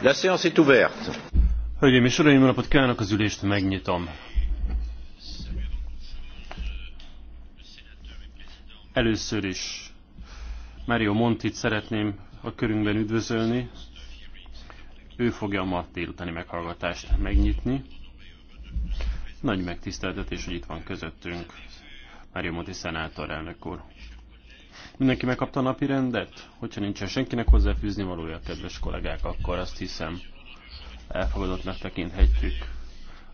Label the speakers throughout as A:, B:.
A: La séance est ouverte.
B: Hölgyeim és uraim, napot kívánok, az ülést megnyitom. Először is Mario Montit szeretném a körünkben üdvözölni. Ő fogja a ma délutáni meghallgatást megnyitni. Nagy megtiszteltetés, hogy itt van közöttünk Mario Monti szenátor elnök úr. Mindenki megkapta a napi rendet? Hogyha nincsen senkinek hozzáfűzni valója, kedves kollégák, akkor azt hiszem elfogadottnak tekinthetjük.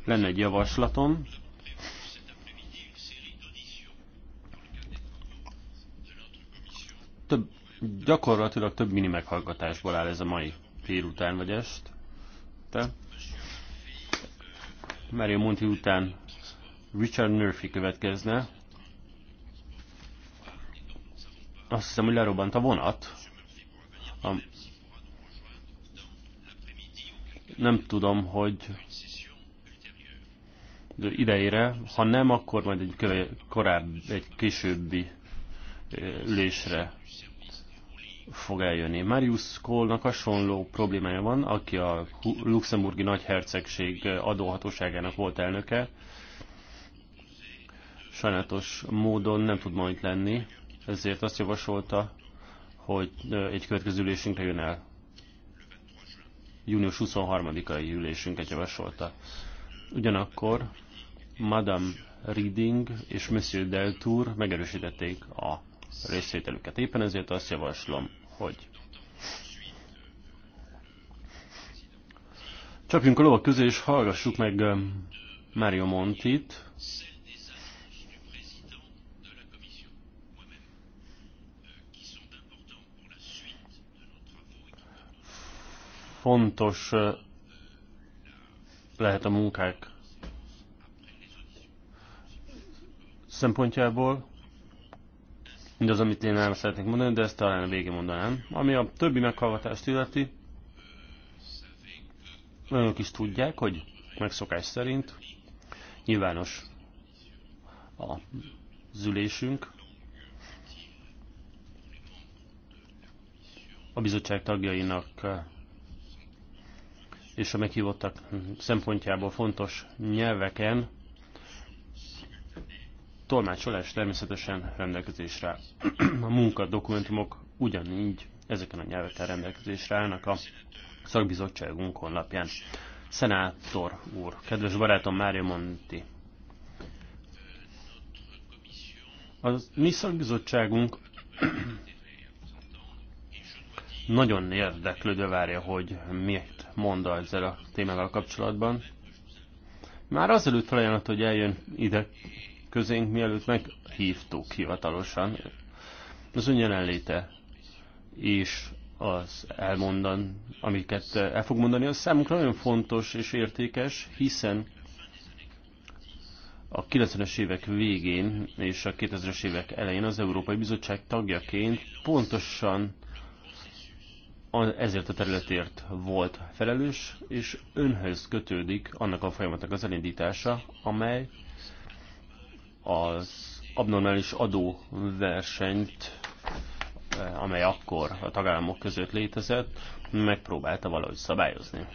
B: Lenne egy javaslatom. Több, gyakorlatilag több mini meghallgatásból áll ez a mai délután vagy est. Te? Mario Monti után Richard Murphy következne, Azt hiszem, hogy lerobbant a vonat. A... Nem tudom, hogy idejére, ha nem, akkor majd egy köve, korábbi, egy későbbi ülésre fog eljönni. Marius Kohlnak hasonló problémája van, aki a luxemburgi nagyhercegség adóhatóságának volt elnöke. Sajnálatos módon nem tud majd lenni ezért azt javasolta, hogy egy következő ülésünkre jön el. Június 23-ai ülésünket javasolta. Ugyanakkor Madame Reading és Monsieur Deltour megerősítették a részvételüket. Éppen ezért azt javaslom, hogy csapjunk a lovak közé és hallgassuk meg Mario Montit, fontos lehet a munkák szempontjából. az amit én nem szeretnék mondani, de ezt talán a végén mondanám. Ami a többi meghallgatást illeti, önök is tudják, hogy megszokás szerint nyilvános a zülésünk. A bizottság tagjainak és a meghívottak szempontjából fontos nyelveken tolmácsolás természetesen rendelkezésre. A munka dokumentumok ugyanígy ezeken a nyelveken rendelkezésre állnak a szakbizottságunk honlapján. Szenátor úr, kedves barátom Mária Monti. A mi szakbizottságunk nagyon érdeklődve várja, hogy mi mond ezzel a témával kapcsolatban. Már azelőtt felajánlott, hogy eljön ide közénk, mielőtt meghívtuk hivatalosan. Az ön jelenléte és az elmondan, amiket el fog mondani, az számunkra nagyon fontos és értékes, hiszen a 90-es évek végén és a 2000-es évek elején az Európai Bizottság tagjaként pontosan ezért a területért volt felelős, és önhöz kötődik annak a folyamatnak az elindítása, amely az abnormális adóversenyt, eh, amely akkor a tagállamok között létezett, megpróbálta valahogy szabályozni.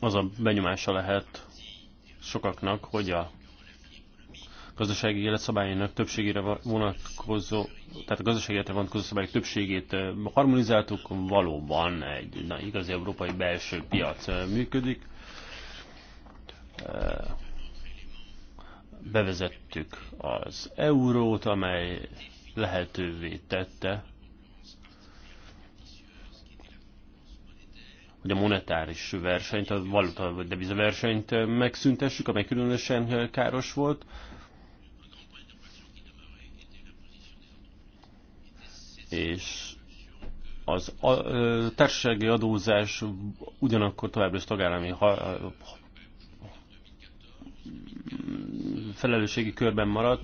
B: Az a benyomása lehet sokaknak, hogy a gazdasági életszabályainak többségére vonatkozó, tehát a gazdasági életre vonatkozó szabályok többségét eh, harmonizáltuk, valóban egy na, igazi európai belső piac eh, működik. Eh, bevezettük az eurót, amely lehetővé tette, hogy a monetáris versenyt, a valuta vagy deviza versenyt megszüntessük, amely különösen káros volt és az a, a társasági adózás ugyanakkor továbbra is tagállami ha, ha, felelősségi körben maradt.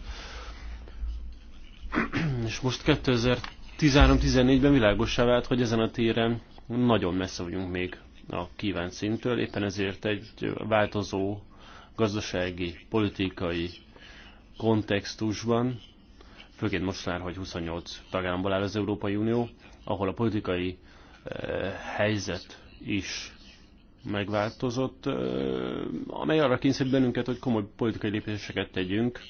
B: És most 2013-14-ben világosá vált, hogy ezen a téren nagyon messze vagyunk még a kívánt szintől, éppen ezért egy változó gazdasági, politikai kontextusban főként most már, hogy 28 tagállamból áll az Európai Unió, ahol a politikai eh, helyzet is megváltozott, eh, amely arra kényszerít bennünket, hogy komoly politikai lépéseket tegyünk.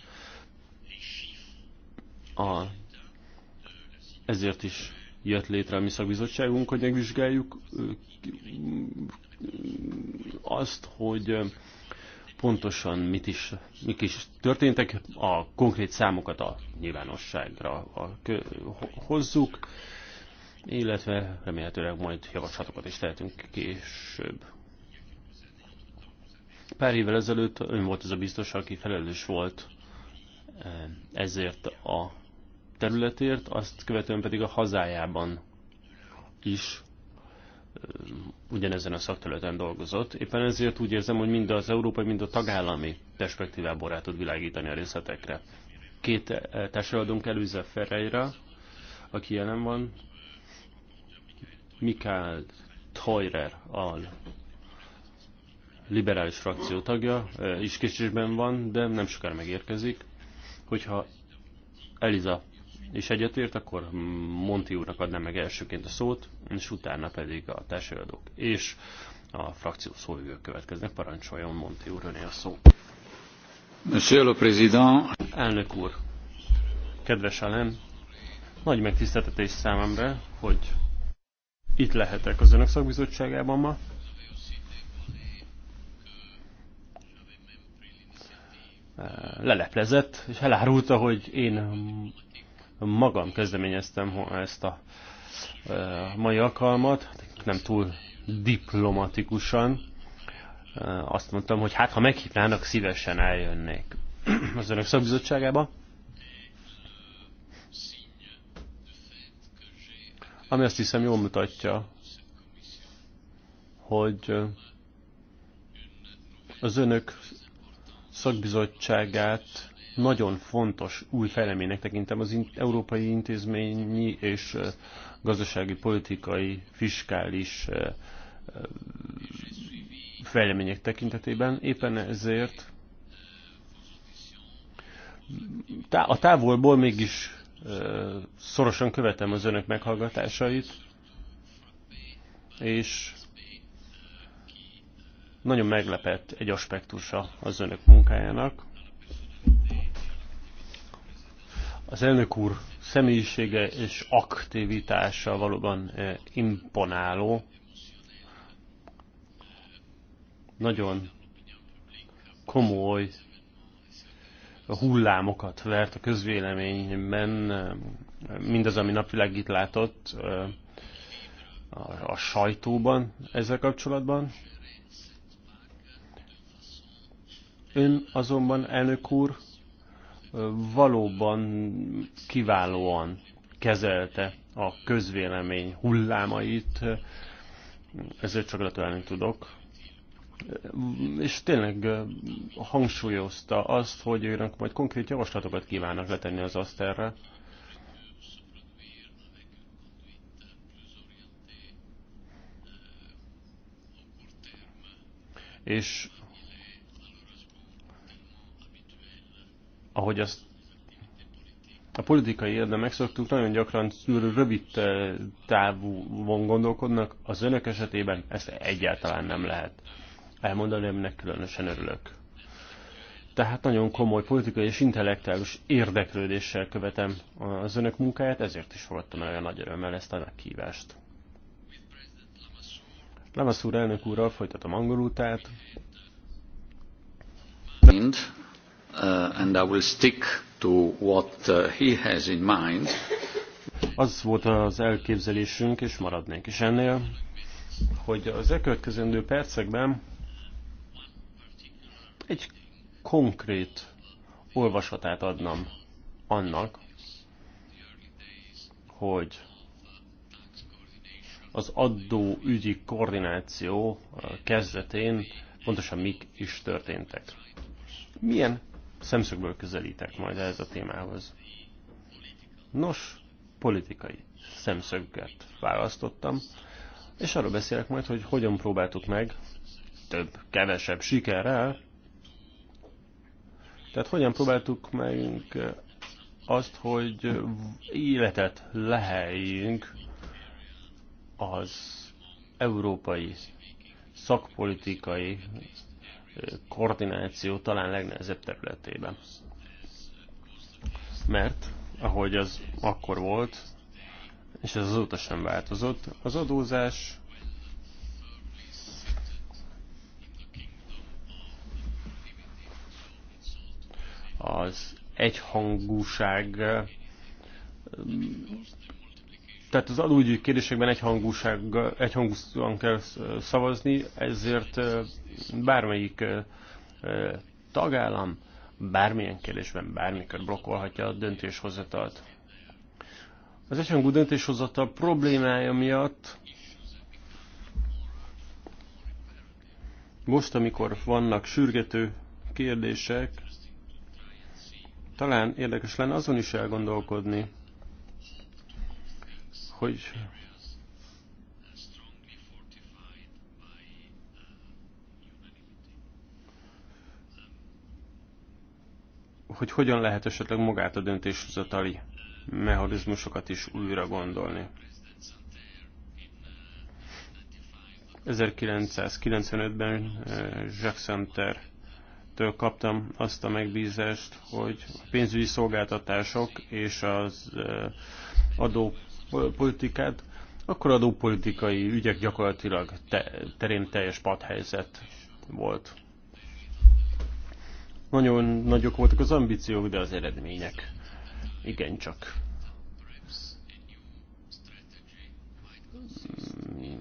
B: A, ezért is jött létre a mi szakbizottságunk, hogy megvizsgáljuk eh, mm, azt, hogy pontosan mit is, mik is történtek, a konkrét számokat a nyilvánosságra a, hozzuk, illetve remélhetőleg majd javaslatokat is tehetünk később. Pár évvel ezelőtt ön volt az a biztos, aki felelős volt e, ezért a területért, azt követően pedig a hazájában is ugyanezen a szakterületen dolgozott. Éppen ezért úgy érzem, hogy mind az európai, mind a tagállami perspektívából rá tud világítani a részletekre. Két eh, társadalmunk Elüze Ferreira, aki jelen van, Mikael Teurer al liberális frakció tagja, eh, is késésben van, de nem sokára megérkezik. Hogyha Eliza és egyetért, akkor Monti úrnak adnám meg elsőként a szót, és utána pedig a társadalmak és a frakció szóvivők következnek. Parancsoljon Monti úr, öné a szó. Monsieur le Président. Elnök úr, kedves Alem, nagy megtiszteltetés számomra, hogy itt lehetek az Önök szakbizottságában ma. Leleplezett, és elárulta, hogy én magam kezdeményeztem ezt a e, mai alkalmat, nem túl diplomatikusan. E, azt mondtam, hogy hát ha meghívnának, szívesen eljönnék az önök szakbizottságába. Ami azt hiszem jól mutatja, hogy e, az önök szakbizottságát nagyon fontos új fejleménynek tekintem az európai intézményi és gazdasági, politikai, fiskális fejlemények tekintetében. Éppen ezért a távolból mégis szorosan követem az önök meghallgatásait, és nagyon meglepett egy aspektusa az önök munkájának. Az elnök úr személyisége és aktivitása valóban e, imponáló. Nagyon komoly hullámokat vert a közvéleményben e, mindaz, ami napvilágít látott e, a sajtóban ezzel kapcsolatban. Ön azonban, elnök úr, valóban kiválóan kezelte a közvélemény hullámait, ezért csak gratulálni tudok. És tényleg hangsúlyozta azt, hogy őnek majd konkrét javaslatokat kívánnak letenni az asztalra. És ahogy azt a politikai érde megszoktuk, nagyon gyakran rövid eh, távú gondolkodnak, az önök esetében ezt egyáltalán nem lehet elmondani, aminek különösen örülök. Tehát nagyon komoly politikai és intellektuális érdeklődéssel követem az önök munkáját, ezért is fogadtam el olyan nagy örömmel ezt a meghívást. Lamassur elnök úrral folytatom angolul, tehát...
A: Mind. Uh, and I will stick to
B: what uh, he has in mind. Az volt az elképzelésünk, és maradnék is ennél, hogy az elkövetkezendő percekben egy konkrét olvasatát adnám annak, hogy az adóügyi koordináció uh, kezdetén pontosan mik is történtek. Milyen szemszögből közelítek majd ehhez a témához. Nos, politikai szemszöget választottam, és arról beszélek majd, hogy hogyan próbáltuk meg, több, kevesebb sikerrel, tehát hogyan próbáltuk meg azt, hogy életet leheljünk az európai szakpolitikai koordináció talán legnehezebb területében. Mert, ahogy az akkor volt, és ez azóta sem változott, az adózás az egyhangúság tehát az adóügyi kérdésekben egyhangúsággal, egyhangúsan kell szavazni, ezért bármelyik tagállam bármilyen kérdésben bármikor blokkolhatja a döntéshozatalt. Az egyhangú döntéshozatal problémája miatt most, amikor vannak sürgető kérdések, talán érdekes lenne azon is elgondolkodni, hogy hogy hogyan lehet esetleg magát a döntéshozatali mechanizmusokat is újra gondolni. 1995-ben eh, Jacques center től kaptam azt a megbízást, hogy a pénzügyi szolgáltatások és az eh, adó politikát, akkor adópolitikai ügyek gyakorlatilag te, terén teljes padhelyzet volt. Nagyon nagyok voltak az ambíciók, de az eredmények igencsak. Mm.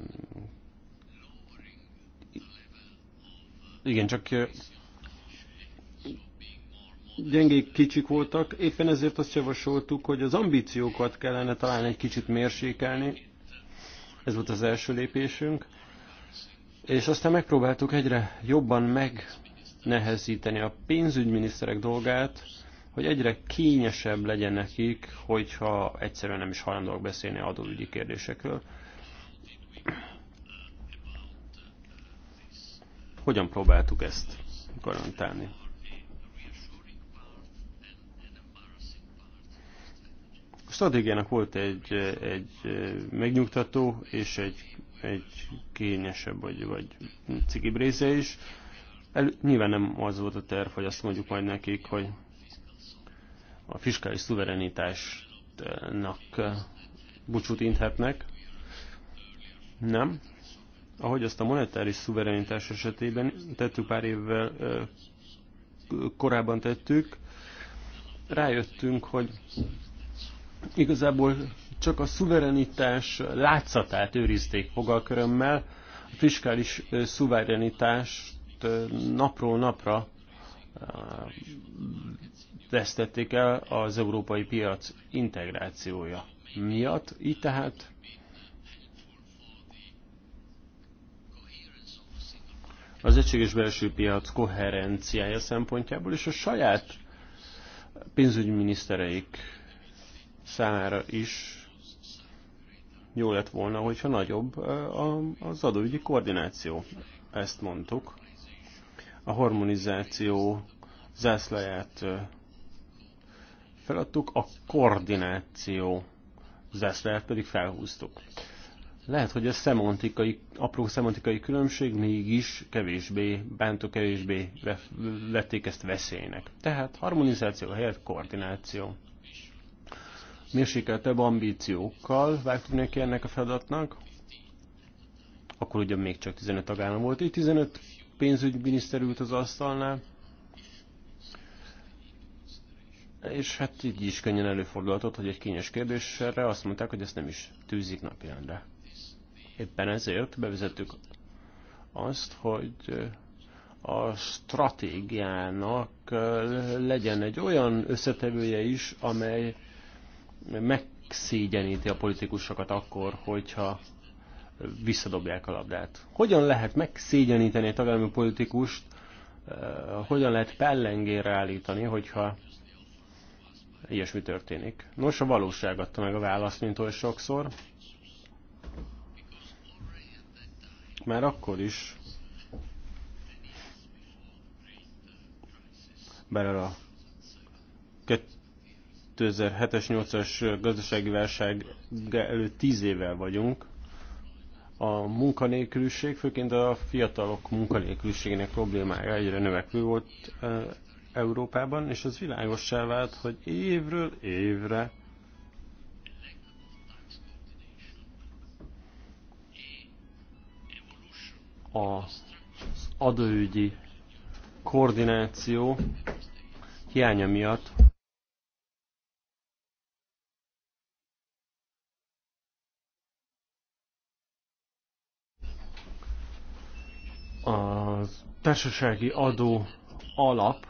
B: Igen, csak gyengék kicsik voltak, éppen ezért azt javasoltuk, hogy az ambíciókat kellene talán egy kicsit mérsékelni. Ez volt az első lépésünk. És aztán megpróbáltuk egyre jobban megnehezíteni a pénzügyminiszterek dolgát, hogy egyre kényesebb legyen nekik, hogyha egyszerűen nem is hajlandóak beszélni adóügyi kérdésekről. Hogyan próbáltuk ezt garantálni? stratégiának volt egy, egy megnyugtató és egy, egy kényesebb vagy, vagy cigibb része is. El, nyilván nem az volt a terv, hogy azt mondjuk majd nekik, hogy a fiskális szuverenitásnak eh, búcsút inthetnek. Nem. Ahogy azt a monetáris szuverenitás esetében tettük pár évvel eh, korábban tettük, rájöttünk, hogy Igazából csak a szuverenitás látszatát őrizték fogalkörömmel, a fiskális szuverenitást napról napra vesztették el az európai piac integrációja miatt. Így tehát az egységes belső piac koherenciája szempontjából és a saját pénzügyminisztereik számára is jó lett volna, hogyha nagyobb az adóügyi koordináció. Ezt mondtuk. A harmonizáció zászlaját feladtuk, a koordináció zászlaját pedig felhúztuk. Lehet, hogy a szemantikai, apró szemantikai különbség mégis kevésbé bántó, kevésbé vették ezt veszélynek. Tehát harmonizáció helyett koordináció mérsékeltebb ambíciókkal vágtuk neki ennek a feladatnak. Akkor ugye még csak 15 tagállam volt. Itt 15 pénzügyminiszter ült az asztalnál. És hát így is könnyen előfordulhatott, hogy egy kényes kérdésre azt mondták, hogy ezt nem is tűzik napjánra. Éppen ezért bevezettük azt, hogy a stratégiának legyen egy olyan összetevője is, amely megszégyeníti a politikusokat akkor, hogyha visszadobják a labdát. Hogyan lehet megszégyeníteni a tagállami politikust, eh, hogyan lehet pellengére állítani, hogyha ilyesmi történik. Nos, a valóság adta meg a választ, mint oly sokszor. Már akkor is belőle a 2007-es, 8-as gazdasági válság előtt 10 évvel vagyunk. A munkanélküliség, főként a fiatalok munkanélküliségének problémája egyre növekvő volt Európában, és az világossá vált, hogy évről évre az adóügyi koordináció hiánya miatt a társasági adó alap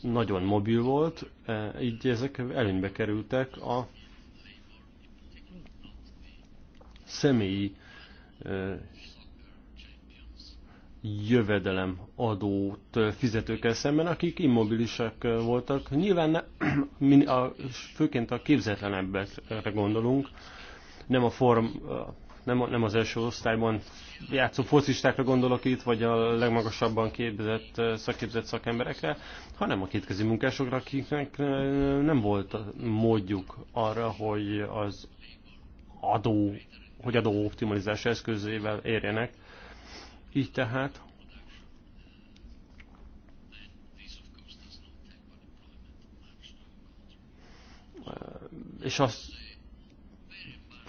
B: nagyon mobil volt, e, így ezek előnybe kerültek a személyi e, jövedelem adót fizetőkkel szemben, akik immobilisek voltak. Nyilván ne, főként a képzetlenebbekre gondolunk, nem a form, nem, nem az első osztályban játszó focistákra gondolok itt, vagy a legmagasabban képzett, eh, szakképzett szakemberekre, hanem a kétkezi munkásokra, akiknek eh, nem volt módjuk arra, hogy az adó, hogy adó optimalizás eszközével érjenek. Így tehát eh, és azt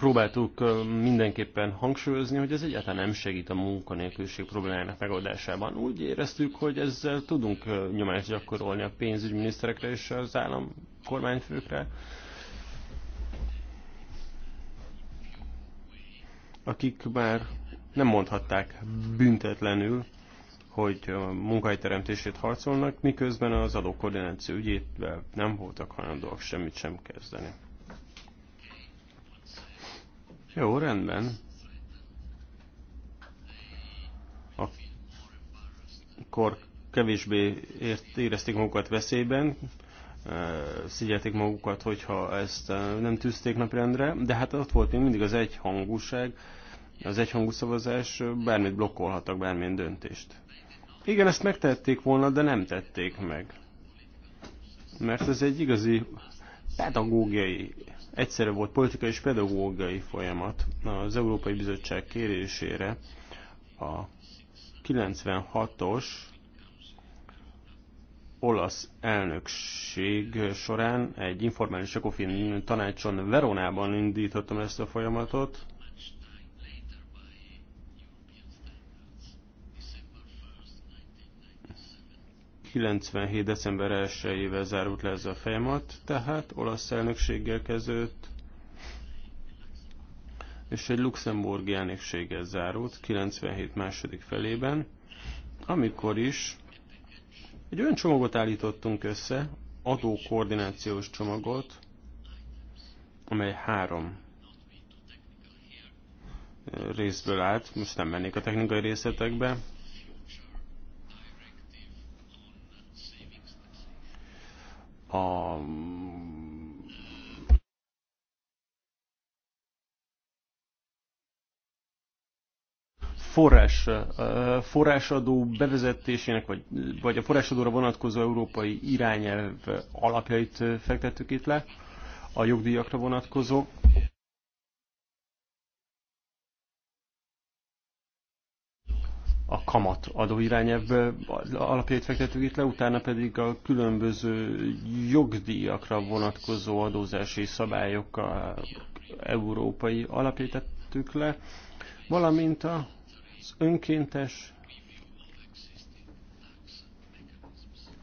B: próbáltuk mindenképpen hangsúlyozni, hogy ez egyáltalán nem segít a munkanélküliség problémájának megoldásában. Úgy éreztük, hogy ezzel tudunk nyomást gyakorolni a pénzügyminiszterekre és az állam kormányfőkre, akik már nem mondhatták büntetlenül, hogy munkahelyteremtését harcolnak, miközben az adókoordináció ügyével nem voltak hajlandóak semmit sem kezdeni. Jó, rendben. Akkor kevésbé ért, érezték magukat veszélyben, szigyelték magukat, hogyha ezt nem tűzték napirendre, de hát ott volt még mindig az egyhangúság, az egyhangú szavazás, bármit blokkolhattak, bármilyen döntést. Igen, ezt megtették volna, de nem tették meg. Mert ez egy igazi pedagógiai egyszerre volt politikai és pedagógiai folyamat az Európai Bizottság kérésére a 96-os olasz elnökség során egy informális Ekofin tanácson Veronában indítottam ezt a folyamatot, 97. december 1-ével zárult le ez a folyamat, tehát olasz elnökséggel kezdődött, és egy luxemburgi elnökséggel zárult 97 második felében, amikor is egy olyan csomagot állítottunk össze, adókoordinációs csomagot, amely három részből állt, most nem mennék a technikai részletekbe, a forrás, forrásadó bevezetésének, vagy, vagy a forrásadóra vonatkozó európai irányelv alapjait fektettük itt le, a jogdíjakra vonatkozó a kamat adóirányelvbe alapjait fektettük itt le, utána pedig a különböző jogdíjakra vonatkozó adózási szabályok a európai alapjait tettük le, valamint az önkéntes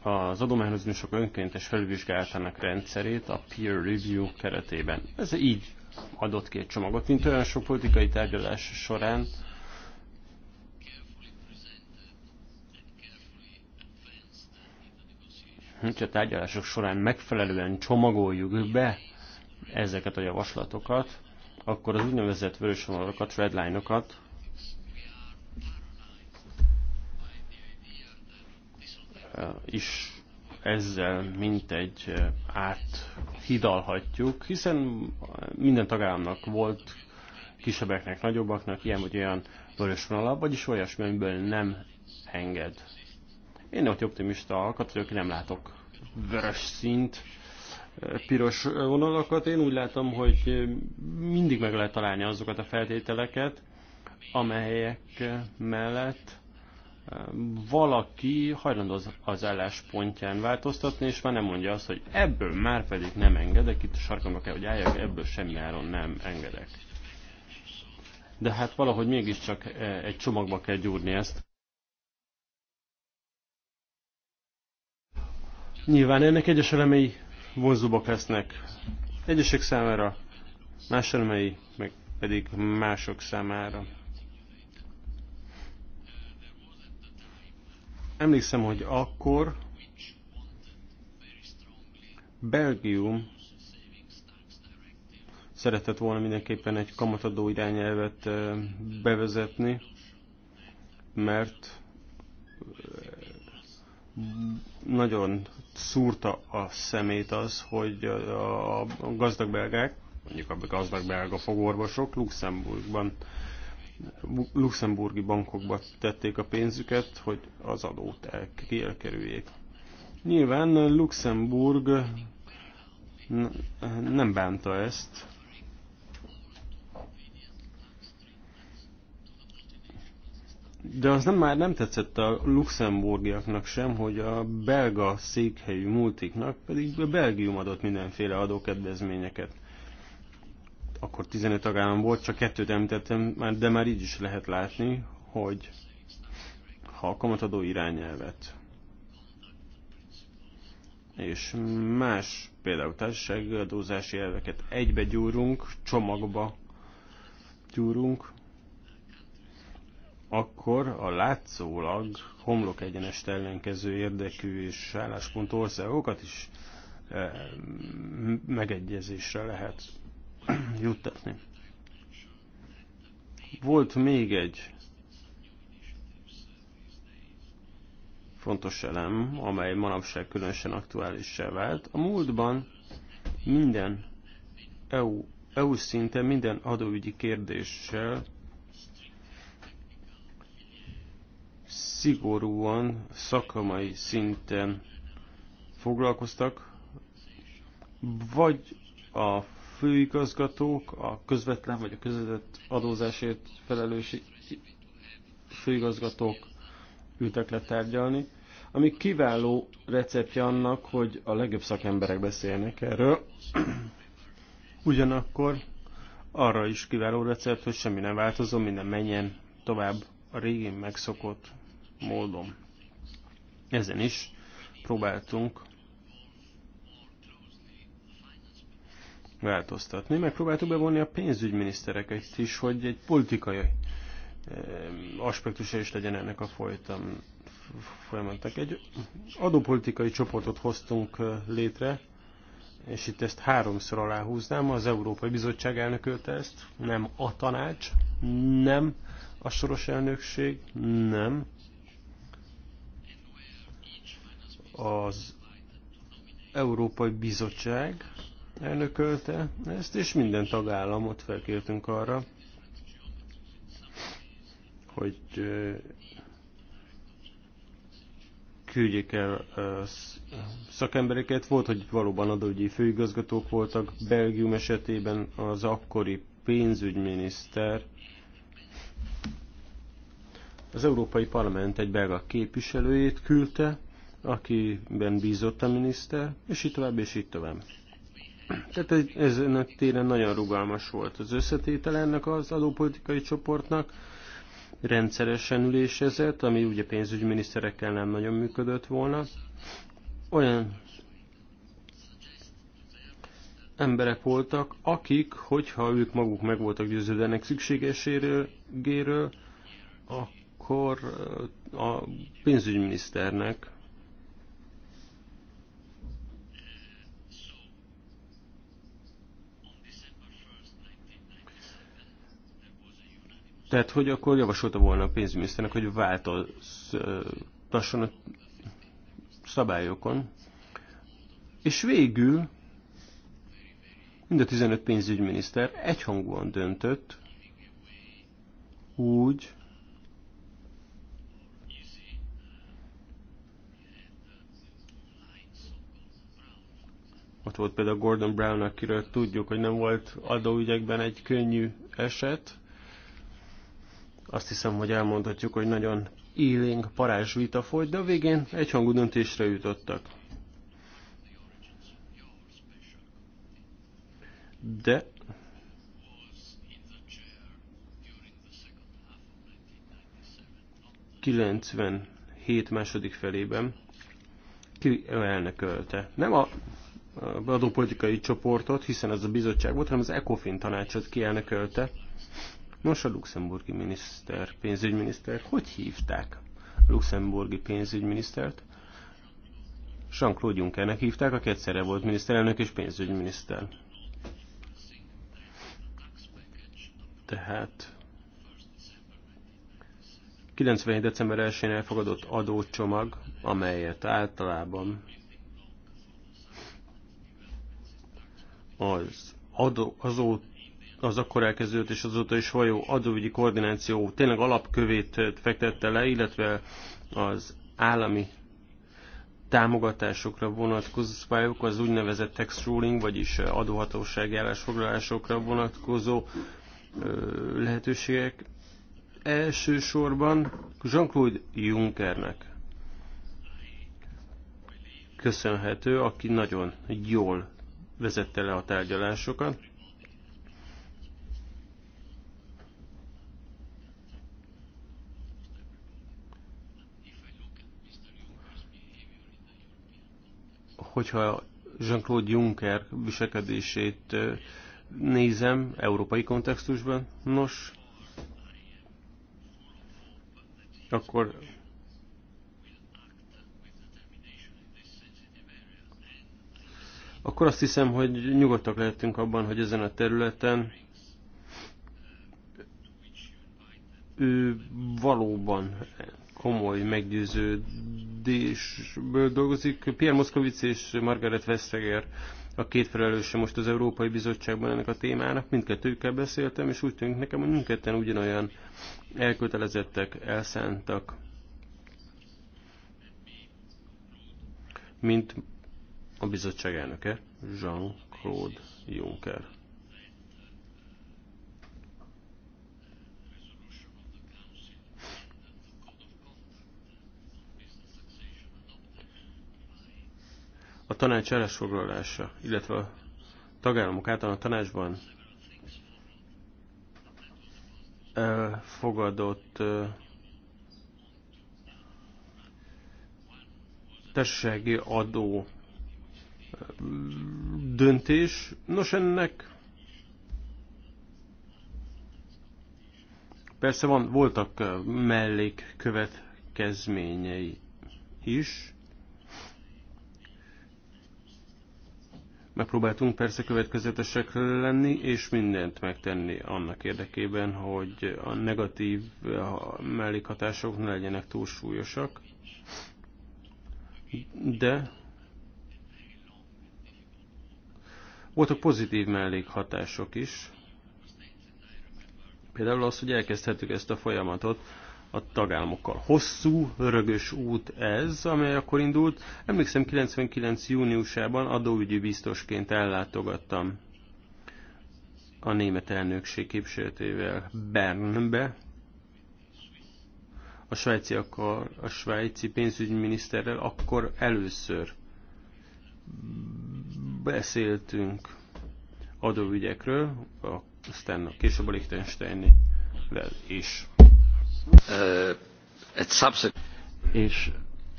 B: az adományozmások önkéntes felvizsgálatának rendszerét a peer review keretében. Ez így adott két csomagot, mint olyan sok politikai tárgyalás során, hogyha tárgyalások során megfelelően csomagoljuk be ezeket a javaslatokat, akkor az úgynevezett vörös vonalakat, redline-okat is ezzel mintegy eh, áthidalhatjuk, hiszen minden tagállamnak volt kisebbeknek, nagyobbaknak ilyen vagy olyan vörös vonalak, vagyis olyasmi, amiből nem enged én ott optimista alkat vagyok, nem látok vörös szint, piros vonalakat. Én úgy látom, hogy mindig meg lehet találni azokat a feltételeket, amelyek mellett eh, valaki hajlandó az, álláspontján változtatni, és már nem mondja azt, hogy ebből már pedig nem engedek, itt a sarkamba kell, hogy álljak, ebből semmi áron nem engedek. De hát valahogy mégiscsak eh, egy csomagba kell gyúrni ezt. Nyilván ennek egyes elemei vonzóbbak lesznek egyesek számára, más elemei meg pedig mások számára. Emlékszem, hogy akkor Belgium szeretett volna mindenképpen egy kamatadó irányelvet bevezetni, mert nagyon szúrta a szemét az, hogy a gazdag belgák, mondjuk a gazdag belga fogorvosok Luxemburgban, luxemburgi bankokba tették a pénzüket, hogy az adót elkerüljék. Nyilván Luxemburg nem bánta ezt, De az nem már nem tetszett a luxemburgiaknak sem, hogy a belga székhelyű multiknak pedig a Belgium adott mindenféle adókedvezményeket. Akkor 15 tagállam volt, csak kettőt említettem, már, de már így is lehet látni, hogy ha a kamatadó irányelvet és más például társasági adózási elveket egybe gyúrunk, csomagba gyúrunk, akkor a látszólag homlok egyenest ellenkező érdekű és álláspont országokat is eh, megegyezésre lehet juttatni. Volt még egy fontos elem, amely manapság különösen aktuálissá vált. A múltban minden EU, EU szinten minden adóügyi kérdéssel szigorúan szakmai szinten foglalkoztak, vagy a főigazgatók, a közvetlen vagy a közvetett adózásért felelős főigazgatók ültek le tárgyalni, ami kiváló receptje annak, hogy a legjobb szakemberek beszélnek erről. Ugyanakkor arra is kiváló recept, hogy semmi nem változom, minden menjen tovább a régén megszokott módon. Ezen is próbáltunk változtatni. Megpróbáltuk bevonni a pénzügyminisztereket is, hogy egy politikai eh, aspektusa is legyen ennek a folytam, folyamatnak. Egy adópolitikai csoportot hoztunk eh, létre, és itt ezt háromszor aláhúznám, az Európai Bizottság elnökölte ezt, nem a tanács, nem a soros elnökség, nem az Európai Bizottság elnökölte ezt, és minden tagállamot felkértünk arra, hogy küldjék el szakembereket. Volt, hogy valóban adógyi főigazgatók voltak. Belgium esetében az akkori pénzügyminiszter az Európai Parlament egy belga képviselőjét küldte, akiben bízott a miniszter, és így tovább, és így tovább. Tehát ezen a téren nagyon rugalmas volt az összetétel ennek az adópolitikai csoportnak, rendszeresen ülésezett, ami ugye pénzügyminiszterekkel nem nagyon működött volna. Olyan emberek voltak, akik, hogyha ők maguk meg voltak győződenek ennek szükségeségéről, akkor a pénzügyminiszternek Tehát, hogy akkor javasolta volna a pénzügyminiszternek, hogy változtasson a szabályokon. És végül mind a 15 pénzügyminiszter egyhangúan döntött úgy, Ott volt például Gordon Brown, akiről tudjuk, hogy nem volt adóügyekben egy könnyű eset. Azt hiszem, hogy elmondhatjuk, hogy nagyon élénk parázs vita folyt, de a végén egyhangú döntésre jutottak. De hét második felében ki elnökölte. Nem a adópolitikai csoportot, hiszen ez a bizottság volt, hanem az ECOFIN tanácsot ki elnökölte. Nos, a luxemburgi miniszter, pénzügyminiszter, hogy hívták a luxemburgi pénzügyminisztert? Jean-Claude Junckernek hívták, aki egyszerre volt miniszterelnök és pénzügyminiszter. Tehát 97. december 1-én elfogadott adócsomag, amelyet általában az adó, azó, az akkor elkezdődött és azóta is folyó adóügyi koordináció tényleg alapkövét fektette le, illetve az állami támogatásokra vonatkozó szabályok, az úgynevezett tax ruling, vagyis adóhatósági állásfoglalásokra vonatkozó lehetőségek. Elsősorban Jean-Claude Junckernek köszönhető, aki nagyon jól vezette le a tárgyalásokat. hogyha Jean-Claude Juncker viselkedését nézem európai kontextusban, nos, akkor akkor azt hiszem, hogy nyugodtak lehetünk abban, hogy ezen a területen ő valóban komoly, meggyőző kérdésből dolgozik. Pierre Moszkovic és Margaret Vestager a két felelőse most az Európai Bizottságban ennek a témának. Mindkettőkkel beszéltem, és úgy tűnik nekem, hogy mindketten ugyanolyan elkötelezettek, elszántak, mint a bizottság elnöke, Jean-Claude Juncker. a tanács elesfoglalása, illetve a tagállamok által a tanácsban elfogadott tessegi adó döntés. Nos, ennek persze van, voltak mellékkövetkezményei is. Megpróbáltunk persze következetesek lenni, és mindent megtenni annak érdekében, hogy a negatív mellékhatások ne legyenek túl súlyosak. De voltak pozitív mellékhatások is. Például az, hogy elkezdhettük ezt a folyamatot a tagállamokkal. Hosszú, vörögös út ez, amely akkor indult. Emlékszem, 99. júniusában adóügyi biztosként ellátogattam a német elnökség képviseletével Bernbe, a akar, a svájci pénzügyminiszterrel akkor először beszéltünk adóügyekről, aztán később a Liechtensteini is. Uh,
C: És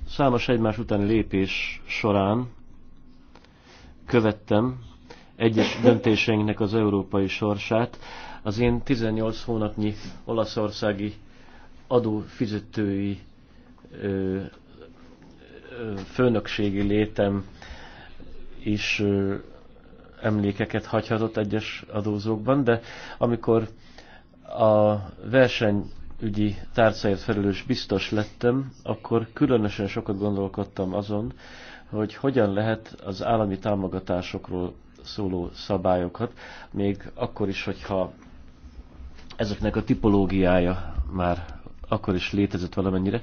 C: számos egymás utáni lépés során követtem egyes döntéseinknek az európai sorsát. Az én 18 hónapnyi olaszországi adófizetői ö, ö, főnökségi létem is ö, emlékeket hagyhatott egyes adózókban, de amikor a verseny ügyi tárcáért felelős biztos lettem, akkor különösen sokat gondolkodtam azon, hogy hogyan lehet az állami támogatásokról szóló szabályokat, még akkor is, hogyha ezeknek a tipológiája már akkor is létezett valamennyire,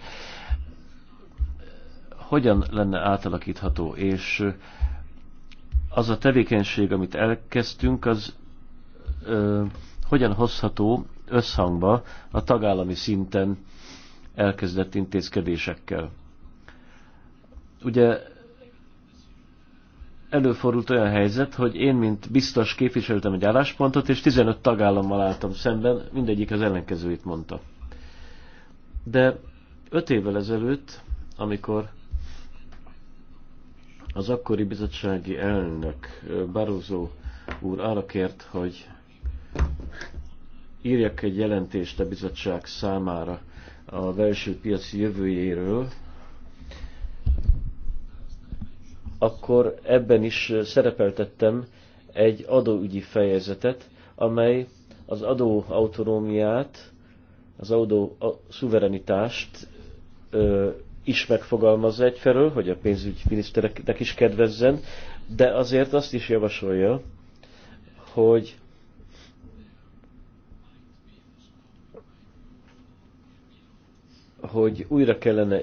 C: hogyan lenne átalakítható, és az a tevékenység, amit elkezdtünk, az ö, hogyan hozható összhangba a tagállami szinten elkezdett intézkedésekkel. Ugye előfordult olyan helyzet, hogy én, mint biztos képviseltem egy álláspontot, és 15 tagállammal álltam szemben, mindegyik az ellenkezőit mondta. De 5 évvel ezelőtt, amikor az akkori bizottsági elnök Barózó úr arra kért, hogy írjak egy jelentést a bizottság számára a belső piaci jövőjéről, akkor ebben is szerepeltettem egy adóügyi fejezetet, amely az adóautonómiát, az adó szuverenitást ö, is megfogalmazza egyfelől, hogy a pénzügyi minisztereknek is kedvezzen, de azért azt is javasolja, hogy hogy újra kellene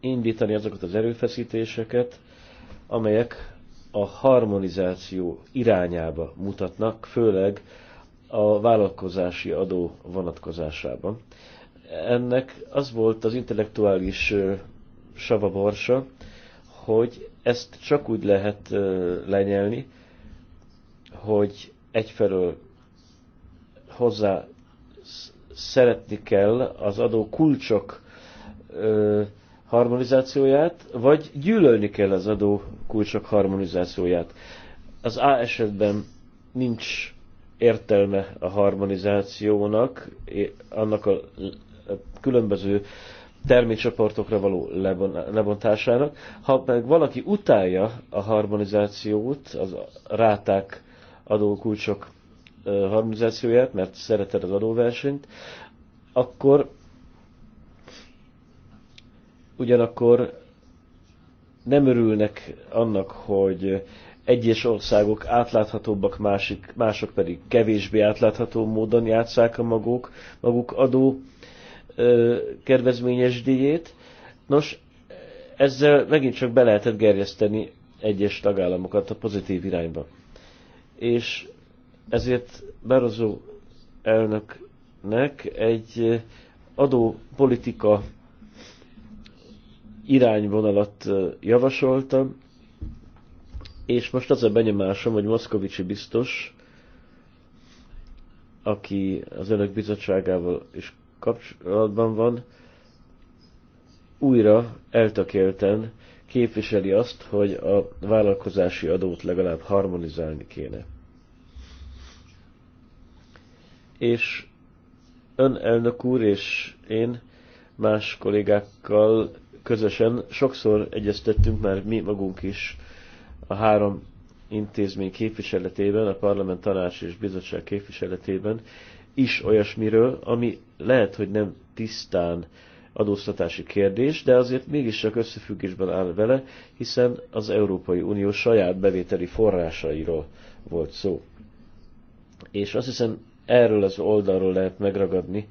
C: indítani azokat az erőfeszítéseket, amelyek a harmonizáció irányába mutatnak, főleg a vállalkozási adó vonatkozásában. Ennek az volt az intellektuális savaborsa, hogy ezt csak úgy lehet lenyelni, hogy egyfelől hozzá szeretni kell az adó kulcsok ö, harmonizációját, vagy gyűlölni kell az adó kulcsok harmonizációját. Az A esetben nincs értelme a harmonizációnak, annak a különböző termékcsoportokra való lebontásának. Ha meg valaki utálja a harmonizációt, az ráták adókulcsok harmonizációját, mert szereted az adóversenyt, akkor ugyanakkor nem örülnek annak, hogy egyes országok átláthatóbbak, másik, mások pedig kevésbé átlátható módon játszák a maguk, maguk adó ö, kedvezményes díjét. Nos, ezzel megint csak be lehetett gerjeszteni egyes tagállamokat a pozitív irányba. És ezért Barozó elnöknek egy adópolitika irányvonalat javasoltam, és most az a benyomásom, hogy Moszkovicsi biztos, aki az önök bizottságával is kapcsolatban van, újra eltökélten képviseli azt, hogy a vállalkozási adót legalább harmonizálni kéne. És ön elnök úr és én más kollégákkal közösen sokszor egyeztettünk már mi magunk is a három intézmény képviseletében, a parlament tanács és bizottság képviseletében is olyasmiről, ami lehet, hogy nem tisztán adóztatási kérdés, de azért mégiscsak összefüggésben áll vele, hiszen az Európai Unió saját bevételi forrásairól volt szó. És azt hiszem erről az oldalról lehet megragadni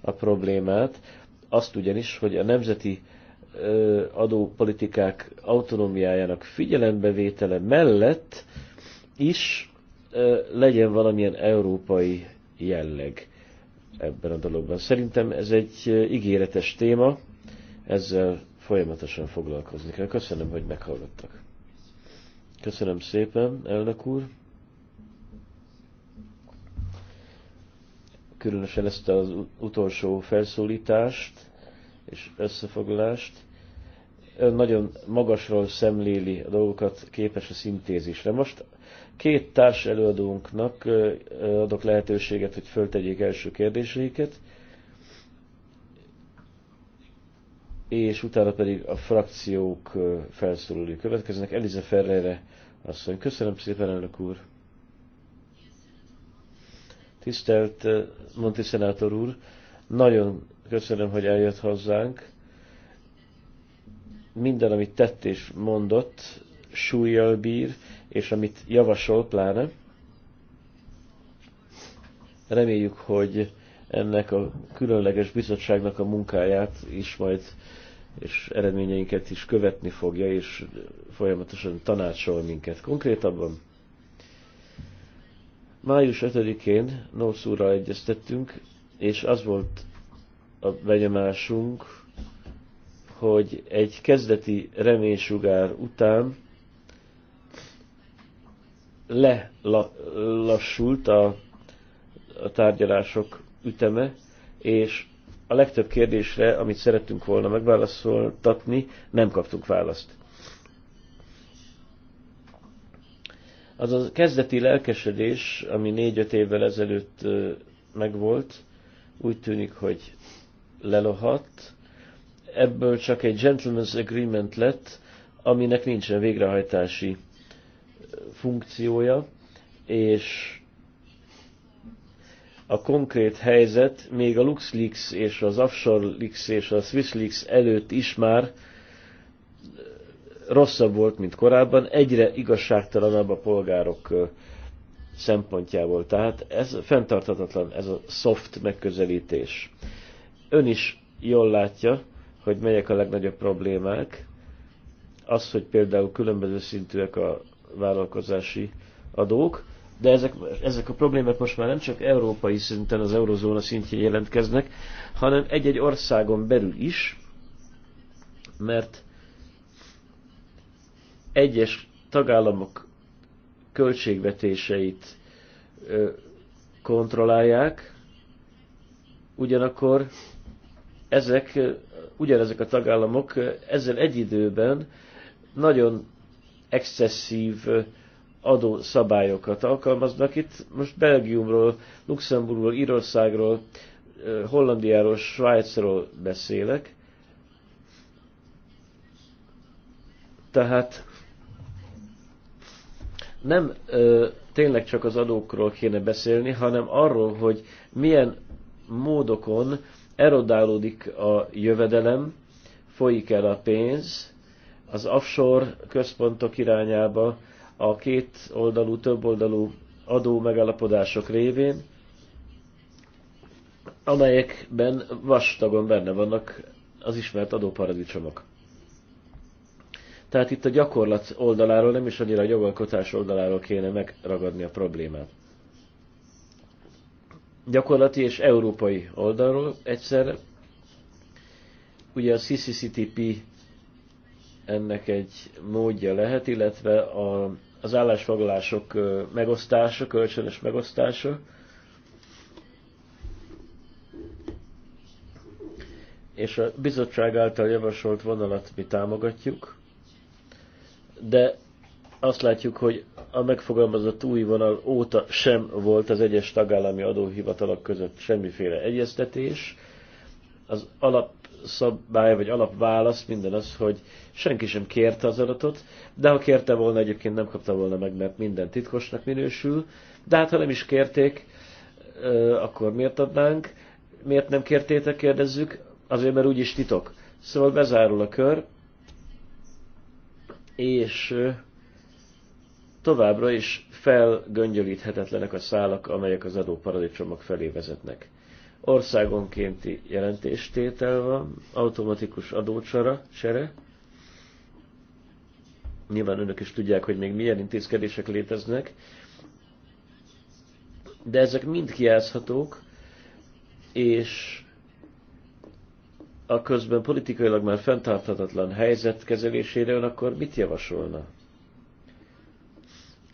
C: a problémát, azt ugyanis, hogy a nemzeti adópolitikák autonómiájának figyelembevétele mellett is legyen valamilyen európai jelleg ebben a dologban. Szerintem ez egy ígéretes téma, ezzel folyamatosan foglalkozni kell. Köszönöm, hogy meghallgattak. Köszönöm szépen, elnök úr. Különösen ezt az utolsó felszólítást és összefoglalást, nagyon magasról szemléli a dolgokat, képes a szintézisre. Most két társ előadónknak adok lehetőséget, hogy föltegyék első kérdéseiket, és utána pedig a frakciók felszólalói következnek. Eliza Ferreira asszony, köszönöm szépen, elnök úr! Tisztelt Monti Szenátor úr, nagyon Köszönöm, hogy eljött hozzánk. Minden, amit tett és mondott, súlyjal bír, és amit javasol pláne. Reméljük, hogy ennek a különleges bizottságnak a munkáját is majd és eredményeinket is követni fogja, és folyamatosan tanácsol minket konkrétabban. Május 5-én Nószúra egyeztettünk, és az volt a benyomásunk, hogy egy kezdeti reménysugár után lelassult a, a tárgyalások üteme, és a legtöbb kérdésre, amit szerettünk volna megválaszoltatni, nem kaptunk választ. Az a kezdeti lelkesedés, ami négy-öt évvel ezelőtt megvolt, úgy tűnik, hogy lelohadt, ebből csak egy gentleman's agreement lett, aminek nincsen végrehajtási funkciója, és a konkrét helyzet még a LuxLeaks és az Offshore Leaks és a SwissLeaks előtt is már rosszabb volt, mint korábban, egyre igazságtalanabb a polgárok szempontjából. Tehát ez fenntarthatatlan, ez a soft megközelítés ön is jól látja, hogy melyek a legnagyobb problémák. Az, hogy például különböző szintűek a vállalkozási adók, de ezek, ezek a problémák most már nem csak európai szinten, az eurozóna szintjén jelentkeznek, hanem egy-egy országon belül is, mert egyes tagállamok költségvetéseit kontrollálják, ugyanakkor ezek, ugyanezek a tagállamok ezzel egy időben nagyon excesszív adószabályokat alkalmaznak. Itt most Belgiumról, Luxemburgról, Írországról, Hollandiáról, Svájcról beszélek. Tehát nem ö, tényleg csak az adókról kéne beszélni, hanem arról, hogy milyen módokon erodálódik a jövedelem, folyik el a pénz, az offshore központok irányába a két oldalú, több oldalú adó megállapodások révén, amelyekben vastagon benne vannak az ismert adóparadicsomok. Tehát itt a gyakorlat oldaláról, nem is annyira a jogalkotás oldaláról kéne megragadni a problémát gyakorlati és európai oldalról egyszer Ugye a CCCTP ennek egy módja lehet, illetve a, az állásfoglalások megosztása, kölcsönös megosztása. És a bizottság által javasolt vonalat mi támogatjuk, de azt látjuk, hogy a megfogalmazott új vonal óta sem volt az egyes tagállami adóhivatalok között semmiféle egyeztetés. Az alapszabály vagy alapválasz minden az, hogy senki sem kérte az adatot, de ha kérte volna, egyébként nem kapta volna meg, mert minden titkosnak minősül. De hát ha nem is kérték, akkor miért adnánk? Miért nem kértétek, kérdezzük? Azért, mert úgyis titok. Szóval bezárul a kör, és továbbra is felgöngyölíthetetlenek a szálak, amelyek az adóparadicsomok felé vezetnek. Országonkénti jelentéstétel van, automatikus adócsara, csere. Nyilván önök is tudják, hogy még milyen intézkedések léteznek, de ezek mind kiázhatók, és a közben politikailag már fenntarthatatlan helyzet kezelésére ön akkor mit javasolna?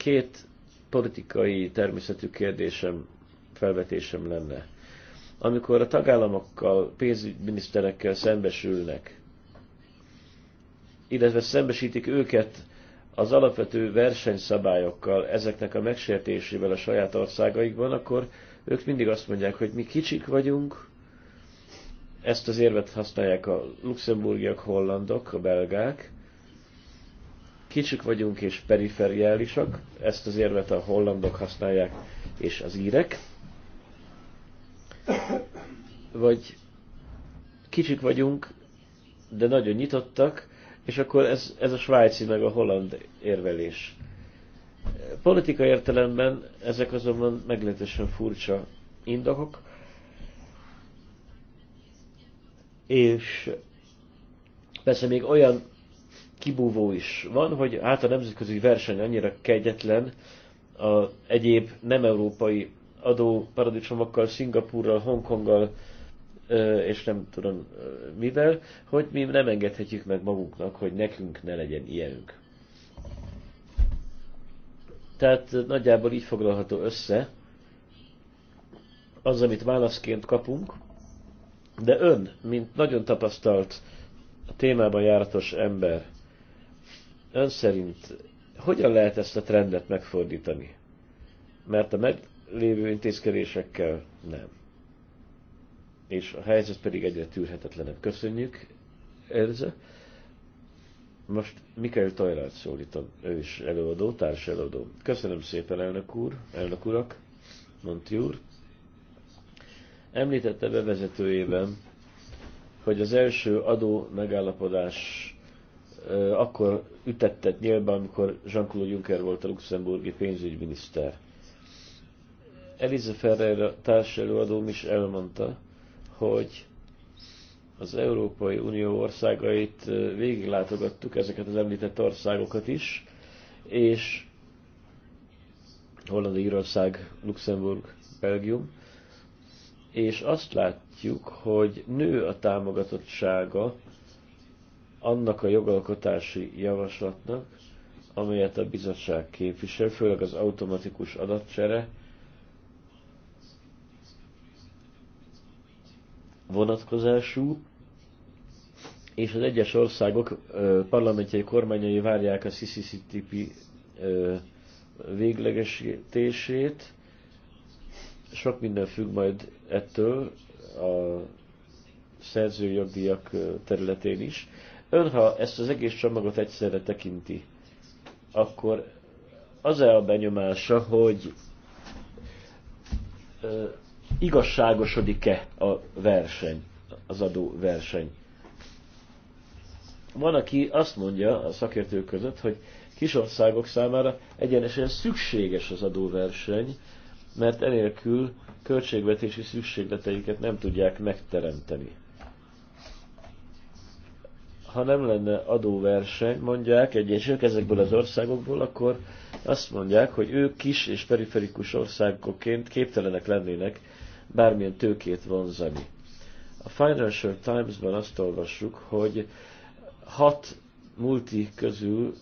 C: Két politikai természetű kérdésem, felvetésem lenne. Amikor a tagállamokkal, pénzügyminiszterekkel szembesülnek, illetve szembesítik őket az alapvető versenyszabályokkal, ezeknek a megsértésével a saját országaikban, akkor ők mindig azt mondják, hogy mi kicsik vagyunk, ezt az érvet használják a luxemburgiak, hollandok, a belgák, Kicsik vagyunk és periferiálisak, ezt az érvet a hollandok használják, és az írek. Vagy kicsik vagyunk, de nagyon nyitottak, és akkor ez, ez a svájci meg a holland érvelés. Politikai értelemben ezek azonban meglehetősen furcsa indokok, és persze még olyan kibúvó is van, hogy hát a nemzetközi verseny annyira kegyetlen a egyéb nem európai adó paradicsomokkal, Szingapúrral, Hongkonggal, és nem tudom mivel, hogy mi nem engedhetjük meg magunknak, hogy nekünk ne legyen ilyenünk. Tehát nagyjából így foglalható össze az, amit válaszként kapunk, de ön, mint nagyon tapasztalt, a témában járatos ember, ön szerint hogyan lehet ezt a trendet megfordítani? Mert a meglévő intézkedésekkel nem. És a helyzet pedig egyre tűrhetetlenebb. Köszönjük, Erze. Most Mikael Tajrát szólítom, ő is előadó, előadó. Köszönöm szépen, elnök úr, elnök urak, Monti úr. Említette bevezetőjében, hogy az első adó megállapodás akkor ütettet nyilván, amikor Jean-Claude Juncker volt a luxemburgi pénzügyminiszter. Eliza a társelőadóm is elmondta, hogy az Európai Unió országait végiglátogattuk, ezeket az említett országokat is, és Holland, Írország, Luxemburg, Belgium, és azt látjuk, hogy nő a támogatottsága annak a jogalkotási javaslatnak, amelyet a bizottság képvisel, főleg az automatikus adatcsere vonatkozású, és az egyes országok parlamentjai kormányai várják a CCCTP véglegesítését. Sok minden függ majd ettől a szerzőjogdíjak területén is. Ön, ha ezt az egész csomagot egyszerre tekinti, akkor az-e a benyomása, hogy igazságosodik-e a verseny, az adó verseny? Van, aki azt mondja a szakértők között, hogy kisországok számára egyenesen szükséges az adóverseny, mert enélkül költségvetési szükségleteiket nem tudják megteremteni ha nem lenne adóverseny, mondják egyesek ezekből az országokból, akkor azt mondják, hogy ők kis és periferikus országokként képtelenek lennének bármilyen tőkét vonzani. A Financial Times-ban azt olvassuk, hogy hat multi közül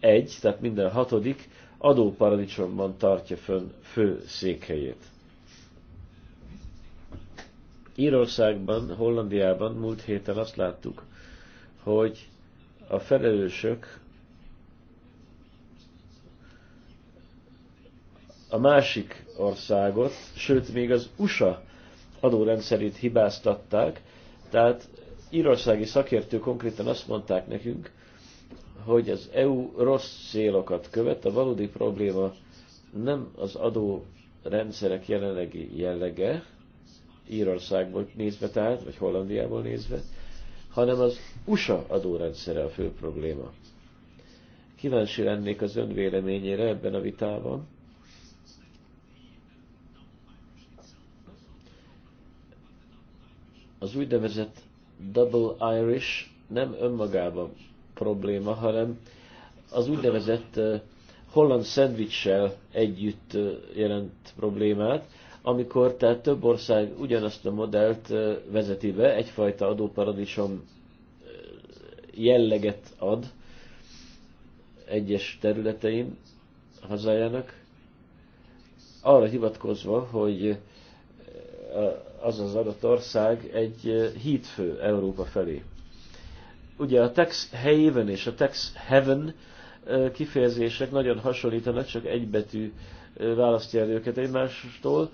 C: egy, tehát minden hatodik adóparadicsomban tartja fönn fő székhelyét. Írországban, Hollandiában múlt héten azt láttuk, hogy a felelősök a másik országot, sőt még az USA adórendszerét hibáztatták, tehát írországi szakértők konkrétan azt mondták nekünk, hogy az EU rossz célokat követ, a valódi probléma nem az adórendszerek jelenlegi jellege, Írországból nézve tehát, vagy Hollandiából nézve, hanem az USA adórendszere a fő probléma. Kíváncsi lennék az ön véleményére ebben a vitában. Az úgynevezett Double Irish nem önmagában probléma, hanem az úgynevezett eh, holland szendvicssel együtt eh, jelent problémát, amikor tehát több ország ugyanazt a modellt vezeti be, egyfajta adóparadicsom jelleget ad egyes területein hazájának, arra hivatkozva, hogy az az adott ország egy hídfő Európa felé. Ugye a tax haven és a tax heaven kifejezések nagyon hasonlítanak, csak egybetű. betű választja el őket egymástól.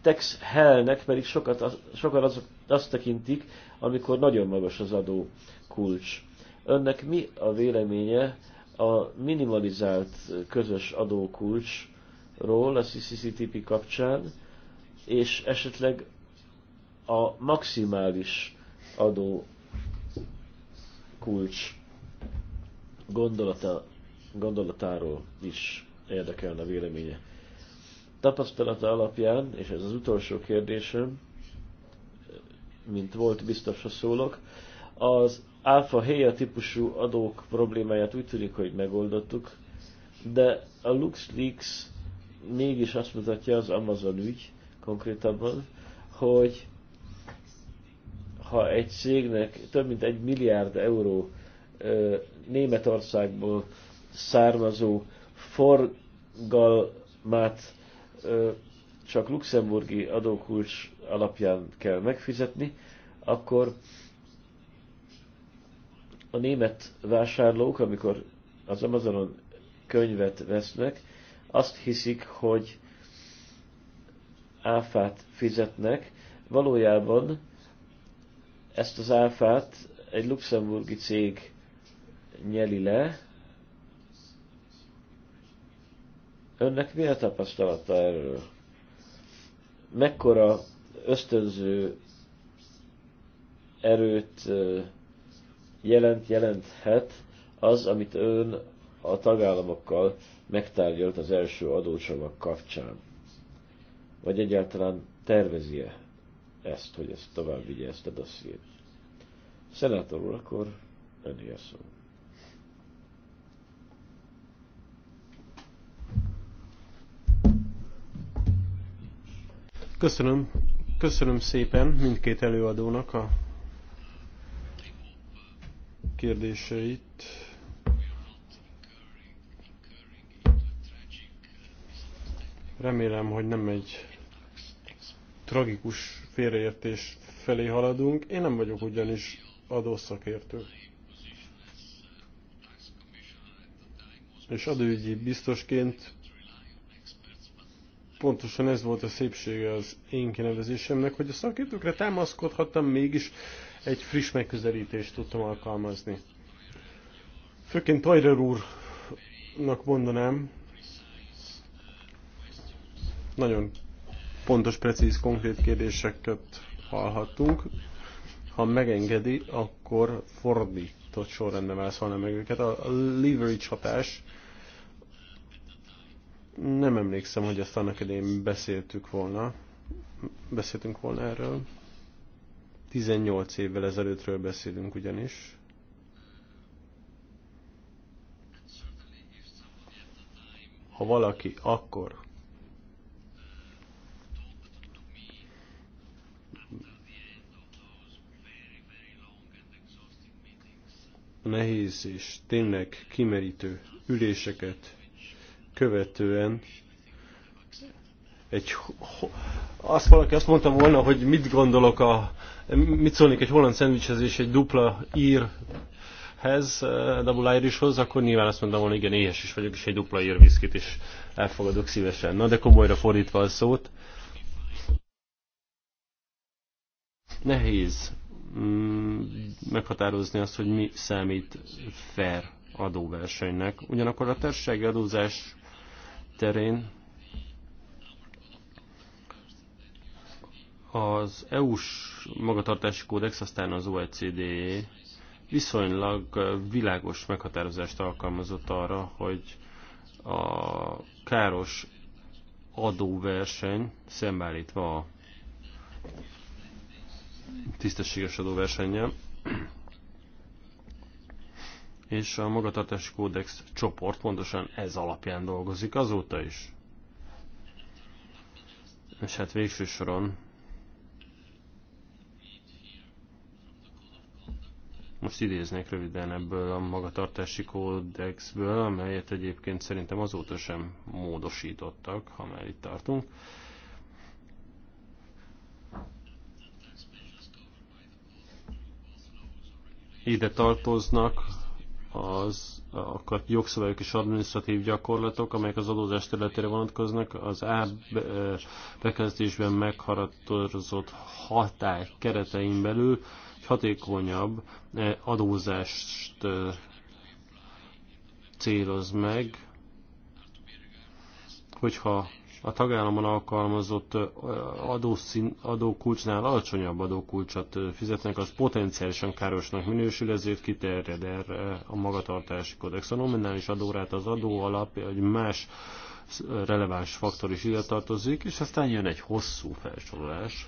C: Tex Hellnek pedig sokat, sokan az, azt tekintik, amikor nagyon magas az adó kulcs. Önnek mi a véleménye a minimalizált közös adókulcsról a CCCTP kapcsán, és esetleg a maximális adó kulcs gondolata, gondolatáról is érdekelne a véleménye. Tapasztalata alapján, és ez az utolsó kérdésem, mint volt ha szólok, az álfa héja típusú adók problémáját úgy tűnik, hogy megoldottuk, de a LuxLeaks mégis azt mutatja az Amazon ügy konkrétabban, hogy ha egy cégnek több mint egy milliárd euró ö, Németországból származó forgalmát csak luxemburgi adókulcs alapján kell megfizetni, akkor a német vásárlók, amikor az Amazonon könyvet vesznek, azt hiszik, hogy áfát fizetnek, valójában ezt az áfát egy luxemburgi cég nyeli le, Önnek mi a tapasztalata erről? Mekkora ösztönző erőt jelent, jelenthet az, amit ön a tagállamokkal megtárgyalt az első adócsomag kapcsán? Vagy egyáltalán tervezi -e ezt, hogy ezt tovább vigye ezt a dossziét? Szenátor úr, akkor öné a
B: Köszönöm, köszönöm szépen mindkét előadónak a kérdéseit. Remélem, hogy nem egy tragikus félreértés felé haladunk. Én nem vagyok ugyanis adószakértő. És adóügyi biztosként pontosan ez volt a szépsége az én kinevezésemnek, hogy a szakértőkre támaszkodhattam, mégis egy friss megközelítést tudtam alkalmazni. Főként Tajrer úrnak mondanám, nagyon pontos, precíz, konkrét kérdéseket hallhattunk. Ha megengedi, akkor fordított sorrendben válaszolnám meg őket. A leverage hatás, nem emlékszem, hogy ezt annak idején beszéltük volna. Beszéltünk volna erről. 18 évvel ezelőttről beszélünk ugyanis. Ha valaki akkor nehéz és tényleg kimerítő üléseket követően egy, azt valaki azt mondta volna, hogy mit gondolok a, mit szólnék egy holland szendvicshez és egy dupla írhez, eh, double irishhoz, akkor nyilván azt mondtam volna, igen, éhes is vagyok, és egy dupla ír viszkit is elfogadok szívesen. Na de komolyra fordítva a szót. Nehéz mm, meghatározni azt, hogy mi számít fair adóversenynek. Ugyanakkor a társasági adózás terén az EU-s magatartási kódex, aztán az oecd e viszonylag világos meghatározást alkalmazott arra, hogy a káros adóverseny szembeállítva a tisztességes adóversennyel és a magatartási kódex csoport pontosan ez alapján dolgozik azóta is. És hát végső soron most idéznék röviden ebből a magatartási kódexből, amelyet egyébként szerintem azóta sem módosítottak, ha már itt tartunk. Ide tartoznak az a jogszabályok és adminisztratív gyakorlatok, amelyek az adózás területére vonatkoznak, az A bekezdésben meghatározott hatály keretein belül egy hatékonyabb adózást céloz meg, hogyha a tagállamon alkalmazott adószín, adókulcsnál alacsonyabb adókulcsot fizetnek, az potenciálisan károsnak minősül, ezért kiterjed erre a magatartási kodex. A nominális adórát az adó alap egy más releváns faktor is ide tartozik, és aztán jön egy hosszú felsorolás,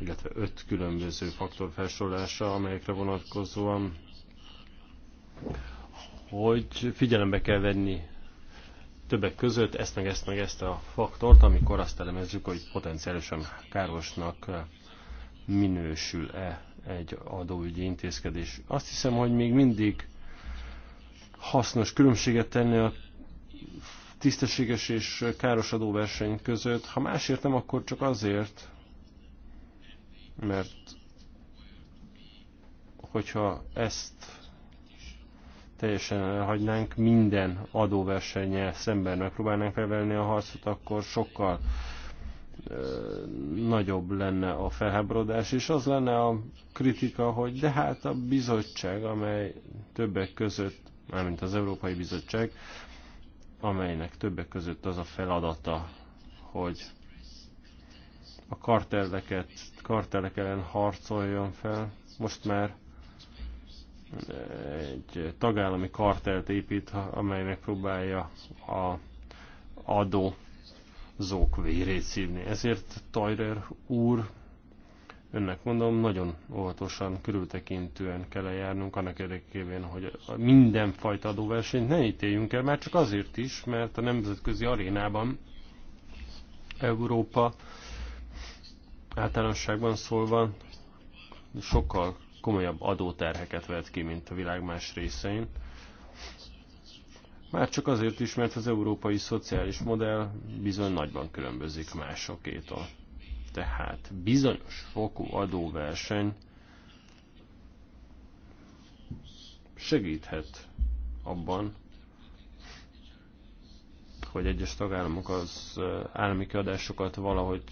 B: illetve öt különböző faktor felsorolása, amelyekre vonatkozóan hogy figyelembe kell venni többek között ezt meg ezt meg ezt a faktort, amikor azt elemezzük, hogy potenciálisan károsnak eh, minősül-e egy adóügyi intézkedés. Azt hiszem, hogy még mindig hasznos különbséget tenni a tisztességes és káros adóverseny között. Ha másért nem, akkor csak azért, mert hogyha ezt teljesen elhagynánk, minden adóversennyel szemben, megpróbálnánk felvenni a harcot, akkor sokkal nagyobb lenne a felháborodás, és az lenne a kritika, hogy de hát a bizottság, amely többek között, mármint az Európai Bizottság, amelynek többek között az a feladata, hogy a kartelleket, kartelek ellen harcoljon fel, most már egy tagállami kartelt épít, amely megpróbálja a zók vérét szívni. Ezért Tajrer úr, önnek mondom, nagyon óvatosan, körültekintően kell eljárnunk annak érdekében, hogy mindenfajta adóversenyt ne ítéljünk el, már csak azért is, mert a nemzetközi arénában Európa általánosságban szólva sokkal komolyabb adóterheket vett ki, mint a világ más részein. Már csak azért is, mert az európai szociális modell bizony nagyban különbözik másokétól. Tehát bizonyos fokú adóverseny segíthet abban, hogy egyes tagállamok az állami kiadásokat valahogy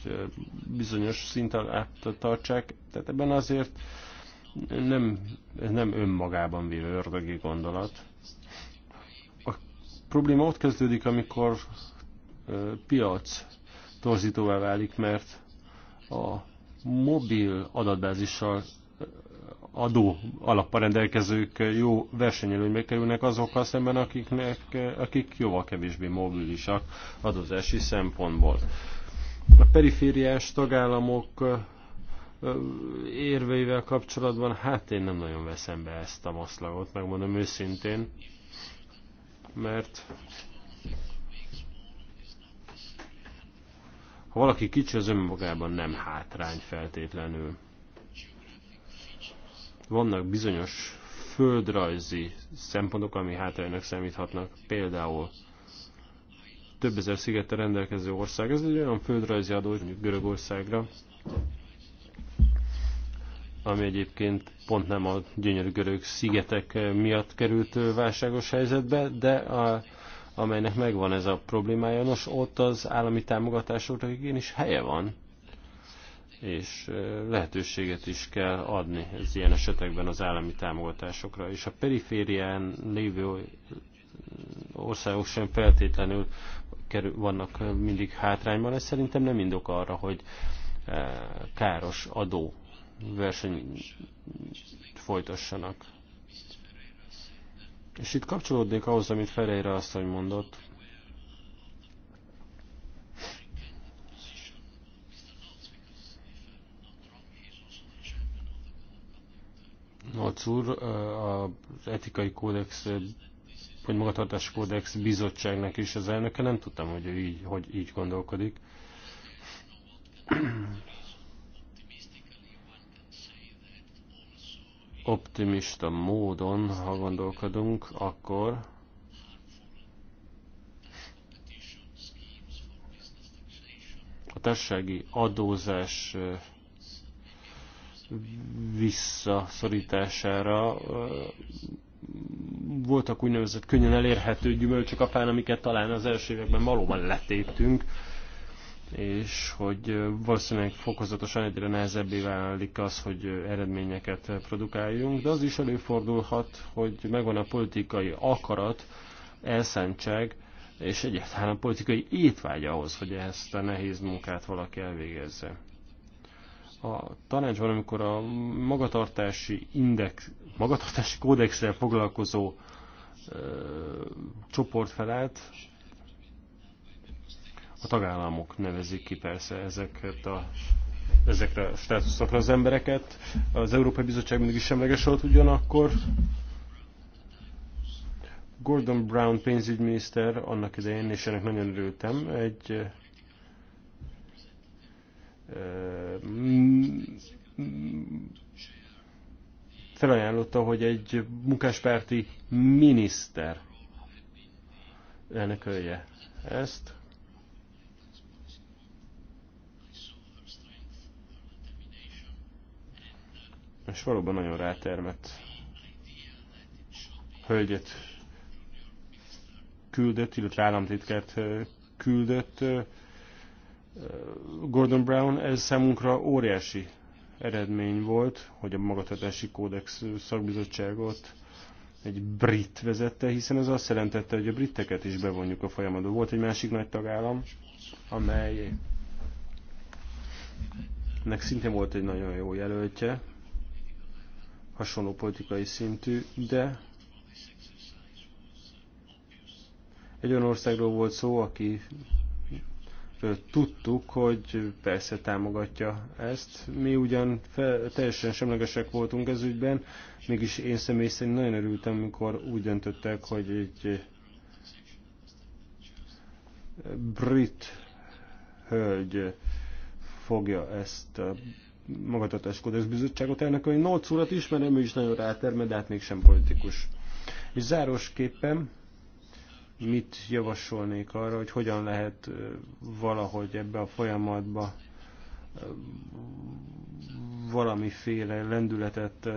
B: bizonyos szinten áttartsák. Tehát ebben azért nem, ez nem önmagában véve ördögi gondolat. A probléma ott kezdődik, amikor piac torzítóvá válik, mert a mobil adatbázissal adó alappal rendelkezők jó versenyelőnybe kerülnek azokkal szemben, akiknek, akik jóval kevésbé mobilisak adózási szempontból. A perifériás tagállamok érveivel kapcsolatban, hát én nem nagyon veszem be ezt a maszlagot, megmondom őszintén, mert ha valaki kicsi, az önmagában nem hátrány feltétlenül. Vannak bizonyos földrajzi szempontok, ami hátránynak számíthatnak, például több ezer szigetre rendelkező ország, ez egy olyan földrajzi adó, mondjuk Görögországra, ami egyébként pont nem a gyönyörű görög szigetek miatt került válságos helyzetbe, de a, amelynek megvan ez a problémája, nos ott az állami támogatásoknak igenis helye van, és lehetőséget is kell adni ez ilyen esetekben az állami támogatásokra. És a periférián lévő országok sem feltétlenül vannak mindig hátrányban, ez szerintem nem indok arra, hogy káros adó verseny folytassanak. És itt kapcsolódnék ahhoz, amit Ferreira asszony mondott, a úr, az etikai kódex, vagy magatartási kódex bizottságnak is az elnöke, nem tudtam, hogy ő így, hogy így gondolkodik. Optimista módon, ha gondolkodunk, akkor a társasági adózás visszaszorítására voltak úgynevezett könnyen elérhető gyümölcsök apán, amiket talán az első években valóban letéptünk és hogy valószínűleg fokozatosan egyre nehezebbé válik az, hogy eredményeket produkáljunk, de az is előfordulhat, hogy megvan a politikai akarat, elszántság, és egyáltalán a politikai étvágy ahhoz, hogy ezt a nehéz munkát valaki elvégezze. A tanácsban, amikor a magatartási index, magatartási kódexrel foglalkozó ö, csoport felállt, a tagállamok nevezik ki persze ezeket a ezekre a státuszokra az embereket. Az Európai Bizottság mindig is semleges volt ugyanakkor. Gordon Brown pénzügyminiszter annak idején, és ennek nagyon örültem, egy felajánlotta, hogy egy munkáspárti miniszter elnökölje ezt. és valóban nagyon rátermett hölgyet küldött, illetve államtitkát küldött Gordon Brown. Ez számunkra óriási eredmény volt, hogy a magatartási kódex szakbizottságot egy brit vezette, hiszen ez azt jelentette, hogy a briteket is bevonjuk a folyamatba. Volt egy másik nagy tagállam, amelynek szintén volt egy nagyon jó jelöltje, hasonló politikai szintű, de egy olyan országról volt szó, aki tudtuk, hogy persze támogatja ezt. Mi ugyan fel, teljesen semlegesek voltunk ez ügyben, mégis én személy szerint nagyon örültem, amikor úgy döntöttek, hogy egy brit hölgy fogja ezt a Magatartás kodex Bizottságot elnök, hogy Nolc urat ismerem, ő is nagyon rátermed, de hát mégsem politikus. És zárosképpen mit javasolnék arra, hogy hogyan lehet valahogy ebbe a folyamatba valamiféle lendületet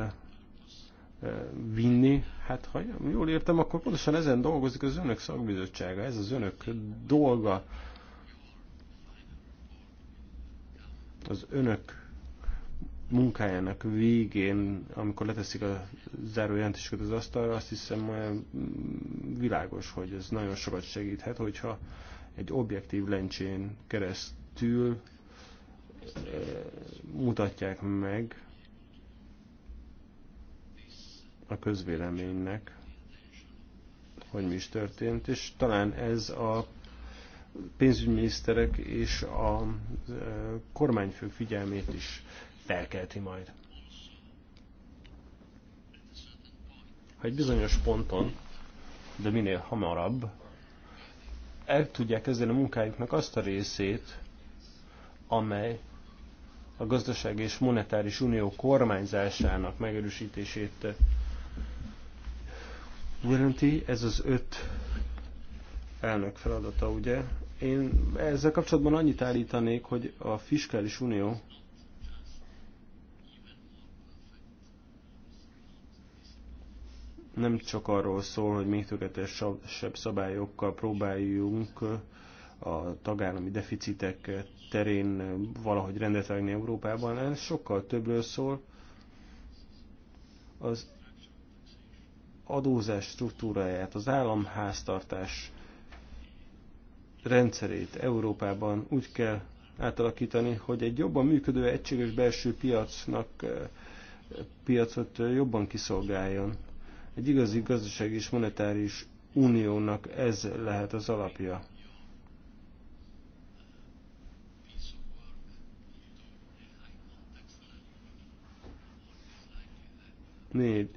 B: vinni. Hát ha jól értem, akkor pontosan ezen dolgozik az önök szakbizottsága, ez az önök dolga. Az önök munkájának végén, amikor leteszik a zárójelentéseket az asztalra, azt hiszem világos, hogy ez nagyon sokat segíthet, hogyha egy objektív lencsén keresztül mutatják meg a közvéleménynek, hogy mi is történt, és talán ez a pénzügyminiszterek és a kormányfők figyelmét is felkelti majd. Ha egy bizonyos ponton, de minél hamarabb, el tudják kezdeni a munkájuknak azt a részét, amely a gazdaság és monetáris unió kormányzásának megerősítését jelenti. Ez az öt elnök feladata, ugye? Én ezzel kapcsolatban annyit állítanék, hogy a fiskális unió nem csak arról szól, hogy még tökéletesebb szabályokkal próbáljunk a tagállami deficitek terén valahogy rendet vágni Európában, ez sokkal többről szól. Az adózás struktúráját, az államháztartás rendszerét Európában úgy kell átalakítani, hogy egy jobban működő egységes belső piacnak eh, piacot jobban kiszolgáljon egy igazi gazdasági és monetáris uniónak ez lehet az alapja. Négy,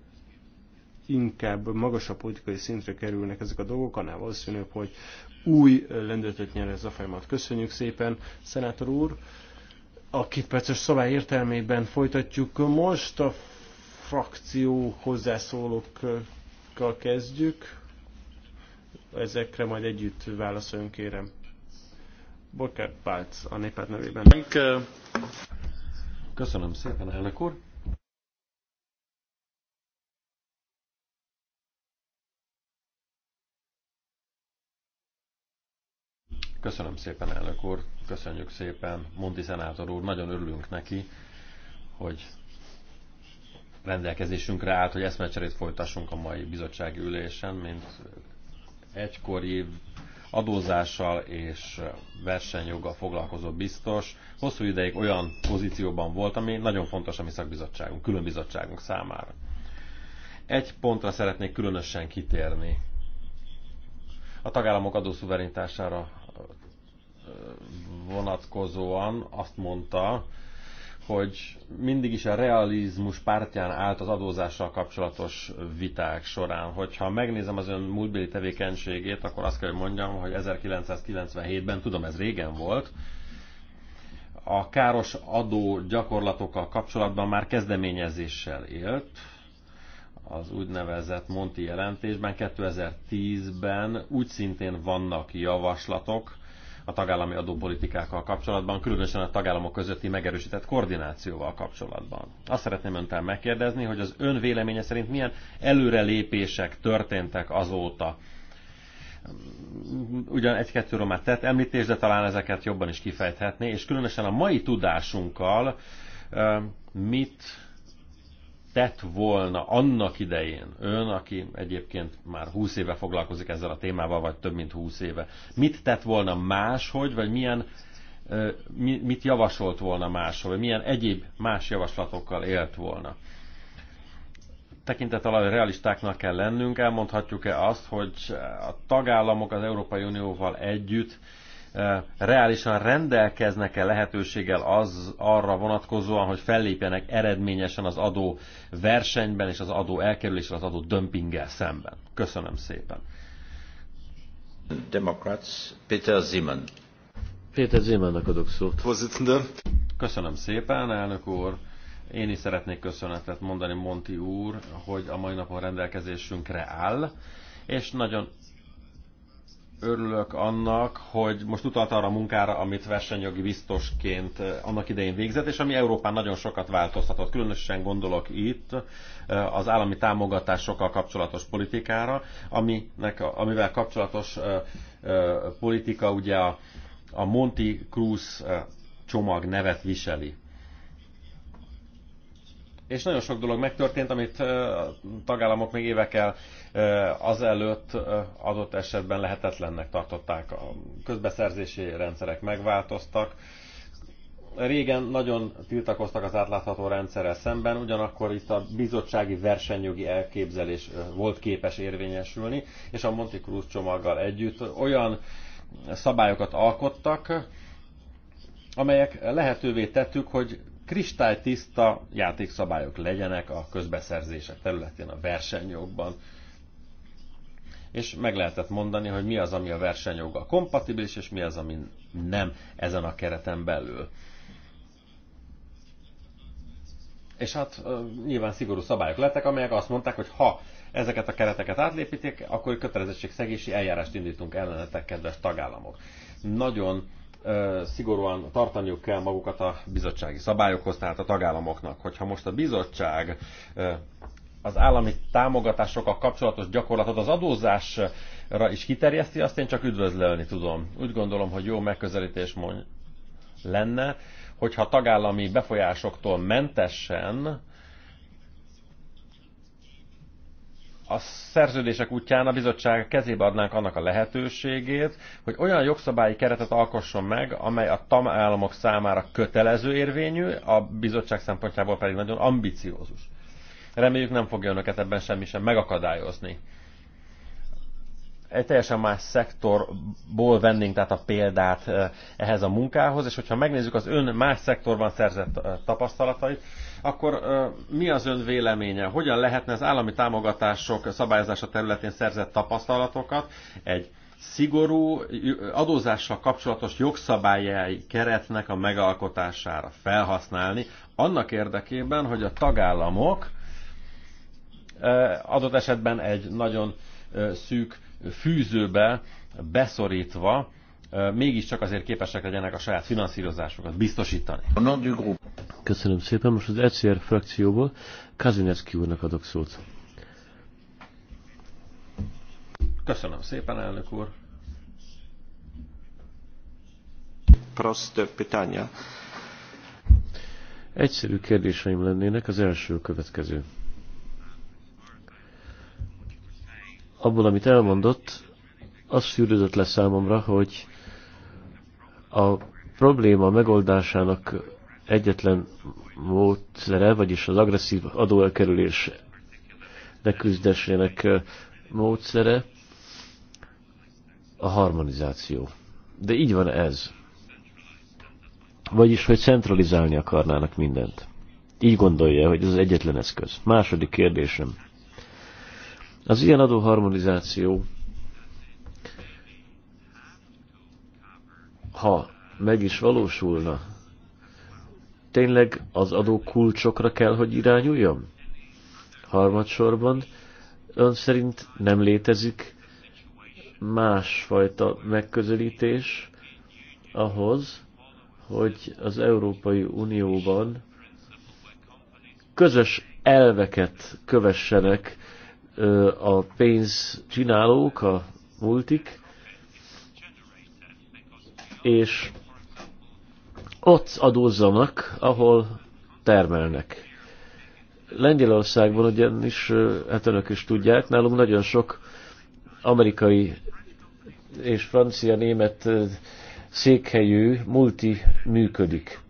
B: inkább magasabb politikai szintre kerülnek ezek a dolgok, annál valószínűbb, hogy új lendületet nyer ez a folyamat. Köszönjük szépen, szenátor úr! A két perces szabály értelmében folytatjuk most a frakció hozzászólókkal kezdjük. Ezekre majd együtt válaszoljon kérem. Bokert Pálc a népát nevében. Köszönöm szépen, elnök úr.
A: Köszönöm szépen, elnök úr. Köszönjük szépen, Mondi szenátor úr. Nagyon örülünk neki, hogy rendelkezésünkre állt, hogy eszmecserét folytassunk a mai bizottsági ülésen, mint egykori adózással és versenyjoggal foglalkozó biztos. Hosszú ideig olyan pozícióban volt, ami nagyon fontos a mi szakbizottságunk, külön bizottságunk számára. Egy pontra szeretnék különösen kitérni. A tagállamok adószuverenitására vonatkozóan azt mondta, hogy mindig is a realizmus pártján állt az adózással kapcsolatos viták során. Hogyha megnézem az ön múltbéli tevékenységét, akkor azt kell, hogy mondjam, hogy 1997-ben, tudom ez régen volt, a káros adó gyakorlatokkal kapcsolatban már kezdeményezéssel élt, az úgynevezett Monti jelentésben 2010-ben úgy szintén vannak javaslatok, a tagállami adópolitikákkal kapcsolatban, különösen a tagállamok közötti megerősített koordinációval kapcsolatban. Azt szeretném öntel megkérdezni, hogy az ön véleménye szerint milyen előrelépések történtek azóta, ugyan egy-kettőről már tett említés, de talán ezeket jobban is kifejthetné, és különösen a mai tudásunkkal mit tett volna annak idején ön, aki egyébként már 20 éve foglalkozik ezzel a témával, vagy több mint 20 éve, mit tett volna máshogy, vagy milyen, mit javasolt volna máshol, vagy milyen egyéb más javaslatokkal élt volna? tekintet alá realistáknak kell lennünk, elmondhatjuk-e azt, hogy a tagállamok az Európai Unióval együtt reálisan rendelkeznek-e lehetőséggel az arra vonatkozóan, hogy fellépjenek eredményesen az adó versenyben és az adó elkerülésre, az adó dömpinggel szemben. Köszönöm szépen. Demokrats Peter Zimmen. Péter Zimmernek adok szót. Köszönöm szépen, elnök úr. Én is szeretnék köszönetet mondani Monti úr, hogy a mai napon rendelkezésünkre áll, és nagyon örülök annak, hogy most utalt arra a munkára, amit versenyjogi biztosként eh, annak idején végzett, és ami Európán nagyon sokat változtatott. Különösen gondolok itt eh, az állami támogatásokkal kapcsolatos politikára, aminek, amivel kapcsolatos eh, politika ugye a, a Monti Cruz csomag nevet viseli és nagyon sok dolog megtörtént, amit a tagállamok még évekkel azelőtt adott esetben lehetetlennek tartották. A közbeszerzési rendszerek megváltoztak, régen nagyon tiltakoztak az átlátható rendszerrel szemben, ugyanakkor itt a bizottsági versenyjogi elképzelés volt képes érvényesülni, és a Monti Cruz csomaggal együtt olyan szabályokat alkottak, amelyek lehetővé tettük, hogy kristálytiszta játékszabályok legyenek a közbeszerzések területén, a versenyjogban. És meg lehetett mondani, hogy mi az, ami a versenyjoggal kompatibilis, és mi az, ami nem ezen a kereten belül. És hát nyilván szigorú szabályok lettek, amelyek azt mondták, hogy ha ezeket a kereteket átlépítik, akkor kötelezettségszegési eljárást indítunk ellenetek, kedves tagállamok. Nagyon szigorúan tartaniuk kell magukat a bizottsági szabályokhoz, tehát a tagállamoknak. Hogyha most a bizottság az állami támogatásokkal kapcsolatos gyakorlatot az adózásra is kiterjeszti, azt én csak üdvözlölni tudom. Úgy gondolom, hogy jó megközelítés mond lenne, hogyha tagállami befolyásoktól mentesen a szerződések útján a bizottság kezébe adnánk annak a lehetőségét, hogy olyan jogszabályi keretet alkosson meg, amely a államok számára kötelező érvényű, a bizottság szempontjából pedig nagyon ambiciózus. Reméljük nem fogja önöket ebben semmi sem megakadályozni egy teljesen más szektorból vennénk tehát a példát eh, ehhez a munkához, és hogyha megnézzük az ön más szektorban szerzett eh, tapasztalatait, akkor eh, mi az ön véleménye? Hogyan lehetne az állami támogatások szabályozása területén szerzett tapasztalatokat egy szigorú adózással kapcsolatos jogszabályai keretnek a megalkotására felhasználni, annak érdekében, hogy a tagállamok adott esetben egy nagyon szűk fűzőbe beszorítva mégiscsak azért képesek legyenek a saját finanszírozásukat biztosítani.
C: Köszönöm szépen. Most az ECR frakcióból Kazinecki úrnak adok szót.
A: Köszönöm szépen, elnök úr.
B: pytania.
C: Egyszerű kérdéseim lennének, az első következő. abból, amit elmondott, az szűrődött le számomra, hogy a probléma megoldásának egyetlen módszere, vagyis az agresszív adóelkerülés leküzdésének módszere a harmonizáció. De így van ez. Vagyis, hogy centralizálni akarnának mindent. Így gondolja, hogy ez az egyetlen eszköz. Második kérdésem az ilyen adóharmonizáció, ha meg is valósulna, tényleg az adó kulcsokra kell, hogy irányuljon? Harmadsorban ön szerint nem létezik másfajta megközelítés ahhoz, hogy az Európai Unióban közös elveket kövessenek a csinálók, a multik, és ott adózzanak, ahol termelnek. Lengyelországban ugyanis, hát önök is tudják, nálunk nagyon sok amerikai és francia-német székhelyű multi működik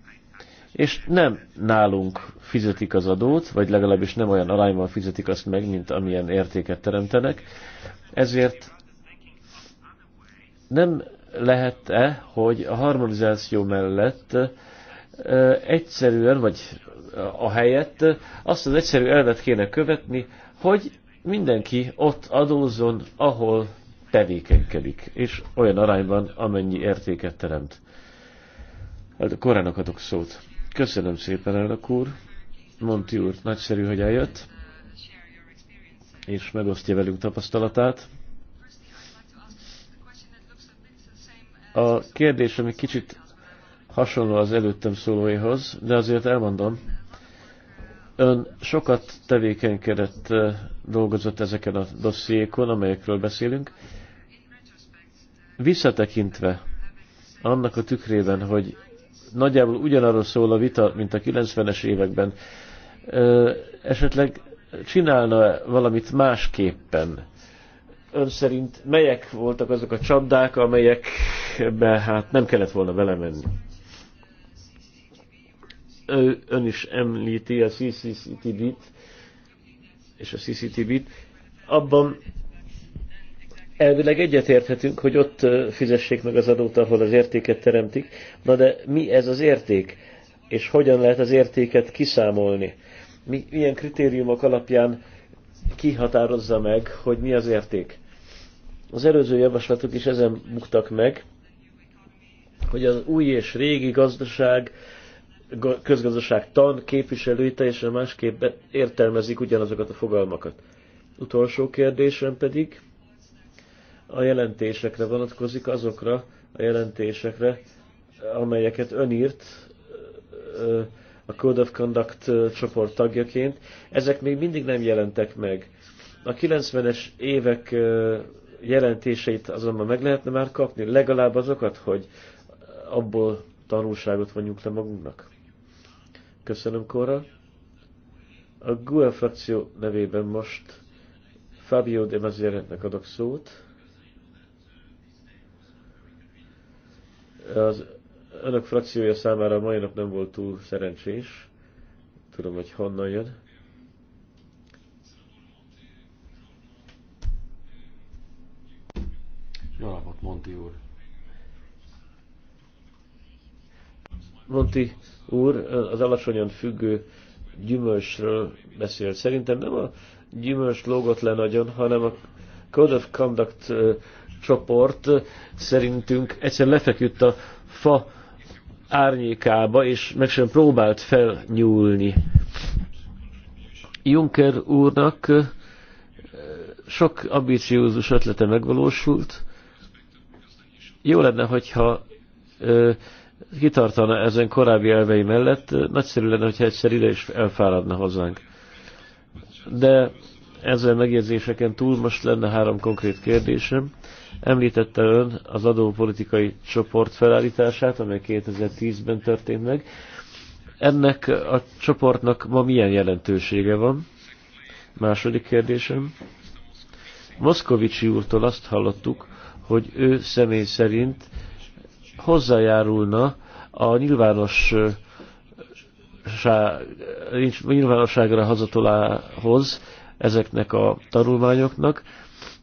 C: és nem nálunk fizetik az adót, vagy legalábbis nem olyan arányban fizetik azt meg, mint amilyen értéket teremtenek. Ezért nem lehet-e, hogy a harmonizáció mellett egyszerűen, vagy a helyett azt az egyszerű elvet kéne követni, hogy mindenki ott adózzon, ahol tevékenykedik, és olyan arányban, amennyi értéket teremt. Hát, Korának adok szót. Köszönöm szépen, elnök úr. Monti úr, nagyszerű, hogy eljött, és megosztja velünk tapasztalatát. A kérdés, ami kicsit hasonló az előttem szólóihoz, de azért elmondom. Ön sokat tevékenykedett, dolgozott ezeken a dossziékon, amelyekről beszélünk. Visszatekintve annak a tükrében, hogy nagyjából ugyanarról szól a vita, mint a 90-es években. Esetleg csinálna valamit másképpen? Ön szerint melyek voltak azok a csapdák, amelyekbe hát nem kellett volna vele menni? Ő, ön is említi a CCTV-t és a CCTV-t. Abban elvileg egyetérthetünk, hogy ott fizessék meg az adót, ahol az értéket teremtik. Na de mi ez az érték? És hogyan lehet az értéket kiszámolni? Mi, milyen kritériumok alapján kihatározza meg, hogy mi az érték? Az előző javaslatok is ezen buktak meg, hogy az új és régi gazdaság, közgazdaság tan képviselői teljesen másképp értelmezik ugyanazokat a fogalmakat. Utolsó kérdésem pedig, a jelentésekre vonatkozik, azokra a jelentésekre, amelyeket ön írt a Code of Conduct csoport tagjaként. Ezek még mindig nem jelentek meg. A 90-es évek jelentéseit azonban meg lehetne már kapni, legalább azokat, hogy abból tanulságot vonjunk le magunknak. Köszönöm, Kóra. A GUE frakció nevében most Fabio de Mazieretnek adok szót. Az önök frakciója számára mai nap nem volt túl szerencsés. Tudom, hogy honnan jön.
A: Jó napot, Monti úr!
C: Monti úr az alacsonyan függő gyümölcsről beszélt. Szerintem nem a gyümölcs lógott le nagyon, hanem a Code of Conduct csoport szerintünk egyszer lefeküdt a fa árnyékába, és meg sem próbált felnyúlni. Juncker úrnak sok ambíciózus ötlete megvalósult. Jó lenne, hogyha kitartana ezen korábbi elvei mellett, nagyszerű lenne, hogyha egyszer ide is elfáradna hozzánk. De ezzel megjegyzéseken túl most lenne három konkrét kérdésem. Említette ön az adópolitikai csoport felállítását, amely 2010-ben történt meg. Ennek a csoportnak ma milyen jelentősége van? Második kérdésem. Moszkovicsi úrtól azt hallottuk, hogy ő személy szerint hozzájárulna a nyilvános nyilvánosságra hazatolához ezeknek a tanulmányoknak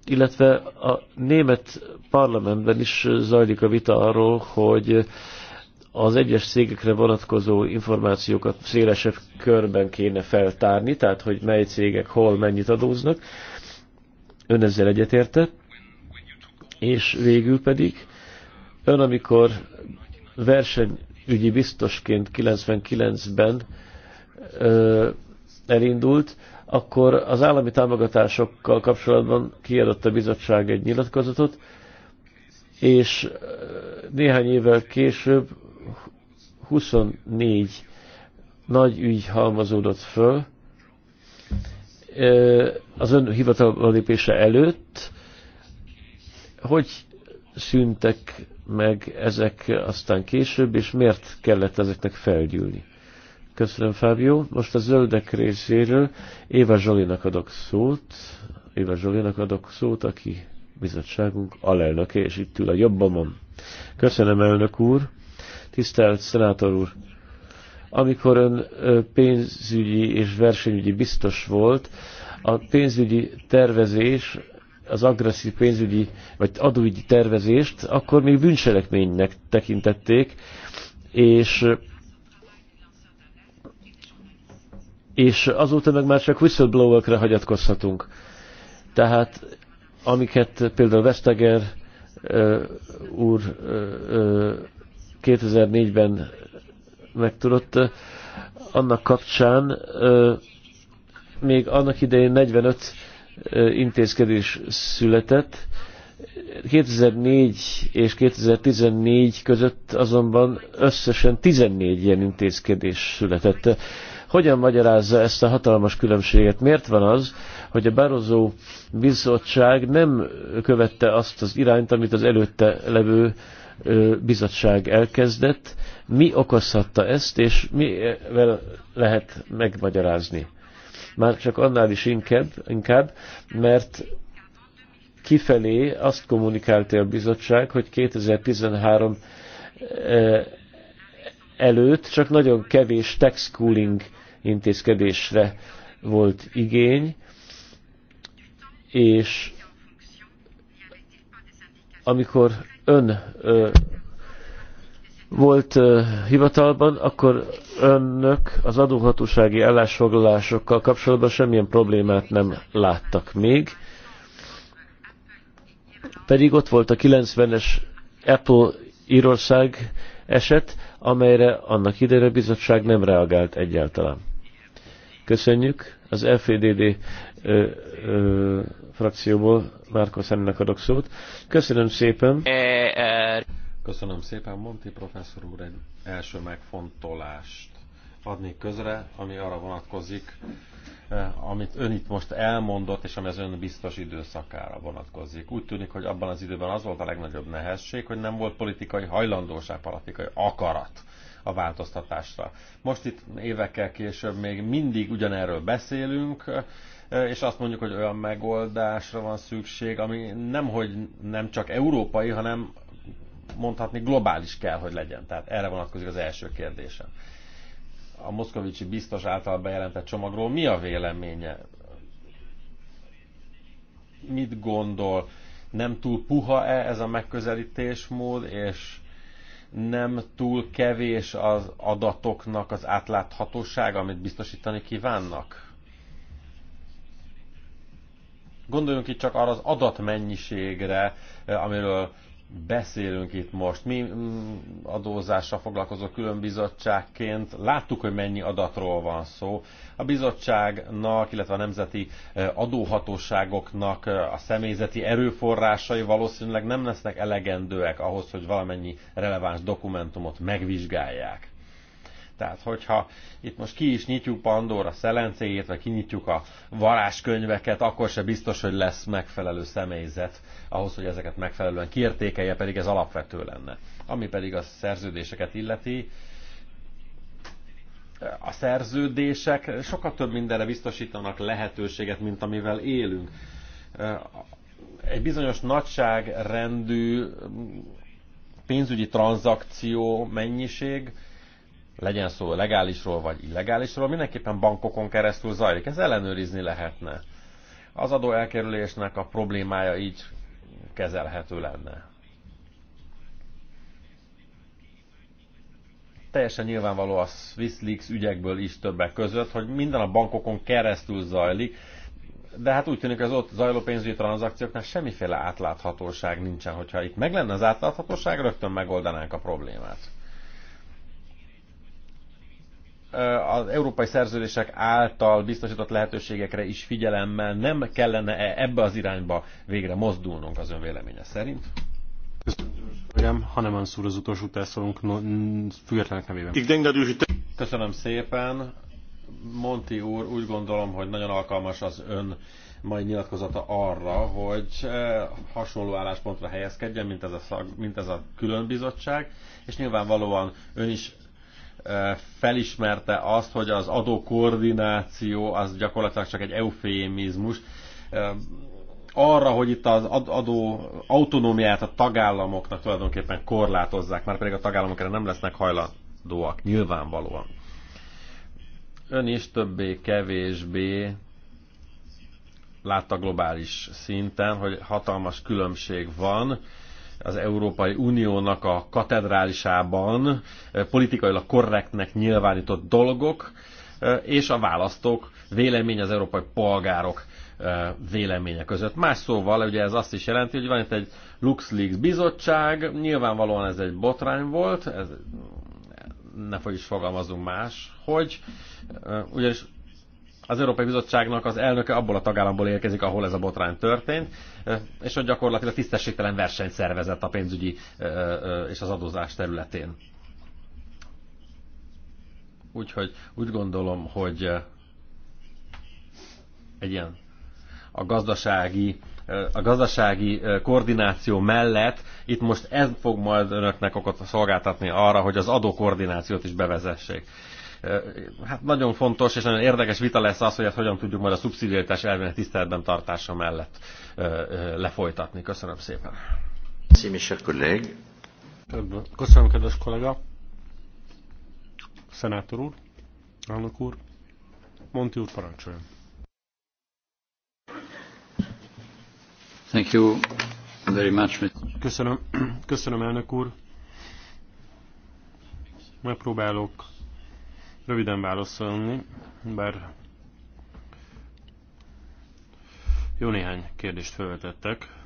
C: illetve a német parlamentben is zajlik a vita arról, hogy az egyes cégekre vonatkozó információkat szélesebb körben kéne feltárni, tehát hogy mely cégek hol mennyit adóznak. Ön ezzel egyetérte. És végül pedig, ön amikor versenyügyi biztosként 99-ben elindult, akkor az állami támogatásokkal kapcsolatban kiadott a bizottság egy nyilatkozatot, és néhány évvel később 24 nagy ügy halmazódott föl az ön hivatalba lépése előtt. Hogy szűntek meg ezek aztán később, és miért kellett ezeknek felgyűlni? Köszönöm, Fábio. Most a zöldek részéről Éva Zsolinak adok szót. Éva Zsolinak adok szót, aki bizottságunk alelnöke, és itt ül a jobbamon. Köszönöm, elnök úr. Tisztelt szenátor úr. Amikor ön pénzügyi és versenyügyi biztos volt, a pénzügyi tervezés, az agresszív pénzügyi vagy adóügyi tervezést akkor még bűncselekménynek tekintették, és és azóta meg már csak whistleblower-kre hagyatkozhatunk. Tehát amiket például Vesteger uh, úr uh, 2004-ben megtudott, uh, annak kapcsán uh, még annak idején 45 uh, intézkedés született, 2004 és 2014 között azonban összesen 14 ilyen intézkedés született. Hogyan magyarázza ezt a hatalmas különbséget? Miért van az, hogy a Barozó bizottság nem követte azt az irányt, amit az előtte levő bizottság elkezdett? Mi okozhatta ezt, és mivel lehet megmagyarázni? Már csak annál is inkább, inkább mert kifelé azt kommunikálta a bizottság, hogy 2013 előtt csak nagyon kevés tax cooling intézkedésre volt igény, és amikor ön ö, volt ö, hivatalban, akkor önök az adóhatósági állásfoglalásokkal kapcsolatban semmilyen problémát nem láttak még. Pedig ott volt a 90-es Apple Írország eset, amelyre annak idejére bizottság nem reagált egyáltalán. Köszönjük. Az FDD ö, ö, frakcióból Márko Szennek adok szót. Köszönöm szépen.
A: E, e, Köszönöm szépen. Monti professzor úr egy első megfontolást adni közre, ami arra vonatkozik, e, amit ön itt most elmondott, és ami az ön biztos időszakára vonatkozik. Úgy tűnik, hogy abban az időben az volt a legnagyobb nehézség, hogy nem volt politikai hajlandóság, politikai akarat a változtatásra. Most itt évekkel később még mindig ugyanerről beszélünk, eh, és azt mondjuk, hogy olyan megoldásra van szükség, ami nemhogy nem csak európai, hanem mondhatni globális kell, hogy legyen. Tehát erre vonatkozik az első kérdésem. A moszkovicsi biztos által bejelentett csomagról mi a véleménye? Mit gondol? Nem túl puha-e ez a megközelítésmód, és nem túl kevés az adatoknak az átláthatósága, amit biztosítani kívánnak? Gondoljunk itt csak arra az adatmennyiségre, eh, amiről beszélünk itt most. Mi mm, adózással foglalkozó különbizottságként láttuk, hogy mennyi adatról van szó. A bizottságnak, illetve a nemzeti e, adóhatóságoknak e, a személyzeti erőforrásai valószínűleg nem lesznek elegendőek ahhoz, hogy valamennyi releváns dokumentumot megvizsgálják. Tehát, hogyha itt most ki is nyitjuk Pandora szelencéjét, vagy kinyitjuk a varázskönyveket, akkor se biztos, hogy lesz megfelelő személyzet ahhoz, hogy ezeket megfelelően kiértékelje, pedig ez alapvető lenne. Ami pedig a szerződéseket illeti, a szerződések sokkal több mindenre biztosítanak lehetőséget, mint amivel élünk. Egy bizonyos nagyságrendű pénzügyi tranzakció mennyiség legyen szó legálisról vagy illegálisról, mindenképpen bankokon keresztül zajlik. Ez ellenőrizni lehetne. Az adó elkerülésnek a problémája így kezelhető lenne. Teljesen nyilvánvaló a SwissLeaks ügyekből is többek között, hogy minden a bankokon keresztül zajlik, de hát úgy tűnik, az ott zajló pénzügyi tranzakcióknál semmiféle átláthatóság nincsen. Hogyha itt meg lenne az átláthatóság, rögtön megoldanánk a problémát az európai szerződések által biztosított lehetőségekre is figyelemmel nem kellene -e ebbe az irányba végre mozdulnunk az ön véleménye szerint?
B: Köszönöm, hanem Ansur az utolsó utászolunk, no, függetlenek nevében.
A: Köszönöm szépen. Monti úr, úgy gondolom, hogy nagyon alkalmas az ön mai nyilatkozata arra, hogy hasonló álláspontra helyezkedjen, mint ez a, szag, mint ez a bizottság, és nyilvánvalóan ön is felismerte azt, hogy az adókoordináció az gyakorlatilag csak egy eufémizmus. Arra, hogy itt az adó autonómiát a tagállamoknak tulajdonképpen korlátozzák, már pedig a tagállamok erre nem lesznek hajlandóak, nyilvánvalóan. Ön is többé-kevésbé látta globális szinten, hogy hatalmas különbség van, az Európai Uniónak a katedrálisában eh, politikailag korrektnek nyilvánított dolgok, eh, és a választók vélemény az európai polgárok eh, véleménye között. Más szóval, ugye ez azt is jelenti, hogy van itt egy LuxLeaks bizottság, nyilvánvalóan ez egy botrány volt, ez, ne fog is fogalmazunk más, hogy ugyanis az Európai Bizottságnak az elnöke abból a tagállamból érkezik, ahol ez a botrány történt, és hogy gyakorlatilag tisztességtelen versenyt szervezett a pénzügyi és az adózás területén. Úgyhogy úgy gondolom, hogy egy ilyen a gazdasági a gazdasági koordináció mellett itt most ez fog majd önöknek okot szolgáltatni arra, hogy az adókoordinációt is bevezessék. Hát nagyon fontos és nagyon érdekes vita lesz az, hogy ezt hogyan tudjuk majd a szubszidiaritás elvének tiszteletben tartása mellett lefolytatni. Köszönöm szépen.
B: Köszönöm, kedves kollega. Szenátor úr, elnök úr, Monti úr parancsoljon. Thank you very much. Köszönöm, köszönöm elnök úr. Megpróbálok röviden válaszolni, bár jó néhány kérdést felvetettek.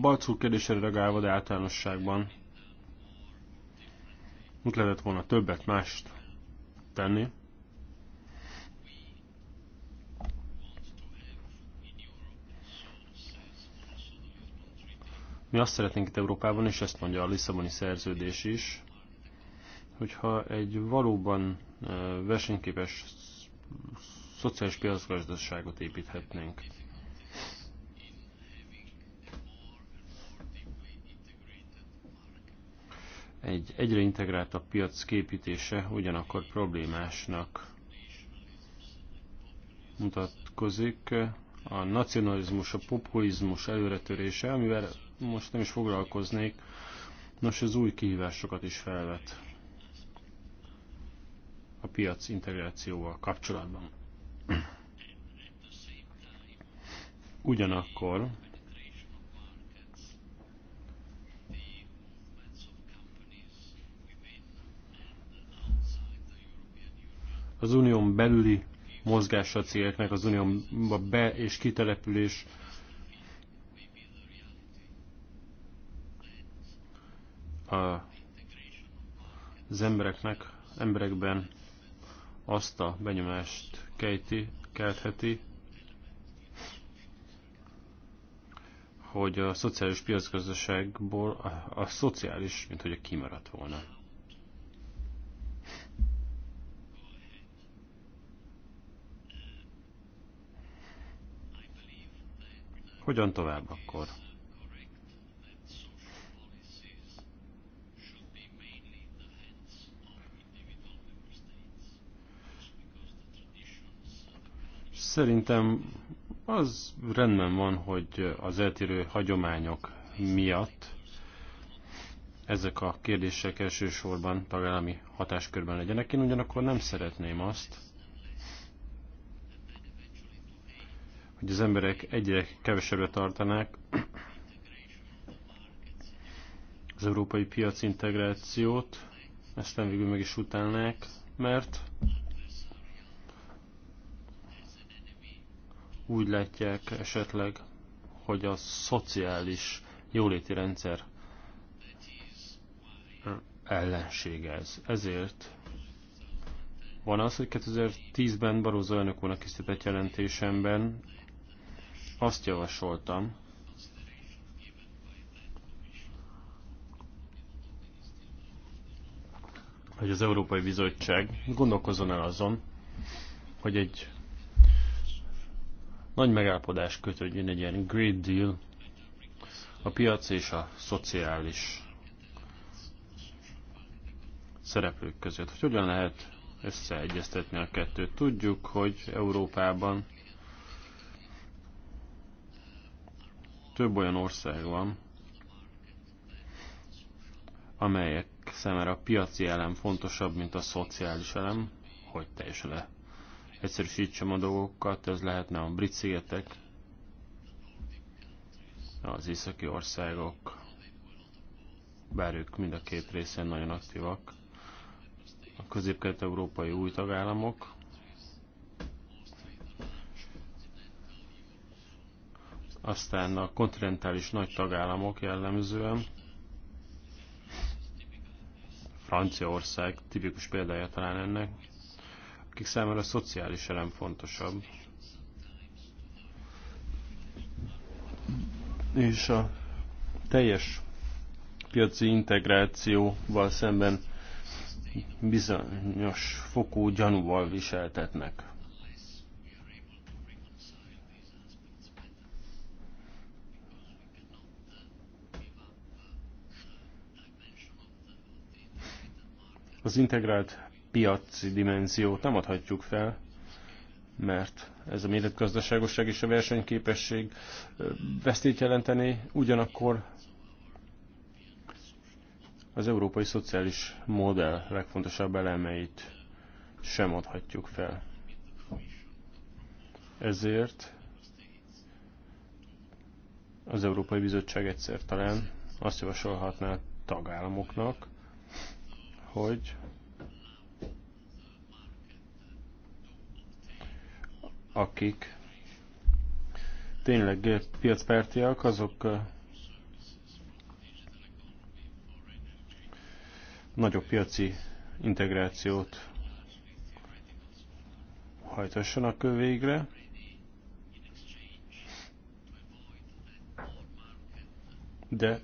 B: Balcú kérdésre reagálva, de általánosságban mit lehetett volna többet mást tenni? Mi azt szeretnénk itt Európában, és ezt mondja a Lisszaboni szerződés is, hogyha egy valóban versenyképes szociális piacgazdaságot építhetnénk. Egy egyre integráltabb piac képítése ugyanakkor problémásnak mutatkozik. A nacionalizmus, a populizmus előretörése, amivel most nem is foglalkoznék. Nos, az új kihívásokat is felvet a piac integrációval kapcsolatban. Ugyanakkor az unión belüli mozgása cégeknek, az unióba be- és kitelepülés az embereknek, emberekben azt a benyomást kejti, keltheti, hogy a szociális piacgazdaságból a, a szociális, mint hogy a kimaradt volna. Hogyan tovább akkor? Szerintem az rendben van, hogy az eltérő hagyományok miatt ezek a kérdések elsősorban tagállami hatáskörben legyenek. Én ugyanakkor nem szeretném azt, hogy az emberek egyre kevesebbre tartanák az európai piac integrációt, ezt nem végül meg is utálnák, mert úgy látják esetleg, hogy a szociális jóléti rendszer ellensége ez. Ezért van az, hogy 2010-ben Barózó elnök úrnak készített jelentésemben azt javasoltam, hogy az Európai Bizottság gondolkozzon el azon, hogy egy nagy megállapodás kötődjön egy ilyen great deal a piac és a szociális szereplők között. Hogy hogyan lehet összeegyeztetni a kettőt? Tudjuk, hogy Európában több olyan ország van, amelyek számára a piaci elem fontosabb, mint a szociális elem, hogy teljesen le egyszerűsítsem a dolgokat, ez lehetne a brit szigetek, az északi országok, bár ők mind a két részen nagyon aktívak, a közép-kelet-európai új tagállamok, aztán a kontinentális nagy tagállamok jellemzően, Franciaország tipikus példája talán ennek, akik számára a szociális elem fontosabb. És a teljes piaci integrációval szemben bizonyos fokú gyanúval viseltetnek. Az integrált piaci dimenziót nem adhatjuk fel, mert ez a méretgazdaságosság és a versenyképesség vesztét jelenteni, ugyanakkor az európai szociális modell legfontosabb elemeit sem adhatjuk fel. Ezért az Európai Bizottság egyszer talán azt javasolhatná tagállamoknak, hogy akik tényleg piacpártiak, azok nagyobb piaci integrációt hajtassanak végre. De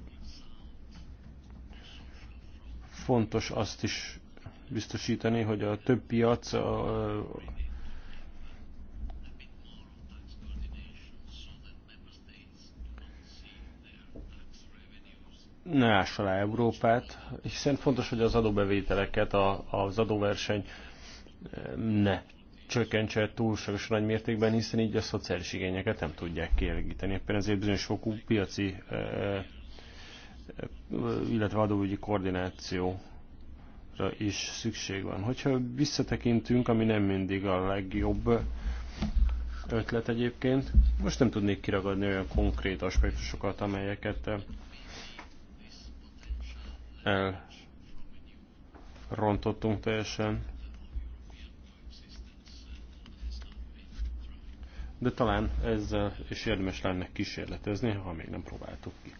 B: fontos azt is biztosítani, hogy a több piac a, ne ássa alá Európát, hiszen fontos, hogy az adóbevételeket, a, az adóverseny eh, ne csökkentse túlságosan nagy mértékben, hiszen így a szociális igényeket nem tudják kielégíteni. Éppen ezért bizonyos fokú piaci, eh, eh, illetve adóügyi koordináció is szükség van. Hogyha visszatekintünk, ami nem mindig a legjobb ötlet egyébként, most nem tudnék kiragadni olyan konkrét aspektusokat, amelyeket elrontottunk teljesen. De talán ezzel is érdemes lenne kísérletezni, ha még nem próbáltuk ki.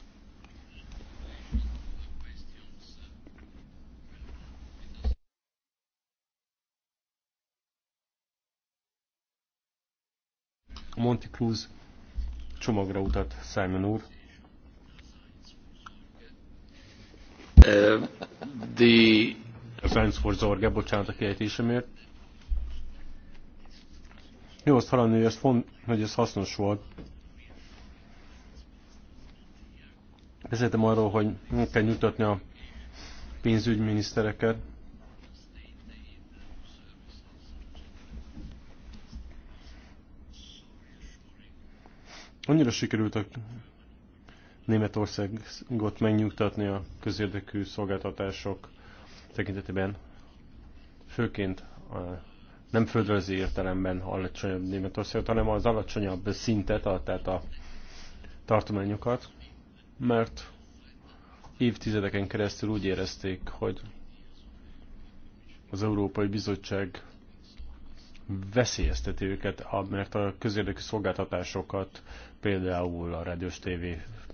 B: Monty Cruz csomagra utat Simon úr. Uh, the... Az Einszford bocsánat a kiejtésemért. Jó azt hallani, hogy ez, font, hogy ez hasznos volt. Beszéltem arról, hogy meg kell nyugtatni a pénzügyminisztereket. Annyira sikerült a Németországot megnyugtatni a közérdekű szolgáltatások tekintetében, főként a, nem földrajzi értelemben alacsonyabb Németországot, hanem az alacsonyabb szintet, a, tehát a tartományokat, mert évtizedeken keresztül úgy érezték, hogy az Európai Bizottság veszélyezteti őket, mert a közérdekű szolgáltatásokat például a rádiós TV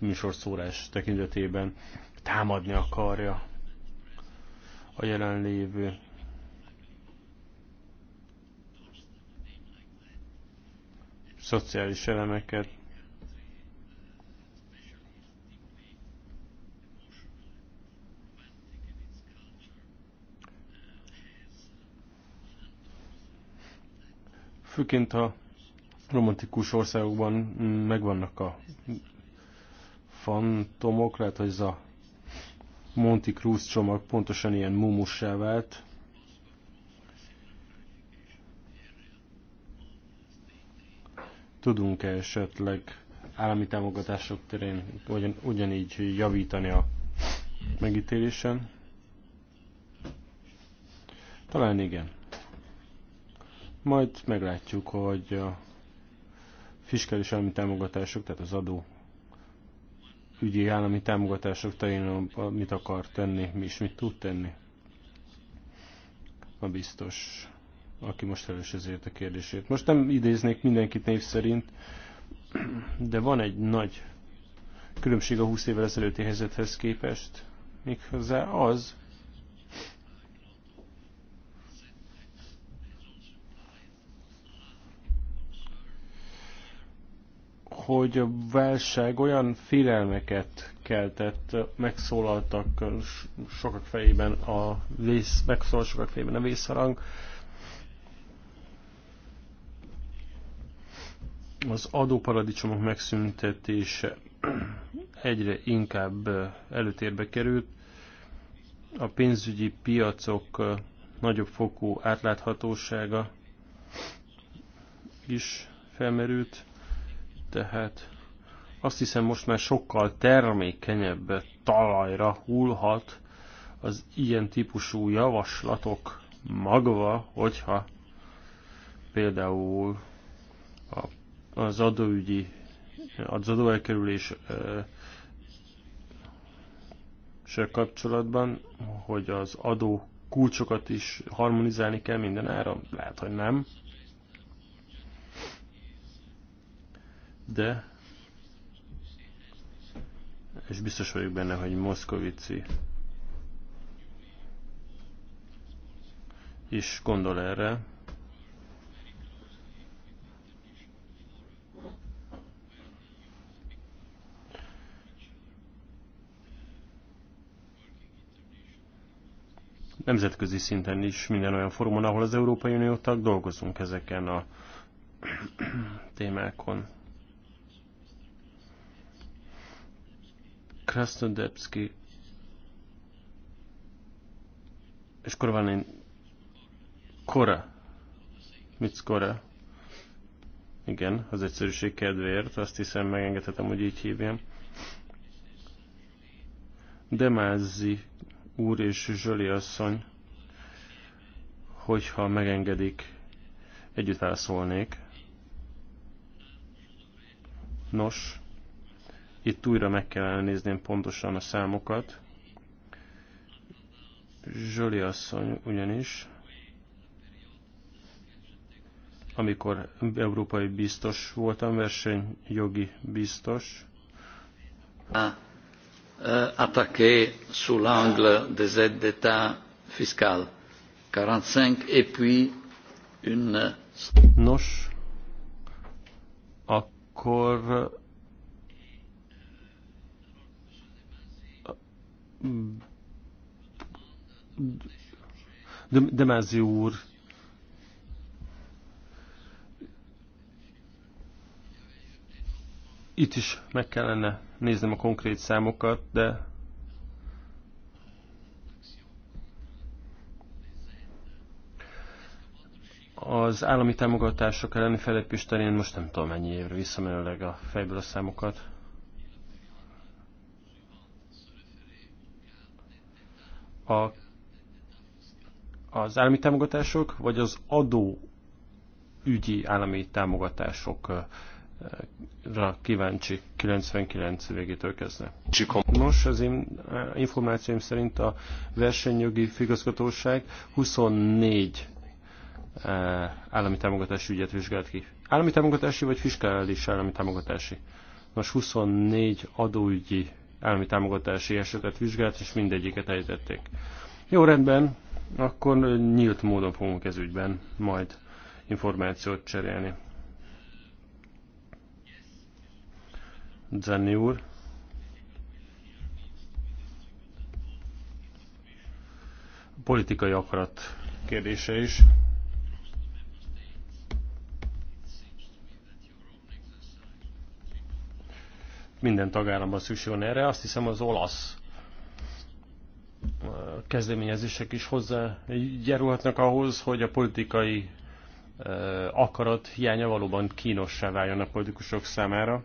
B: műsorszórás tekintetében támadni akarja a jelenlévő szociális elemeket főként a romantikus országokban megvannak a fantomok, lehet, hogy ez a Monty Cruz csomag pontosan ilyen mumussá vált. Tudunk-e esetleg állami támogatások terén ugyan, ugyanígy javítani a megítélésen? Talán igen. Majd meglátjuk, hogy a fiskális állami támogatások, tehát az adó ügyi állami támogatások terén mit akar tenni, mi is mit tud tenni. A biztos, aki most felelős ezért a kérdését. Most nem idéznék mindenkit név szerint, de van egy nagy különbség a 20 évvel ezelőtti helyzethez képest, méghozzá az, hogy a válság olyan félelmeket keltett, megszólaltak sokak fejében a vész, megszólal sokak fejében a vészharang. Az adóparadicsomok megszüntetése egyre inkább előtérbe került. A pénzügyi piacok nagyobb fokú átláthatósága is felmerült. Tehát azt hiszem most már sokkal termékenyebb talajra hullhat az ilyen típusú javaslatok magva, hogyha például az adóügyi, az adóelkerülés se kapcsolatban, hogy az adó kulcsokat is harmonizálni kell minden ára? Lehet, hogy nem. de és biztos vagyok benne, hogy Moszkovici is gondol erre. Nemzetközi szinten is minden olyan fórumon, ahol az Európai Unió tag dolgozunk ezeken a témákon. Krasnodebski és egy Kora. Mit Kora? Igen, az egyszerűség kedvéért, azt hiszem megengedhetem, hogy így hívjam. Demázi úr és Zsöli asszony, hogyha megengedik, együtt válaszolnék. Nos, itt újra meg kellene nézném pontosan a számokat. Zsoli asszony ugyanis, amikor európai biztos voltam, verseny jogi biztos.
C: Attaqué sous l'angle des aides d'État
B: fiscal 45 et puis une... Nos, akkor Demázi úr itt is meg kellene néznem a konkrét számokat, de az állami támogatások elleni felépés terén most nem tudom mennyi évre visszamenőleg a fejből a számokat. a, az állami támogatások, vagy az adó ügyi állami támogatásokra kíváncsi 99 végétől kezdve. Nos, az én e, információim szerint a versenyjogi figazgatóság 24 e, állami támogatási ügyet vizsgált ki. Állami támogatási vagy fiskális állami támogatási? Nos, 24 adóügyi állami támogatási esetet vizsgált, és mindegyiket ejtették. Jó rendben, akkor nyílt módon fogunk ez ügyben majd információt cserélni. Zenni úr. politikai akarat kérdése is. minden tagállamban szükség van erre. Azt hiszem az olasz kezdeményezések is hozzájárulhatnak ahhoz, hogy a politikai akarat hiánya valóban kínossá váljon a politikusok számára.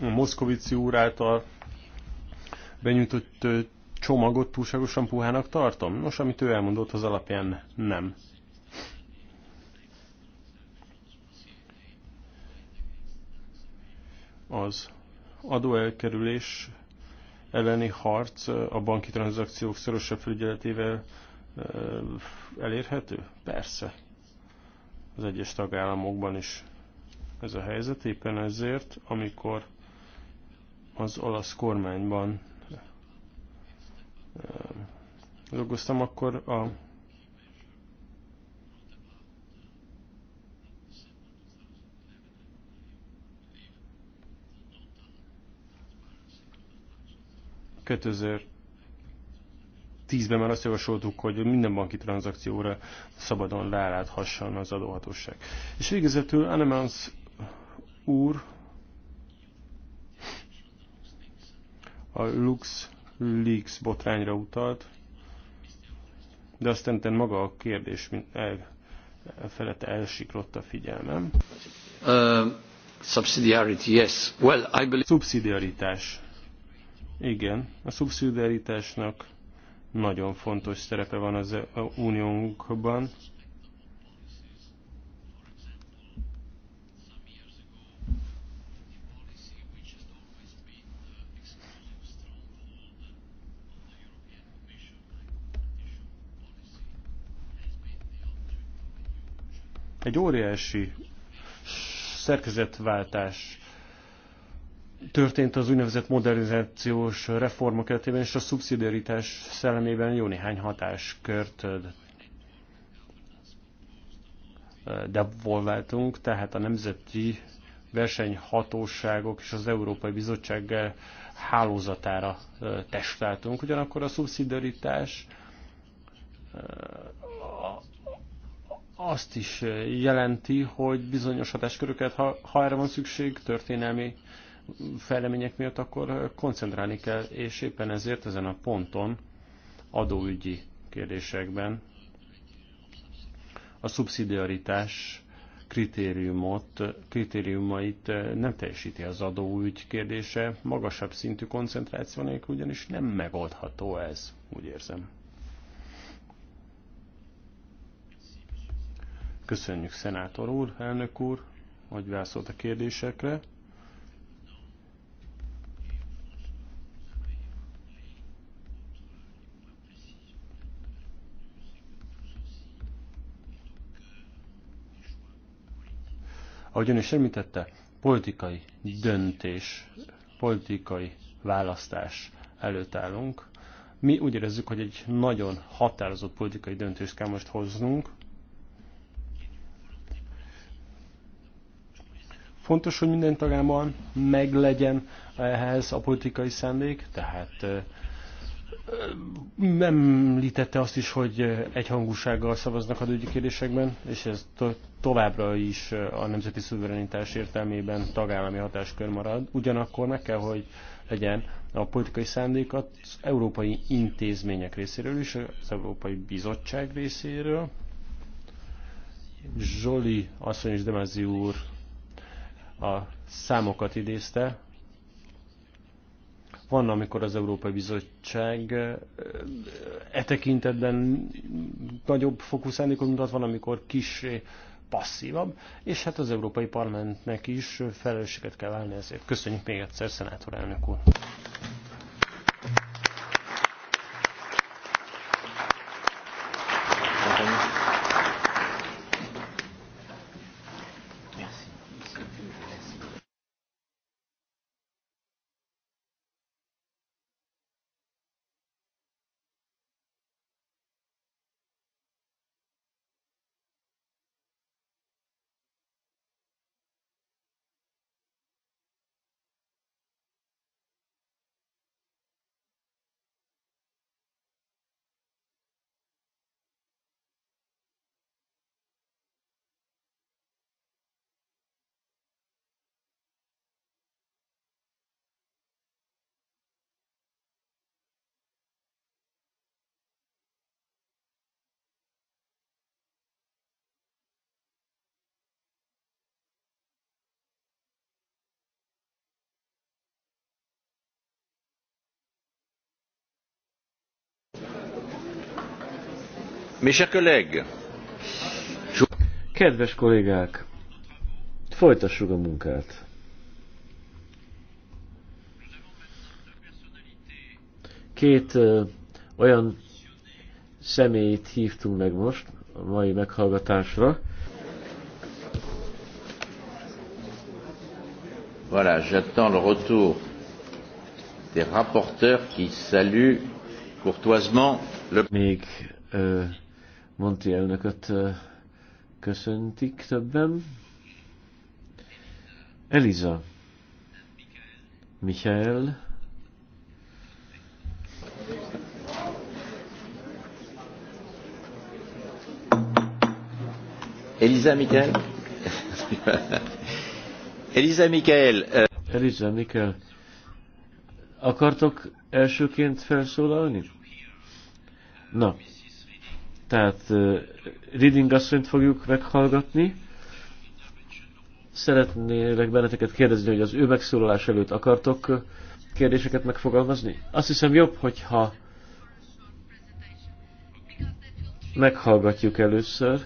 B: A Moszkovici úr által benyújtott csomagot túlságosan puhának tartom? Nos, amit ő elmondott, az alapján nem. az adóelkerülés elleni harc a banki tranzakciók szorosabb felügyeletével elérhető? Persze. Az egyes tagállamokban is ez a helyzet. Éppen ezért, amikor az olasz kormányban dolgoztam, akkor a 2010-ben már azt javasoltuk, hogy minden banki tranzakcióra szabadon ráláthasson az adóhatóság. És végezetül Anemans úr a Lux Leaks botrányra utalt, de aztán te maga a kérdés el, e felett elsiklott a figyelmem. Uh, subsidiarity, yes. Well, I believe... Subsidiaritás. Igen, a szubszidiaritásnak nagyon fontos szerepe van az e- uniónkban. Egy óriási szerkezetváltás történt az úgynevezett modernizációs reformok keretében, és a szubszidiaritás szellemében jó néhány hatáskört devolváltunk, tehát a nemzeti versenyhatóságok és az Európai Bizottság hálózatára testáltunk. Ugyanakkor a szubszidiaritás azt is jelenti, hogy bizonyos hatásköröket, ha, ha erre van szükség, történelmi fejlemények miatt, akkor koncentrálni kell, és éppen ezért ezen a ponton adóügyi kérdésekben a szubszidiaritás kritériumot, kritériumait nem teljesíti az adóügy kérdése, magasabb szintű koncentráció nélkül ugyanis nem megoldható ez, úgy érzem. Köszönjük, szenátor úr, elnök úr, hogy válaszolt a kérdésekre. Ahogy ön is említette, politikai döntés, politikai választás előtt állunk. Mi úgy érezzük, hogy egy nagyon határozott politikai döntést kell most hoznunk. Fontos, hogy minden tagállamban meglegyen ehhez a politikai szándék, tehát említette azt is, hogy egyhangúsággal szavaznak a dögyi kérdésekben, és ez to- továbbra is a nemzeti szuverenitás értelmében tagállami hatáskör marad. Ugyanakkor meg kell, hogy legyen a politikai szándékat az európai intézmények részéről is, az Európai Bizottság részéről. Zsoli asszony és Demezi úr a számokat idézte, van, amikor az Európai Bizottság e tekintetben nagyobb fokú szándékot mutat, van, amikor kis passzívabb, és hát az Európai Parlamentnek is felelősséget kell válni ezért. Köszönjük még egyszer, szenátor elnök úr!
C: Kedves kollégák, folytassuk a munkát. Két ö, olyan személyt hívtunk meg most a mai meghallgatásra.
A: Voilà, j'attends le retour des rapporteurs qui saluent courtoisement le... Még
C: euh, Monti elnököt köszöntik többen. Eliza, Michael,
A: Eliza, Michael.
C: Eliza, Michael. Eliza, Michael. Akartok elsőként felszólalni? Na, tehát Reading asszonyt fogjuk meghallgatni. Szeretnélek benneteket kérdezni, hogy az ő megszólalás előtt akartok kérdéseket megfogalmazni? Azt hiszem jobb, hogyha meghallgatjuk először,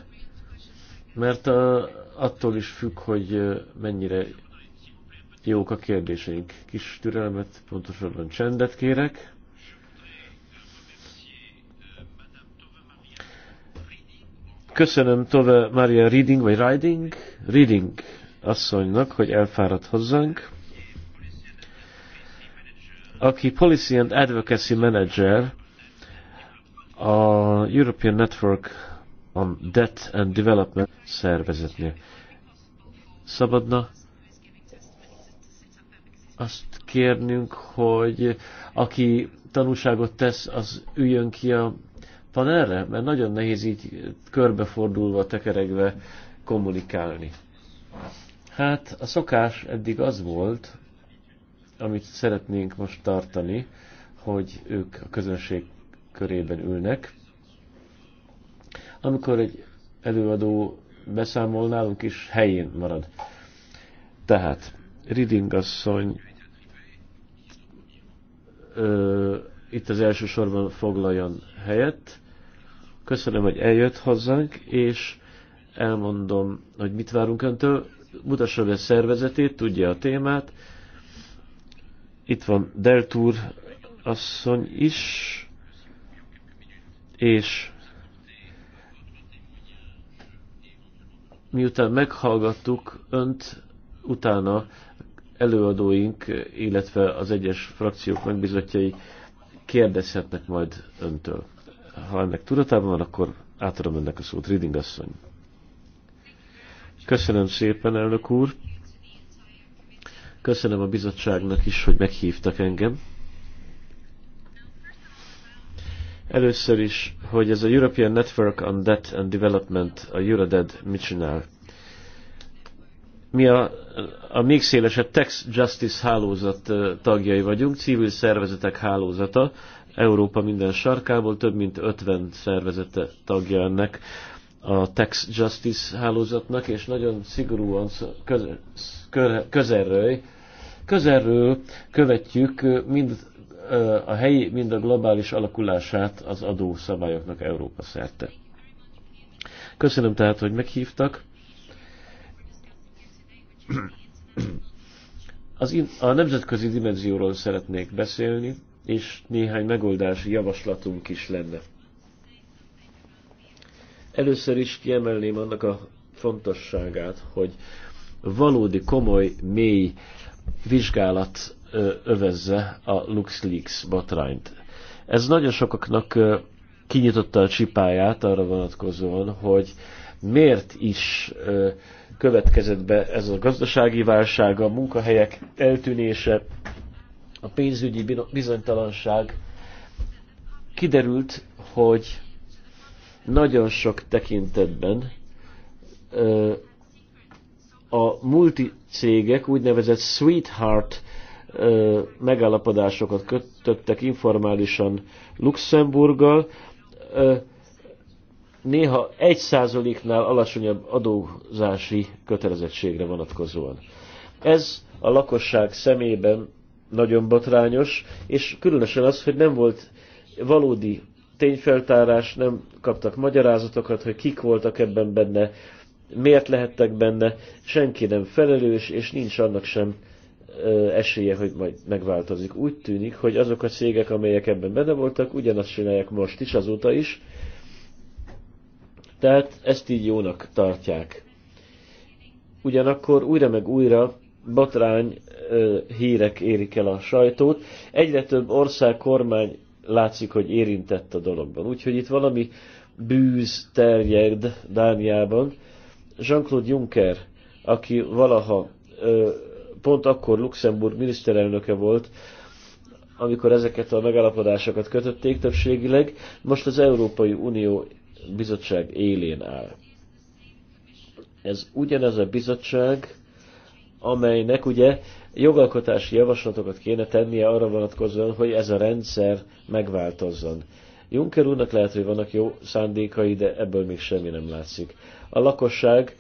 C: mert a, attól is függ, hogy mennyire jók a kérdéseink. Kis türelmet, pontosabban csendet kérek. Köszönöm Tove Maria Reading, vagy Riding, Reading asszonynak, hogy elfáradt hozzánk, aki Policy and Advocacy Manager a European Network on Debt and Development szervezetnél. Szabadna azt kérnünk, hogy aki tanúságot tesz, az üljön ki a van erre? Mert nagyon nehéz így körbefordulva, tekeregve kommunikálni. Hát a szokás eddig az volt, amit szeretnénk most tartani, hogy ők a közönség körében ülnek. Amikor egy előadó beszámol, nálunk is helyén marad. Tehát, Riding asszony ö, itt az elsősorban foglaljon helyet, Köszönöm, hogy eljött hozzánk, és elmondom, hogy mit várunk öntől. Mutassa be szervezetét, tudja a témát. Itt van Deltúr asszony is, és miután meghallgattuk önt, utána előadóink, illetve az egyes frakciók megbizotjai kérdezhetnek majd öntől ha ennek tudatában van, akkor átadom önnek a szót, Reading asszony. Köszönöm szépen, elnök úr. Köszönöm a bizottságnak is, hogy meghívtak engem. Először is, hogy ez a European Network on Debt and Development, a EuroDead mit csinál. Mi a, a még szélesebb Tax Justice hálózat tagjai vagyunk, civil szervezetek hálózata, Európa minden sarkából, több mint 50 szervezete tagja ennek a Tax Justice hálózatnak, és nagyon szigorúan közelről, közelről követjük mind a helyi, mind a globális alakulását az adószabályoknak Európa szerte. Köszönöm tehát, hogy meghívtak. Az, a nemzetközi dimenzióról szeretnék beszélni, és néhány megoldási javaslatunk is lenne. Először is kiemelném annak a fontosságát, hogy valódi, komoly, mély vizsgálat övezze a LuxLeaks botrányt. Ez nagyon sokaknak kinyitotta a csipáját arra vonatkozóan, hogy miért is következett be ez a gazdasági válság, a munkahelyek eltűnése, a pénzügyi bizonytalanság, kiderült, hogy nagyon sok tekintetben a multicégek úgynevezett sweetheart megállapodásokat kötöttek informálisan Luxemburggal, néha egy százaléknál alacsonyabb adózási kötelezettségre vonatkozóan. Ez a lakosság szemében nagyon botrányos, és különösen az, hogy nem volt valódi tényfeltárás, nem kaptak magyarázatokat, hogy kik voltak ebben benne, miért lehettek benne, senki nem felelős, és nincs annak sem esélye, hogy majd megváltozik. Úgy tűnik, hogy azok a cégek, amelyek ebben benne voltak, ugyanazt csinálják most is, azóta is. Tehát ezt így jónak tartják. Ugyanakkor újra meg újra botrány hírek érik el a sajtót. Egyre több ország kormány látszik, hogy érintett a dologban. Úgyhogy itt valami bűz terjed Dániában. Jean-Claude Juncker, aki valaha pont akkor Luxemburg miniszterelnöke volt, amikor ezeket a megállapodásokat kötötték többségileg, most az Európai Unió bizottság élén áll. Ez ugyanez a bizottság, amelynek ugye jogalkotási javaslatokat kéne tennie arra vonatkozóan, hogy ez a rendszer megváltozzon. Juncker úrnak lehet, hogy vannak jó szándékai, de ebből még semmi nem látszik. A lakosság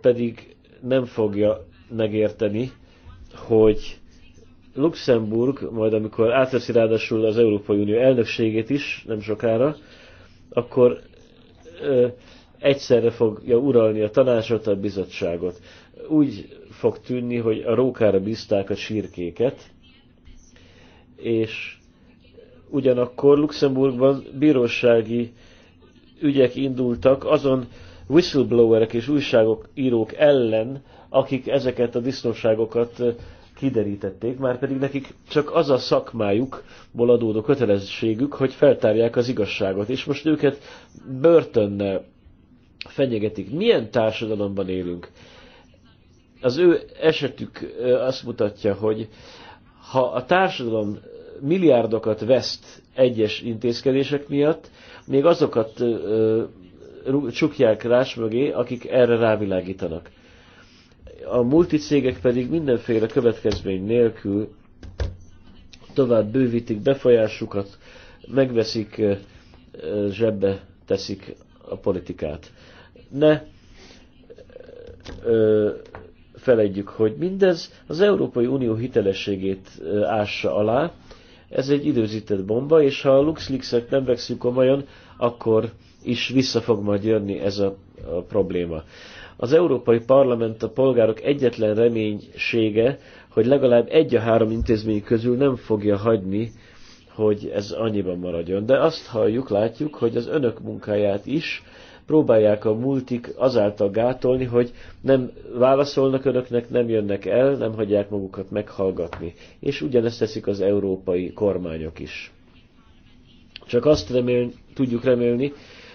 C: pedig nem fogja megérteni, hogy Luxemburg, majd amikor átveszi ráadásul az Európai Unió elnökségét is, nem sokára, akkor ö, egyszerre fogja uralni a tanácsot, a bizottságot. Úgy fog tűnni, hogy a rókára bízták a sírkéket, és ugyanakkor Luxemburgban bírósági ügyek indultak azon whistleblowerek és újságok írók ellen, akik ezeket a disznóságokat eh, kiderítették, már pedig nekik csak az a szakmájukból adódó kötelezettségük, hogy feltárják az igazságot, és most őket börtönnel fenyegetik. Milyen társadalomban élünk? az ő esetük azt mutatja, hogy ha a társadalom milliárdokat veszt egyes intézkedések miatt, még azokat ö, csukják rás mögé, akik erre rávilágítanak. A multicégek pedig mindenféle következmény nélkül tovább bővítik befolyásukat, megveszik, zsebbe teszik a politikát. Ne ö, felejtjük, hogy mindez az Európai Unió hitelességét ássa alá, ez egy időzített bomba, és ha a LuxLeaks-et nem vekszünk komolyan, akkor is vissza fog majd jönni ez a, a probléma. Az Európai Parlament a polgárok egyetlen reménysége, hogy legalább egy a három intézmény közül nem fogja hagyni, hogy ez annyiban maradjon. De azt halljuk, látjuk, hogy az önök munkáját is próbálják a multik azáltal gátolni, hogy nem válaszolnak önöknek, nem jönnek el, nem hagyják magukat meghallgatni. És ugyanezt teszik az európai kormányok is. Csak azt remél, tudjuk remélni,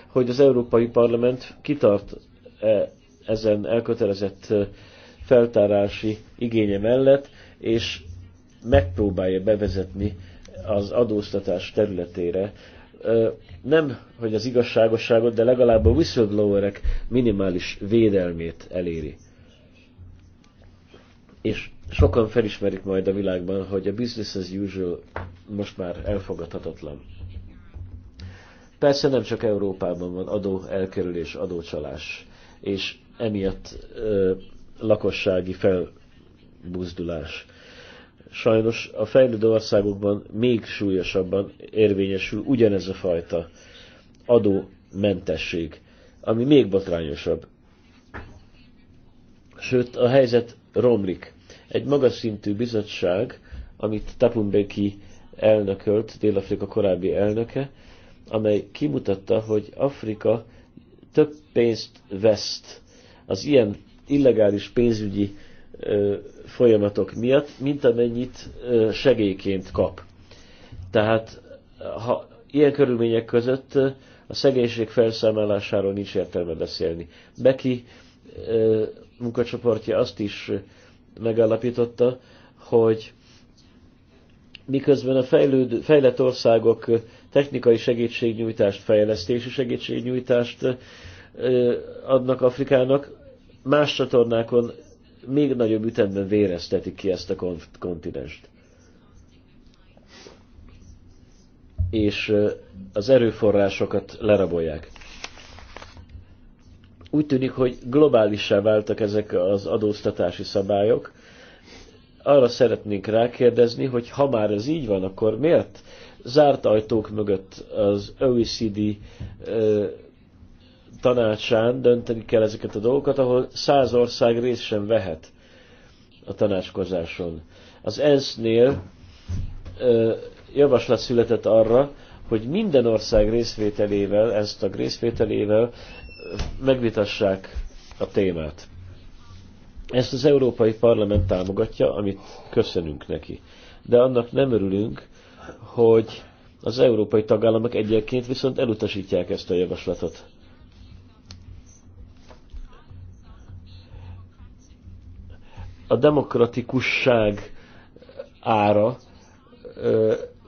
C: hogy az Európai Parlament kitart -e ezen elkötelezett feltárási igénye mellett, és megpróbálja bevezetni az adóztatás területére nem, hogy az igazságosságot, de legalább a whistleblowerek minimális védelmét eléri. És sokan felismerik majd a világban, hogy a business as usual most már elfogadhatatlan. Persze nem csak Európában van adó elkerülés, adócsalás, és emiatt ö, lakossági felbuzdulás sajnos a fejlődő országokban még súlyosabban érvényesül ugyanez a fajta adómentesség, ami még botrányosabb. Sőt, a helyzet romlik. Egy magas szintű bizottság, amit Tapumbeki elnökölt, Dél-Afrika korábbi elnöke, amely kimutatta, hogy Afrika több pénzt veszt az ilyen illegális pénzügyi ö, folyamatok miatt, mint amennyit segélyként kap. Tehát ha ilyen körülmények között a szegénység felszámolásáról nincs értelme beszélni. Beki munkacsoportja azt is megállapította, hogy miközben a fejlőd, fejlett országok technikai segítségnyújtást, fejlesztési segítségnyújtást adnak Afrikának, más csatornákon még nagyobb ütemben véreztetik ki ezt a kontinenst. És az erőforrásokat lerabolják. Úgy tűnik, hogy globálissá váltak ezek az adóztatási szabályok. Arra szeretnénk rákérdezni, hogy ha már ez így van, akkor miért zárt ajtók mögött az OECD tanácsán dönteni kell ezeket a dolgokat, ahol száz ország részt sem vehet a tanácskozáson. Az ENSZ-nél javaslat született arra, hogy minden ország részvételével, ezt a részvételével megvitassák a témát. Ezt az Európai Parlament támogatja, amit köszönünk neki. De annak nem örülünk, hogy az európai tagállamok egyébként viszont elutasítják ezt a javaslatot. a demokratikusság ára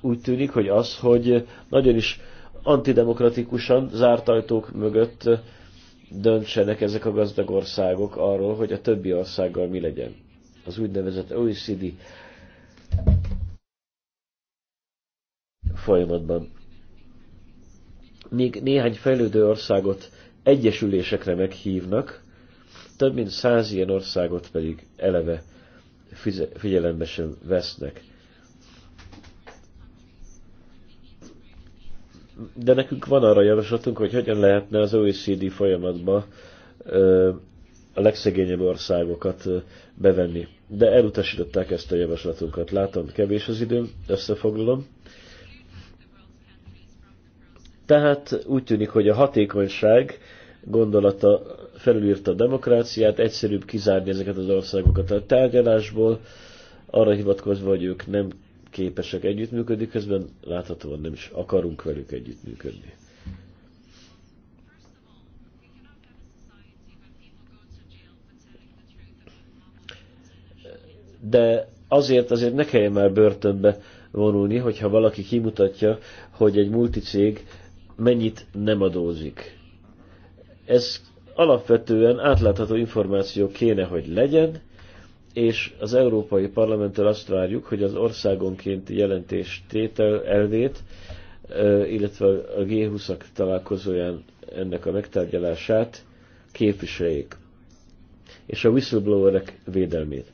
C: úgy tűnik, hogy az, hogy nagyon is antidemokratikusan zárt ajtók mögött döntsenek ezek a gazdag országok arról, hogy a többi országgal mi legyen. Az úgynevezett OECD folyamatban. Még néhány fejlődő országot egyesülésekre meghívnak, több mint száz ilyen országot pedig eleve figyelembe sem vesznek. De nekünk van arra javaslatunk, hogy hogyan lehetne az OECD folyamatba a legszegényebb országokat bevenni. De elutasították ezt a javaslatunkat. Látom, kevés az időm, összefoglalom. Tehát úgy tűnik, hogy a hatékonyság gondolata felülírta a demokráciát, egyszerűbb kizárni ezeket az országokat a tárgyalásból, arra hivatkozva, hogy ők nem képesek együttműködni, közben láthatóan nem is akarunk velük együttműködni. De azért azért ne kelljen már börtönbe vonulni, hogyha valaki kimutatja, hogy egy multicég mennyit nem adózik ez alapvetően átlátható információ kéne, hogy legyen, és az Európai Parlamenttől azt várjuk, hogy az országonkénti jelentés tétel elvét, illetve a G20-ak találkozóján ennek a megtárgyalását képviseljék, és a whistleblowerek védelmét.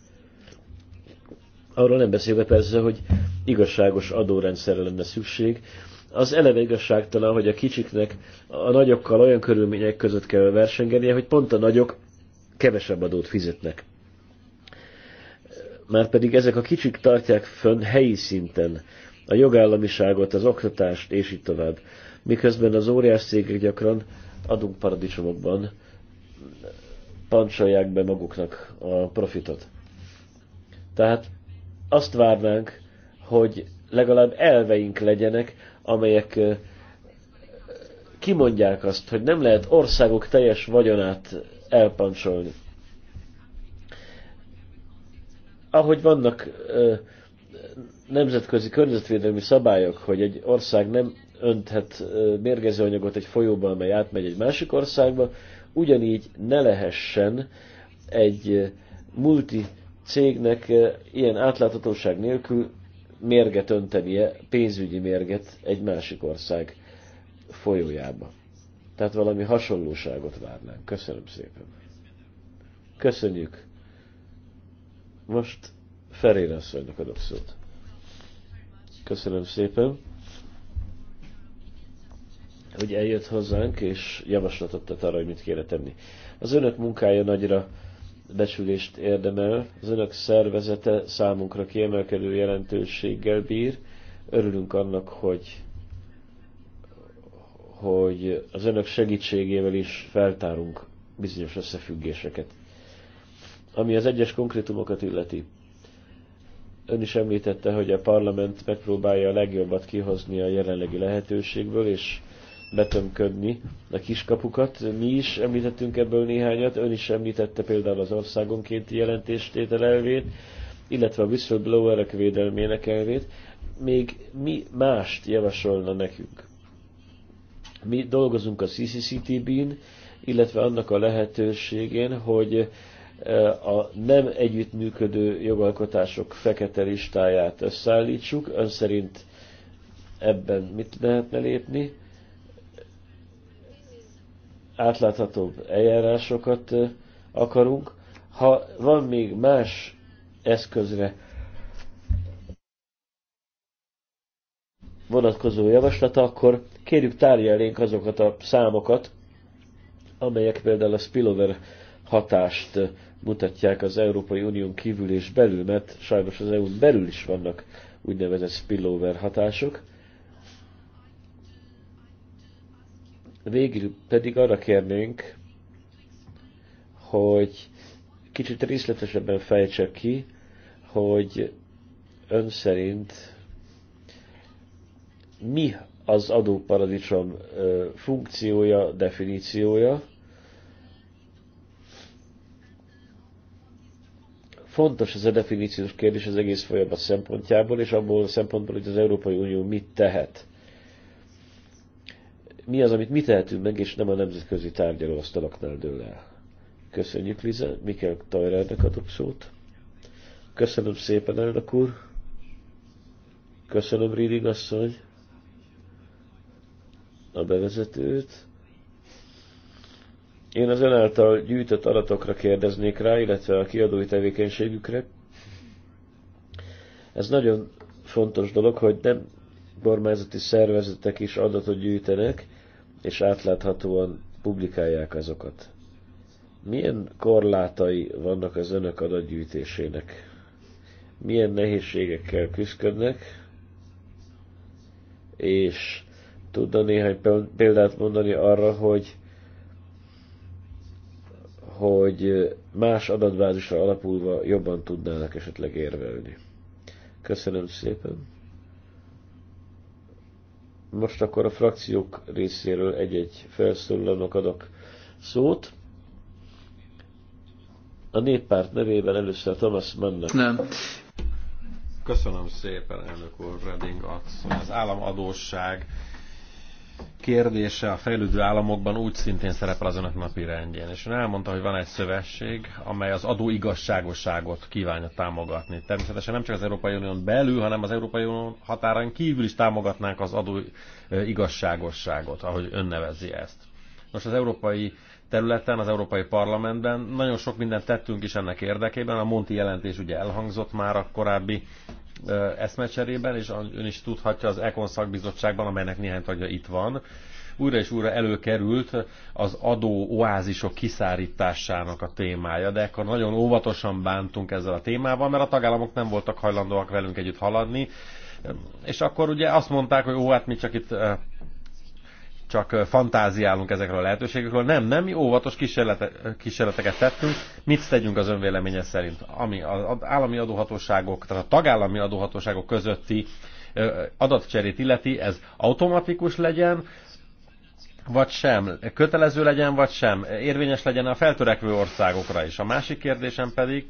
C: Arról nem beszélve persze, hogy igazságos adórendszerre lenne szükség, az eleve igazságtalan, hogy a kicsiknek a nagyokkal olyan körülmények között kell versengenie, hogy pont a nagyok kevesebb adót fizetnek. pedig ezek a kicsik tartják fönn helyi szinten a jogállamiságot, az oktatást, és így tovább. Miközben az óriás cégek gyakran adunk paradicsomokban pancsolják be maguknak a profitot. Tehát azt várnánk, hogy legalább elveink legyenek, amelyek kimondják azt, hogy nem lehet országok teljes vagyonát elpancsolni. Ahogy vannak nemzetközi környezetvédelmi szabályok, hogy egy ország nem önthet mérgező anyagot egy folyóba, amely átmegy egy másik országba, ugyanígy ne lehessen egy multi cégnek ilyen átláthatóság nélkül mérget öntenie, pénzügyi mérget egy másik ország folyójába. Tehát valami hasonlóságot várnánk. Köszönöm szépen. Köszönjük. Most Ferére asszonynak adok szót. Köszönöm szépen, hogy eljött hozzánk, és javaslatot tett arra, hogy mit kéne tenni. Az önök munkája nagyra becsülést érdemel, az önök szervezete számunkra kiemelkedő jelentőséggel bír. Örülünk annak, hogy, hogy az önök segítségével is feltárunk bizonyos összefüggéseket. Ami az egyes konkrétumokat illeti, ön is említette, hogy a parlament megpróbálja a legjobbat kihozni a jelenlegi lehetőségből, és betömködni a kiskapukat. Mi is említettünk ebből néhányat, ön is említette például az országonkénti jelentéstétel elvét, illetve a whistleblowerek védelmének elvét. Még mi mást javasolna nekünk? Mi dolgozunk a CCCTB-n, illetve annak a lehetőségén, hogy eh, a nem együttműködő jogalkotások fekete listáját összeállítsuk. Ön szerint ebben mit lehetne lépni? átláthatóbb eljárásokat akarunk. Ha van még más eszközre vonatkozó javaslata, akkor kérjük tárja azokat a számokat, amelyek például a spillover hatást mutatják az Európai Unión kívül és belül, mert sajnos az EU-n belül is vannak úgynevezett spillover hatások. Végül pedig arra kérnénk, hogy kicsit részletesebben fejtse ki, hogy ön szerint mi az adóparadicsom funkciója, definíciója. Fontos ez a definíciós kérdés az egész folyamat szempontjából, és abból a szempontból, hogy az Európai Unió mit tehet mi az, amit mi tehetünk meg, és nem a nemzetközi tárgyalóasztalaknál dől el. Köszönjük, Lize. mikkel Tajrának adok szót. Köszönöm szépen, elnök úr. Köszönöm, Riding asszony, a bevezetőt. Én az ön által gyűjtött adatokra kérdeznék rá, illetve a kiadói tevékenységükre. Ez nagyon fontos dolog, hogy nem kormányzati szervezetek is adatot gyűjtenek, és átláthatóan publikálják azokat. Milyen korlátai vannak az önök adatgyűjtésének? Milyen nehézségekkel küzdködnek? És tudna néhány példát mondani arra, hogy hogy más adatbázisra alapulva jobban tudnának esetleg érvelni. Köszönöm szépen! Most akkor a frakciók részéről egy-egy felszólalónak adok szót. A néppárt nevében először Thomas Mannnak. Nem.
A: Köszönöm szépen, elnök úr, Reding Az államadóság kérdése a fejlődő államokban úgy szintén szerepel az önök napi rendjén. És ön elmondta, hogy van egy szövetség, amely az adó igazságosságot kívánja támogatni. Természetesen nem csak az Európai Unión belül, hanem az Európai Unió határán kívül is támogatnánk az adó igazságosságot, ahogy ön nevezi ezt. Most az európai területen, az Európai Parlamentben nagyon sok mindent tettünk is ennek érdekében. A Monti jelentés ugye elhangzott már a korábbi eszmecserében, és ön is tudhatja az Econ szakbizottságban, amelynek néhány tagja itt van, újra és újra előkerült az adó oázisok kiszárításának a témája, de akkor nagyon óvatosan bántunk ezzel a témával, mert a tagállamok nem voltak hajlandóak velünk együtt haladni, és akkor ugye azt mondták, hogy ó, hát mi csak itt csak fantáziálunk ezekről a lehetőségekről. Nem, nem, mi óvatos kísérlete, kísérleteket tettünk. Mit tegyünk az önvéleménye szerint? Ami az állami adóhatóságok, tehát a tagállami adóhatóságok közötti adatcserét illeti, ez automatikus legyen, vagy sem, kötelező legyen, vagy sem, érvényes legyen a feltörekvő országokra is. A másik kérdésem pedig,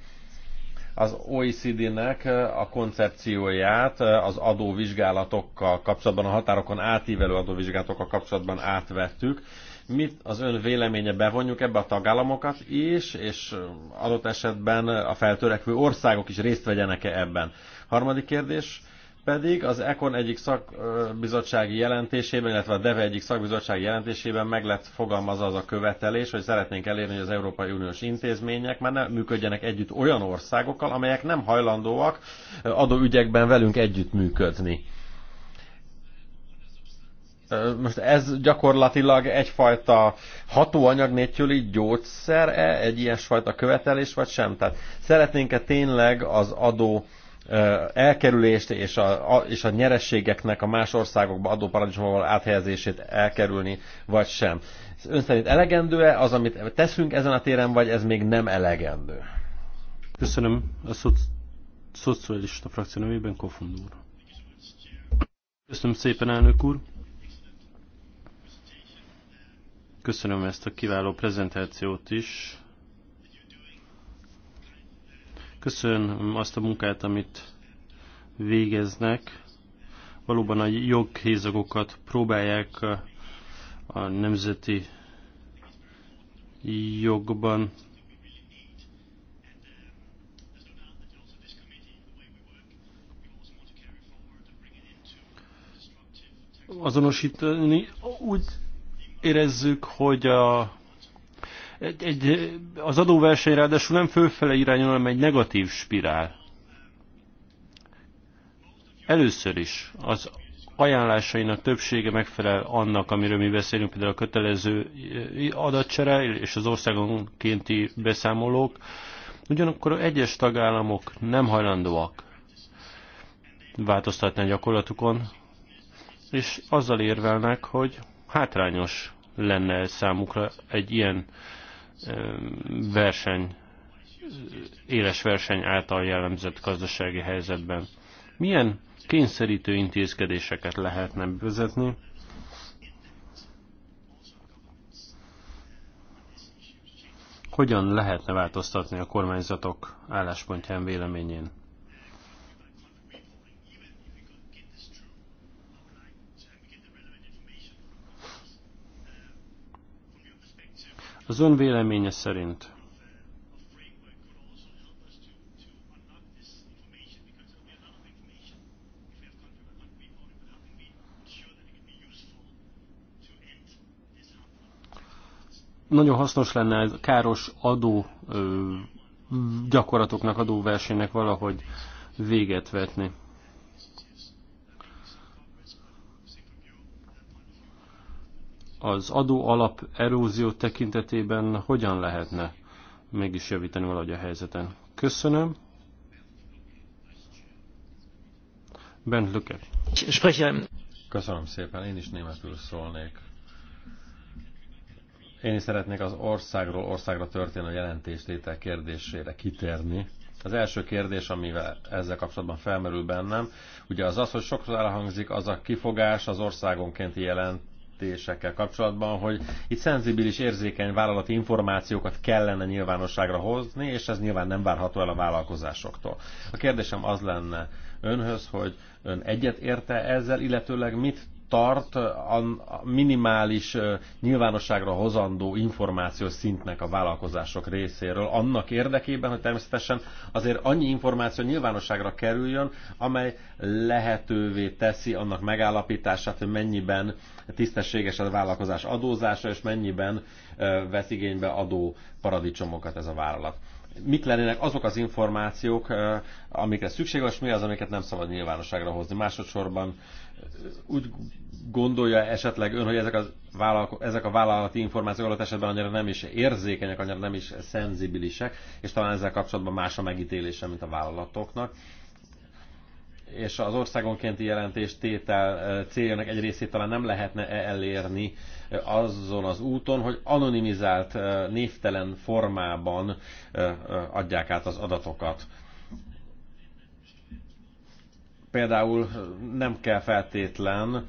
A: az OECD-nek a koncepcióját az adóvizsgálatokkal kapcsolatban, a határokon átívelő adóvizsgálatokkal kapcsolatban átvettük. Mit az ön véleménye bevonjuk ebbe a tagállamokat is, és adott esetben a feltörekvő országok is részt vegyenek-e ebben? Harmadik kérdés, pedig az ECON egyik szakbizottsági jelentésében, illetve a DEVE egyik szakbizottsági jelentésében meg lett fogalmazva az a követelés, hogy szeretnénk elérni, hogy az Európai Uniós intézmények már ne működjenek együtt olyan országokkal, amelyek nem hajlandóak adóügyekben velünk együtt működni. Most ez gyakorlatilag egyfajta hatóanyag nélküli gyógyszer-e, egy ilyesfajta követelés, vagy sem? Tehát szeretnénk-e tényleg az adó elkerülést és a, a, és a nyerességeknek a más országokba adóparadicsomokban áthelyezését elkerülni, vagy sem. Ön szerint elegendő-e az, amit teszünk ezen a téren, vagy ez még nem elegendő?
B: Köszönöm. A szoci szocialista frakció nevében Kofund úr. Köszönöm szépen, elnök úr. Köszönöm ezt a kiváló prezentációt is. Köszönöm azt a munkát, amit végeznek. Valóban a joghézagokat próbálják a, a nemzeti jogban azonosítani. Úgy érezzük, hogy a egy, az adóverseny ráadásul nem fölfele irányul, hanem egy negatív spirál. Először is az ajánlásainak többsége megfelel annak, amiről mi beszélünk, például a kötelező eh, adatcsere és az országonkénti beszámolók. Ugyanakkor egyes tagállamok nem hajlandóak változtatni a gyakorlatukon, és azzal érvelnek, hogy hátrányos lenne számukra egy ilyen verseny, éles verseny által jellemzett gazdasági helyzetben. Milyen kényszerítő intézkedéseket lehetne vezetni? hogyan lehetne változtatni a kormányzatok álláspontján, véleményén? Az ön véleménye szerint nagyon hasznos lenne ez káros adó gyakorlatoknak, adóversenynek valahogy véget vetni. az adó alap erózió tekintetében hogyan lehetne mégis javítani valahogy a helyzeten. Köszönöm. Bent Lücke.
A: Köszönöm szépen, én is németül szólnék. Én is szeretnék az országról országra történő jelentéstétel kérdésére kitérni. Az első kérdés, amivel ezzel kapcsolatban felmerül bennem, ugye az az, hogy sokszor elhangzik az a kifogás az országonkénti jelent jelentésekkel kapcsolatban, hogy itt szenzibilis, érzékeny vállalati információkat kellene nyilvánosságra hozni, és ez nyilván nem várható el a vállalkozásoktól. A kérdésem az lenne önhöz, hogy ön egyet érte ezzel, illetőleg mit tart a minimális nyilvánosságra hozandó információs szintnek a vállalkozások részéről, annak érdekében, hogy természetesen azért annyi információ nyilvánosságra kerüljön, amely lehetővé teszi annak megállapítását, hogy mennyiben tisztességes a vállalkozás adózása, és mennyiben vesz igénybe adó paradicsomokat ez a vállalat mik lennének azok az információk, amikre szükség van, és mi az, amiket nem szabad nyilvánosságra hozni. Másodszorban úgy gondolja esetleg ön, hogy ezek, a, vállalko- ezek a vállalati információk alatt esetben annyira nem is érzékenyek, annyira nem is szenzibilisek, és talán ezzel kapcsolatban más a megítélése, mint a vállalatoknak és az országonkénti jelentés tétel céljának egy részét talán nem lehetne -e elérni azon az úton, hogy anonimizált, névtelen formában adják át az adatokat. Például nem kell feltétlen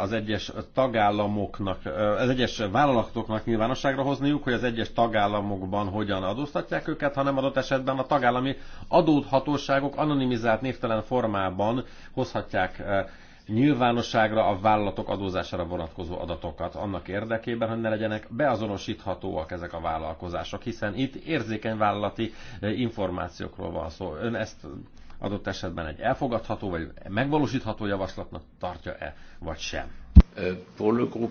A: az egyes tagállamoknak, az egyes vállalatoknak nyilvánosságra hozniuk, hogy az egyes tagállamokban hogyan adóztatják őket, hanem adott esetben a tagállami adóhatóságok anonimizált névtelen formában hozhatják eh, nyilvánosságra a vállalatok adózására vonatkozó adatokat annak érdekében, hogy ne legyenek beazonosíthatóak ezek a vállalkozások, hiszen itt érzékeny vállalati eh, információkról van szó. Ön ezt adott esetben egy elfogadható vagy megvalósítható javaslatnak tartja-e, vagy sem.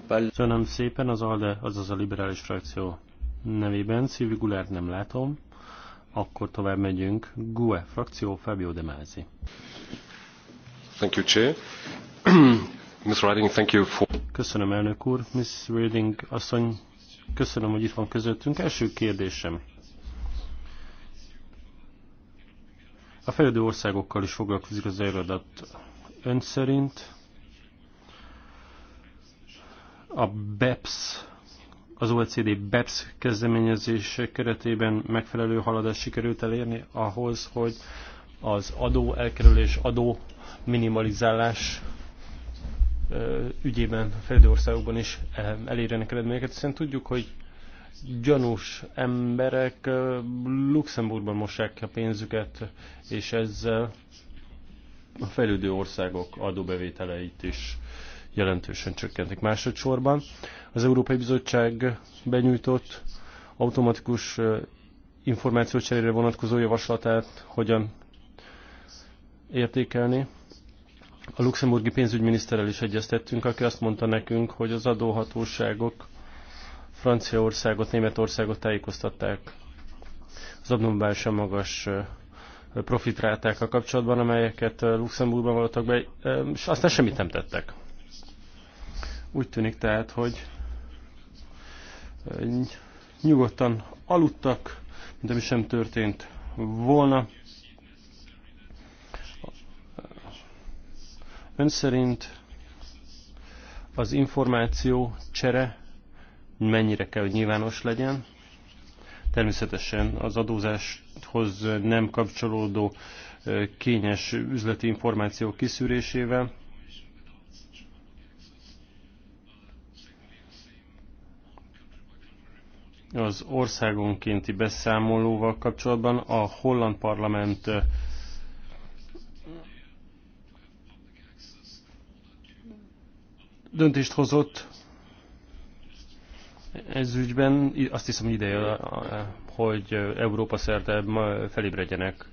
B: Köszönöm szépen az ALDE, azaz a liberális frakció nevében. Szilvi Gulárt nem látom. Akkor tovább megyünk. GUE frakció, Fabio De Mázi. Thank you, Chair. Ms. Reading, thank you for... Köszönöm, elnök úr. Ms. Reading asszony, köszönöm, hogy itt van közöttünk. Első kérdésem. A fejlődő országokkal is foglalkozik az előadat ön szerint. A BEPS, az OECD BEPS kezdeményezése keretében megfelelő haladást sikerült elérni ahhoz, hogy az adó elkerülés, adó minimalizálás ügyében fejlődő országokban is elérjenek eredményeket, hiszen tudjuk, hogy gyanús emberek Luxemburgban mossák a pénzüket, és ezzel a fejlődő országok adóbevételeit is jelentősen csökkentik. Másodszorban az Európai Bizottság benyújtott automatikus információcserére vonatkozó javaslatát hogyan értékelni. A luxemburgi pénzügyminiszterrel is egyeztettünk, aki azt mondta nekünk, hogy az adóhatóságok Franciaországot, Németországot tájékoztatták az abnormálisan magas profitrátákkal kapcsolatban, amelyeket Luxemburgban voltak be, és aztán semmit nem tettek. Úgy tűnik tehát, hogy nyugodtan aludtak, mint ami sem történt volna. Ön szerint az információ csere mennyire kell, hogy nyilvános legyen. Természetesen az adózáshoz nem kapcsolódó kényes üzleti információk kiszűrésével. Az országonkénti beszámolóval kapcsolatban a holland parlament döntést hozott, ez ügyben azt hiszem ideje, hogy Európa szerte felébredjenek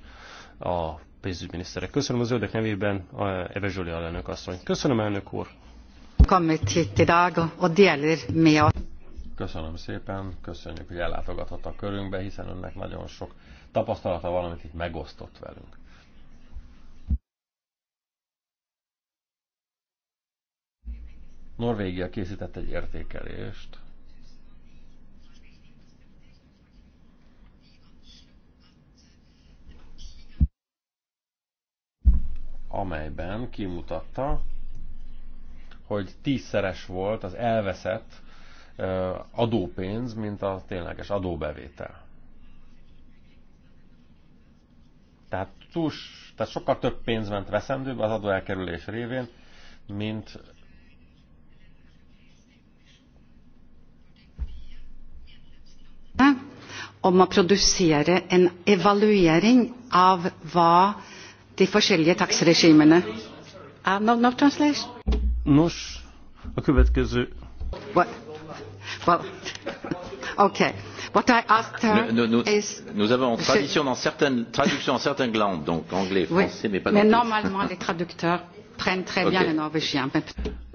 B: a pénzügyminiszterek. Köszönöm az öldek nevében a Eve Zsoli alelnök asszony. Köszönöm, elnök úr! Köszönöm
A: szépen, köszönjük, hogy ellátogatott a körünkbe, hiszen önnek nagyon sok tapasztalata valamit itt megosztott velünk. Norvégia készített egy értékelést amelyben kimutatta, hogy tízszeres volt az elveszett adópénz, mint a tényleges adóbevétel. Tehát, túl, tehát sokkal több pénz ment veszendőbe az adóelkerülés révén, mint
D: om att producera en evaluering av vad differential tax regime, ne? Uh, no,
B: Nos, a következő.
D: What? Well,
C: okay. What I asked her nous, nous, is... nous avons tradition
A: dans certaines traductions
B: dans certaines langues, donc anglais, français,
A: mais pas Mais normalement, les traducteurs prennent très okay. bien le norvégien.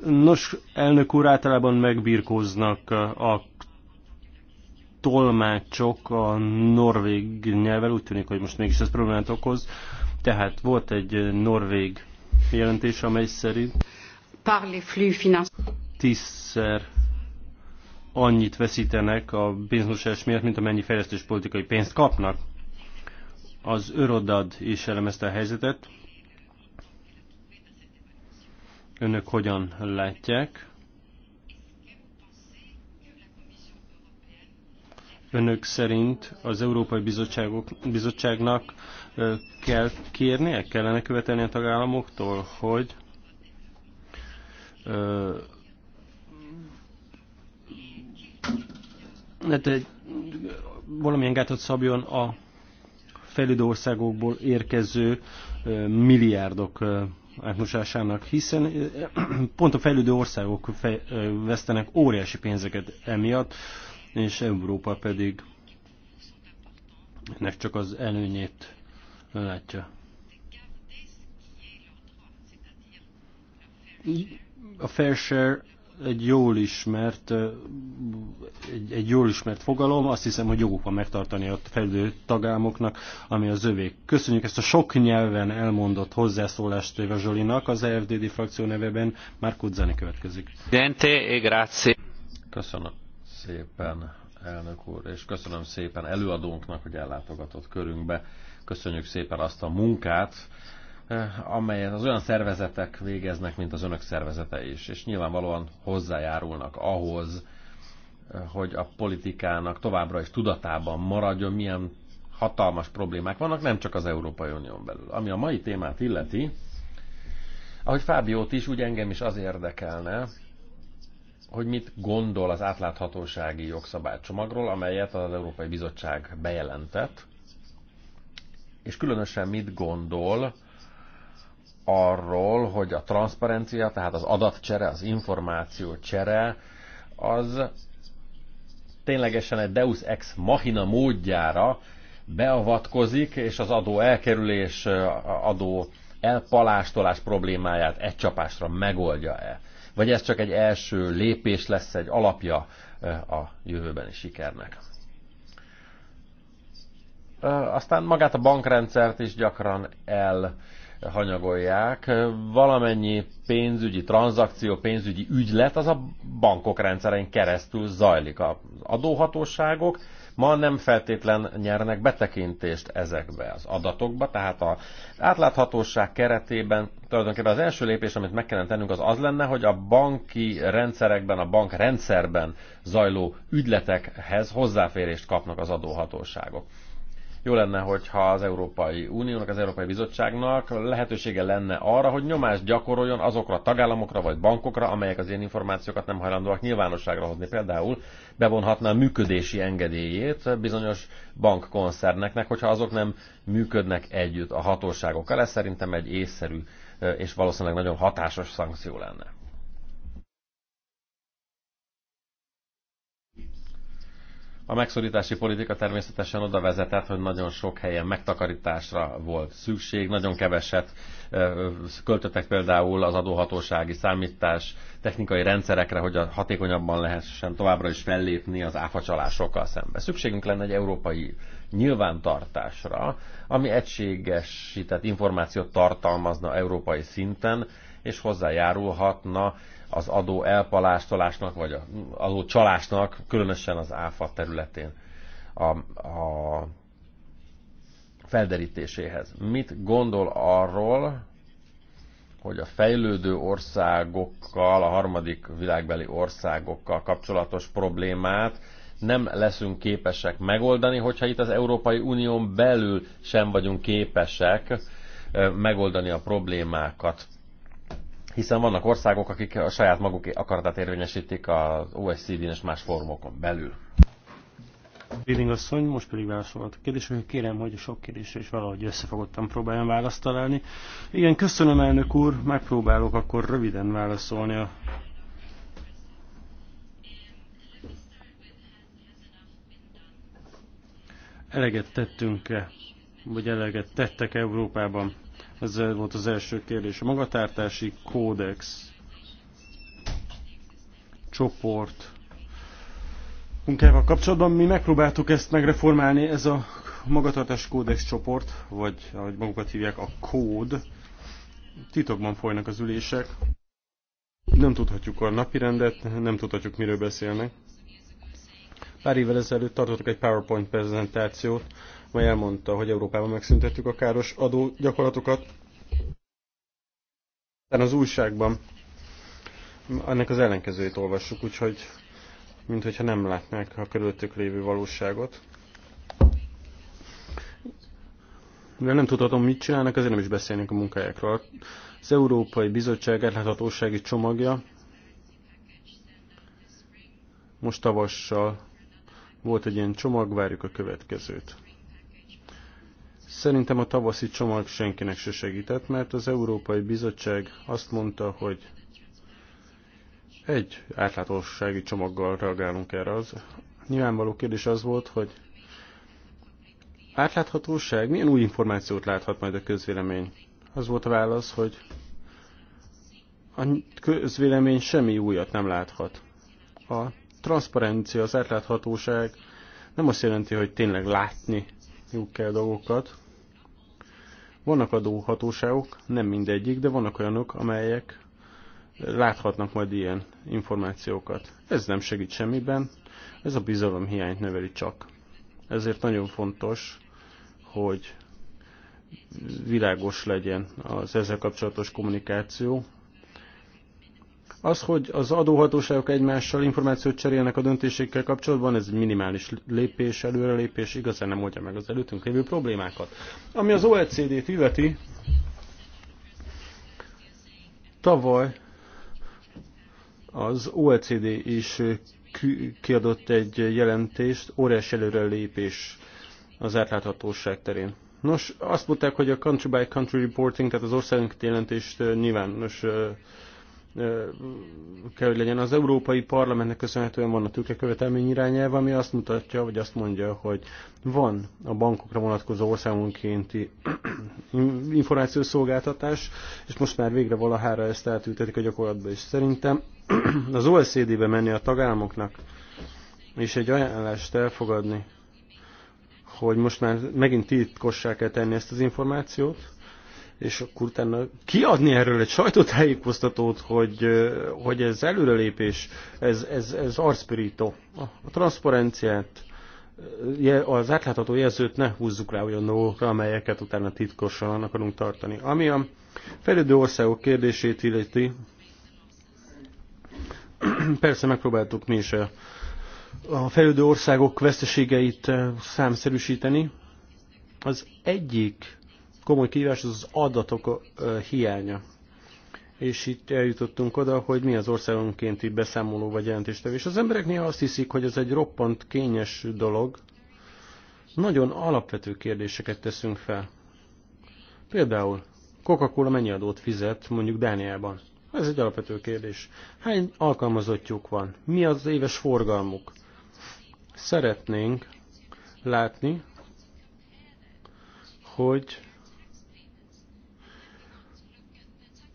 B: Nos, elnök úr, általában megbirkóznak a tolmácsok a norvég nyelvvel, úgy tűnik, hogy most mégis ez problémát okoz. Uh, tehát volt egy norvég jelentés, amely szerint tízszer annyit veszítenek a bizonyos miatt, mint amennyi fejlesztéspolitikai pénzt kapnak. Az Örodad is elemezte a helyzetet. Önök hogyan látják? Önök szerint az Európai Bizottságok, Bizottságnak kell kérnie, kellene követelni a tagállamoktól, hogy hát egy, valamilyen gátot szabjon a fejlődő országokból érkező milliárdok átmosásának, hiszen pont a fejlődő országok fej, vesztenek óriási pénzeket emiatt, és Európa pedig ennek csak az előnyét látja. A fair share egy jól ismert, egy, egy jól ismert fogalom, azt hiszem, hogy joguk van megtartani a fejlődő tagámoknak, ami az övék. Köszönjük ezt a sok nyelven elmondott hozzászólást Éva Zsolinak, az EFDD frakció nevében már Kudzani következik.
A: Dente e grazie. Köszönöm szépen, elnök úr, és köszönöm szépen előadónknak, hogy ellátogatott körünkbe. Köszönjük szépen azt a munkát, eh, amelyet az olyan szervezetek végeznek, mint az önök szervezete is, és nyilvánvalóan hozzájárulnak ahhoz, eh, hogy a politikának továbbra is tudatában maradjon, milyen hatalmas problémák vannak, nem csak az Európai Unión belül. Ami a mai témát illeti, ahogy Fábiót is, úgy engem is az érdekelne, hogy mit gondol az átláthatósági jogszabálycsomagról, amelyet az Európai Bizottság bejelentett, és különösen mit gondol arról, hogy a transzparencia, tehát az adatcsere, az információ csere, az ténylegesen egy Deus ex machina módjára beavatkozik, és az adó elkerülés, adó elpalástolás problémáját egy csapásra megoldja-e? Vagy ez csak egy első lépés lesz, egy alapja a jövőbeni sikernek? aztán magát a bankrendszert is gyakran elhanyagolják. Valamennyi pénzügyi tranzakció, pénzügyi ügylet az a bankok rendszerén keresztül zajlik. Az adóhatóságok ma nem feltétlen nyernek betekintést ezekbe az adatokba, tehát az átláthatóság keretében tulajdonképpen az első lépés, amit meg kellene tennünk, az az lenne, hogy a banki rendszerekben, a bankrendszerben zajló ügyletekhez hozzáférést kapnak az adóhatóságok. Jó lenne, hogyha az Európai Uniónak, az Európai Bizottságnak lehetősége lenne arra, hogy nyomást gyakoroljon azokra a tagállamokra vagy bankokra, amelyek az ilyen információkat nem hajlandóak nyilvánosságra hozni. Például bevonhatná a működési engedélyét bizonyos bankkoncerneknek, hogyha azok nem működnek együtt a hatóságokkal. Ez szerintem egy észszerű és valószínűleg nagyon hatásos szankció lenne. A megszorítási politika természetesen oda vezetett, hogy nagyon sok helyen megtakarításra volt szükség, nagyon keveset költöttek például az adóhatósági számítás technikai rendszerekre, hogy a hatékonyabban lehessen továbbra is fellépni az áfacsalásokkal szembe. Szükségünk lenne egy európai nyilvántartásra, ami egységesített információt tartalmazna európai szinten, és hozzájárulhatna az adó elpalástolásnak, vagy az adó csalásnak, különösen az áfa területén a, a felderítéséhez. Mit gondol arról, hogy a fejlődő országokkal, a harmadik világbeli országokkal kapcsolatos problémát nem leszünk képesek megoldani, hogyha itt az Európai Unión belül sem vagyunk képesek megoldani a problémákat hiszen vannak országok, akik a saját maguk akaratát érvényesítik az OSCD-n és más formokon belül.
B: Reading asszony, most pedig válaszolhat a kérdés, hogy kérem, hogy a sok kérdésre is valahogy összefogottan próbáljam választ találni. Igen, köszönöm elnök úr, megpróbálok akkor röviden válaszolni a Eleget tettünk-e, vagy eleget tettek Európában ez volt az első kérdés. A magatartási kódex csoport munkával kapcsolatban mi megpróbáltuk ezt megreformálni, ez a magatartási kódex csoport, vagy ahogy magukat hívják, a kód. Titokban folynak az ülések. Nem tudhatjuk a napirendet, nem tudhatjuk miről beszélnek. Pár évvel ezelőtt tartottak egy PowerPoint prezentációt, majd elmondta, hogy Európában megszüntettük a káros adógyakorlatokat. Aztán az újságban ennek az ellenkezőjét olvassuk, úgyhogy mintha nem látnák a körülöttük lévő valóságot. Mivel nem tudhatom, mit csinálnak, azért nem is beszélnék a munkájákról. Az Európai Bizottság átláthatósági csomagja most tavassal volt egy ilyen csomag, várjuk a következőt. Szerintem a tavaszi csomag senkinek se segített, mert az Európai Bizottság azt mondta, hogy egy átlátósági csomaggal reagálunk erre. Az nyilvánvaló kérdés az volt, hogy átláthatóság, milyen új információt láthat majd a közvélemény? Az volt a válasz, hogy a közvélemény semmi újat nem láthat. A transzparencia, az átláthatóság nem azt jelenti, hogy tényleg látni kell dolgokat, vannak adóhatóságok, nem mindegyik, de vannak olyanok, amelyek láthatnak majd ilyen információkat. Ez nem segít semmiben, ez a bizalom hiányt növeli csak. Ezért nagyon fontos, hogy világos legyen az ezzel kapcsolatos kommunikáció, az, hogy az adóhatóságok egymással információt cserélnek a döntésekkel kapcsolatban, ez egy minimális lépés, előrelépés, igazán nem oldja meg az előttünk lévő problémákat. Ami az OECD-t illeti, tavaly az OECD is kiadott egy jelentést, óriás előrelépés az átláthatóság terén. Nos, azt mondták, hogy a country by country reporting, tehát az országunk jelentést nyilvános kell, hogy legyen. Az Európai Parlamentnek köszönhetően van a tőkekövetelmény irányelv, ami azt mutatja, vagy azt mondja, hogy van a bankokra vonatkozó országonkénti információszolgáltatás, és most már végre valahára ezt eltültetik a gyakorlatba, is. szerintem az OECD-be menni a tagállamoknak, és egy ajánlást elfogadni, hogy most már megint titkossá kell tenni ezt az információt, és akkor utána kiadni erről egy sajtótájékoztatót, hogy, hogy ez előrelépés, ez, ez, ez arcpirító. A transzparenciát, az átlátható jelzőt ne húzzuk rá olyan dolgokra, amelyeket utána titkosan akarunk tartani. Ami a fejlődő országok kérdését illeti, persze megpróbáltuk mi is a fejlődő országok veszteségeit számszerűsíteni. Az egyik komoly kihívás az az adatok hiánya. És itt eljutottunk oda, hogy mi az országonkénti beszámoló vagy jelentéstevés. Az emberek néha azt hiszik, hogy ez egy roppant kényes dolog. Nagyon alapvető kérdéseket teszünk fel. Például, Coca-Cola mennyi adót fizet mondjuk Dániában? Ez egy alapvető kérdés. Hány alkalmazottjuk van? Mi az éves forgalmuk? Szeretnénk látni, hogy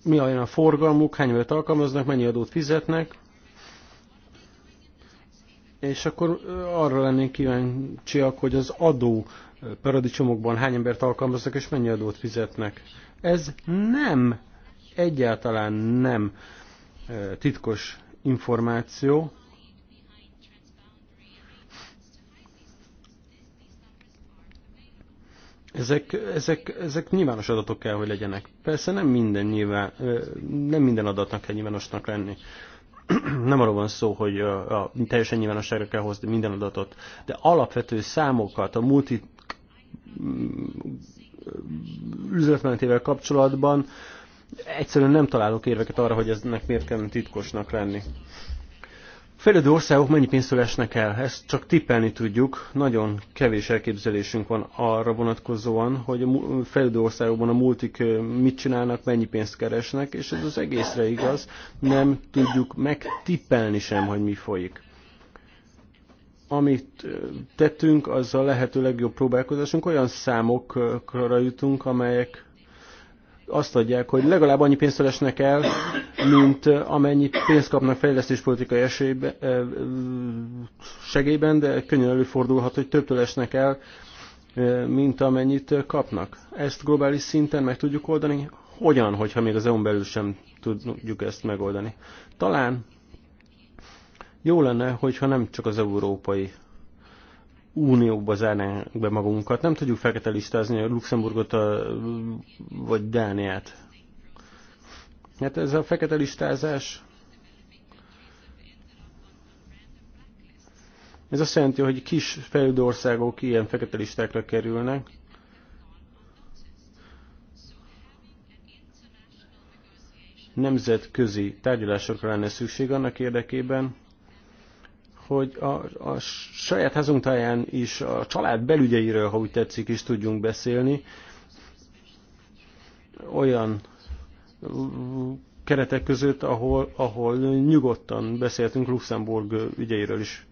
B: mi olyan a forgalmuk, hány évet alkalmaznak, mennyi adót fizetnek, és akkor arra lennénk kíváncsiak, hogy az adó paradicsomokban hány embert alkalmaznak, és mennyi adót fizetnek. Ez nem, egyáltalán nem titkos információ, Ezek, ezek, ezek nyilvános adatok kell, hogy legyenek. Persze nem minden, nyilván, nem minden adatnak kell nyilvánosnak lenni. nem arról van szó, hogy a, a, teljesen nyilvánosságra kell hozni minden adatot, de alapvető számokat a multi mm, üzletmenetével kapcsolatban egyszerűen nem találok érveket arra, hogy eznek miért kellene titkosnak lenni. Fejlődő országok mennyi pénzt esnek el? Ezt csak tippelni tudjuk. Nagyon kevés elképzelésünk van arra vonatkozóan, hogy a fejlődő országokban a multik mit csinálnak, mennyi pénzt keresnek, és ez az egészre igaz. Nem tudjuk megtippelni sem, hogy mi folyik. Amit tettünk, az a lehető legjobb próbálkozásunk. Olyan számokra jutunk, amelyek azt adják, hogy legalább annyi pénzt keresnek el, mint amennyi pénzt kapnak fejlesztéspolitikai esélybe, segélyben, de könnyen előfordulhat, hogy több esnek el, mint amennyit kapnak. Ezt globális szinten meg tudjuk oldani? Hogyan, hogyha még az EU-n belül sem tudjuk ezt megoldani? Talán jó lenne, hogyha nem csak az európai uniókba zárnánk be magunkat. Nem tudjuk fekete listázni a Luxemburgot a, vagy Dániát. Hát ez a fekete listázás Ez azt jelenti, hogy kis fejlődő országok ilyen fekete listákra kerülnek. Nemzetközi tárgyalásokra lenne szükség annak érdekében, hogy a, a saját házunk táján is a család belügyeiről, ha úgy tetszik, is tudjunk beszélni. Olyan keretek között, ahol, ahol nyugodtan beszéltünk Luxemburg ügyeiről is.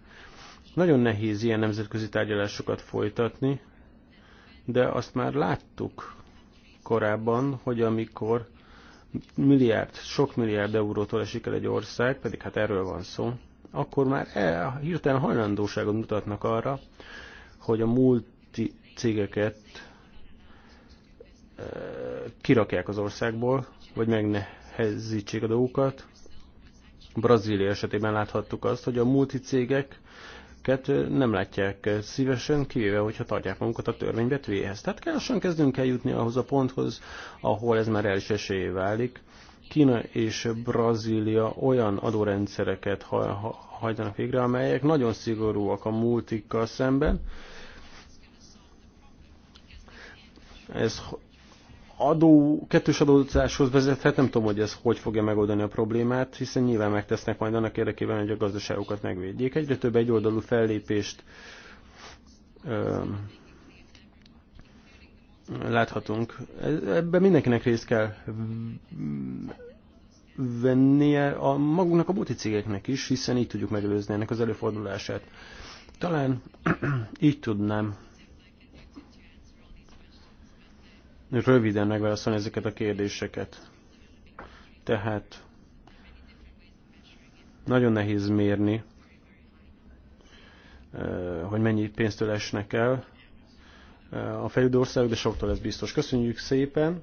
B: Nagyon nehéz ilyen nemzetközi tárgyalásokat folytatni, de azt már láttuk korábban, hogy amikor milliárd, sok milliárd eurótól esik el egy ország, pedig hát erről van szó, akkor már e, hirtelen hajlandóságot mutatnak arra, hogy a multi cégeket e, kirakják az országból, vagy megnehezítsék a dolgokat. Brazília esetében láthattuk azt, hogy a multi multicégek e, nem látják szívesen, kivéve, hogyha tartják magukat a törvénybetűjéhez. Tehát lassan kezdünk eljutni ahhoz a ponthoz, ahol ez már el is esélyé válik. Kína és Brazília olyan adórendszereket hajtanak végre, amelyek nagyon szigorúak a multikkal szemben. Ez adó, kettős adózáshoz vezethet, nem tudom, hogy ez hogy fogja megoldani a problémát, hiszen nyilván megtesznek majd annak érdekében, hogy a gazdaságokat megvédjék. Egyre több egyoldalú fellépést ö, láthatunk. Ebben mindenkinek részt kell vennie a magunknak a buti cégeknek is, hiszen így tudjuk megelőzni ennek az előfordulását. Talán így tudnám röviden megválaszolni ezeket a kérdéseket. Tehát nagyon nehéz mérni, hogy mennyi pénztől esnek el a fejlődő országok, de soktól ez biztos. Köszönjük szépen!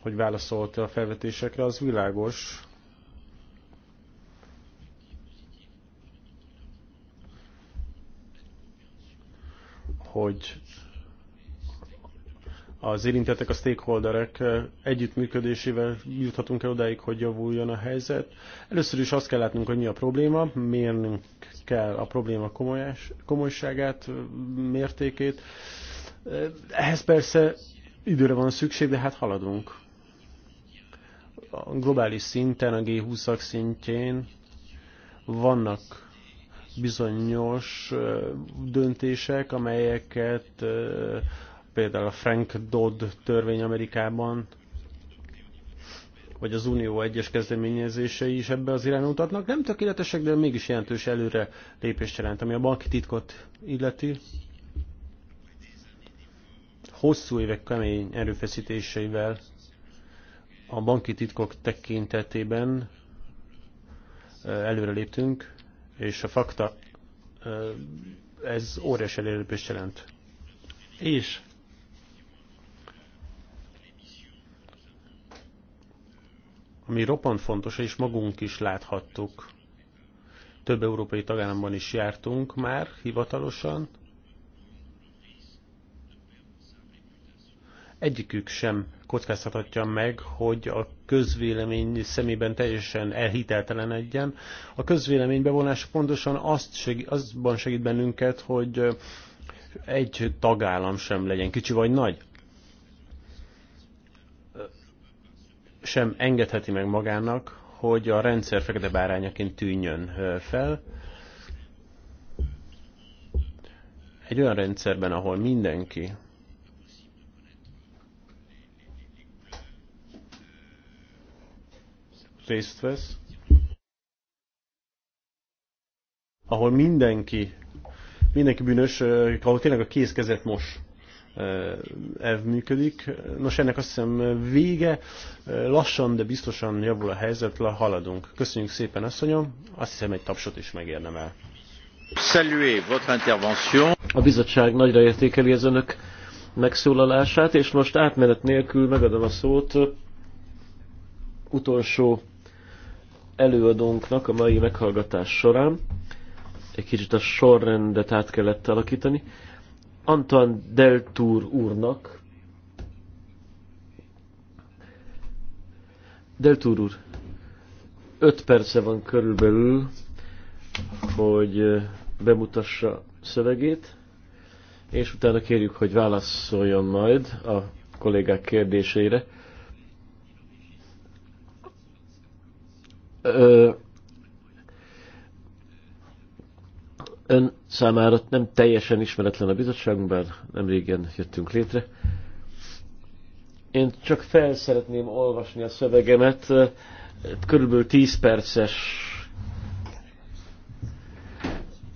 B: hogy válaszolt a felvetésekre, az világos. hogy az érintettek, a stakeholderek együttműködésével juthatunk el odáig, hogy javuljon a helyzet. Először is azt kell látnunk, hogy mi a probléma, mérnünk kell a probléma komolyás, komolyságát, mértékét. Ehhez persze időre van szükség, de hát haladunk a globális szinten, a G20-ak szintjén vannak bizonyos döntések, amelyeket például a Frank Dodd törvény Amerikában, vagy az Unió egyes kezdeményezései is ebbe az irányba mutatnak. Nem tökéletesek, de mégis jelentős előre lépést jelent, ami a banki titkot illeti. Hosszú évek kemény erőfeszítéseivel a banki titkok tekintetében előre léptünk, és a fakta ez óriási előrelépést jelent. És ami roppant fontos, és magunk is láthattuk, több európai tagállamban is jártunk már hivatalosan, egyikük sem kockáztathatja meg, hogy a közvélemény szemében teljesen elhiteltelenedjen. A közvélemény bevonása pontosan azt segít, azban segít bennünket, hogy egy tagállam sem legyen kicsi vagy nagy. Sem engedheti meg magának, hogy a rendszer fekete bárányaként tűnjön fel. Egy olyan rendszerben, ahol mindenki részt vesz, ahol mindenki, mindenki bűnös, eh, ahol tényleg a kézkezet mos elv eh, működik. Nos, ennek azt hiszem eh, vége. Lassan, de biztosan javul a helyzet, haladunk. Köszönjük szépen, asszonyom. Azt hiszem, egy tapsot is megérnem el.
C: A bizottság nagyra értékeli az önök megszólalását, és most átmenet nélkül megadom a szót utolsó előadónknak a mai meghallgatás során. Egy kicsit a sorrendet át kellett alakítani. Anton Deltúr úrnak. Deltúr úr, öt perce van körülbelül, hogy bemutassa szövegét, és utána kérjük, hogy válaszoljon majd a kollégák kérdéseire. ön számára nem teljesen ismeretlen a bizottságunk, bár régen jöttünk létre. Én csak fel szeretném olvasni a szövegemet, körülbelül 10 perces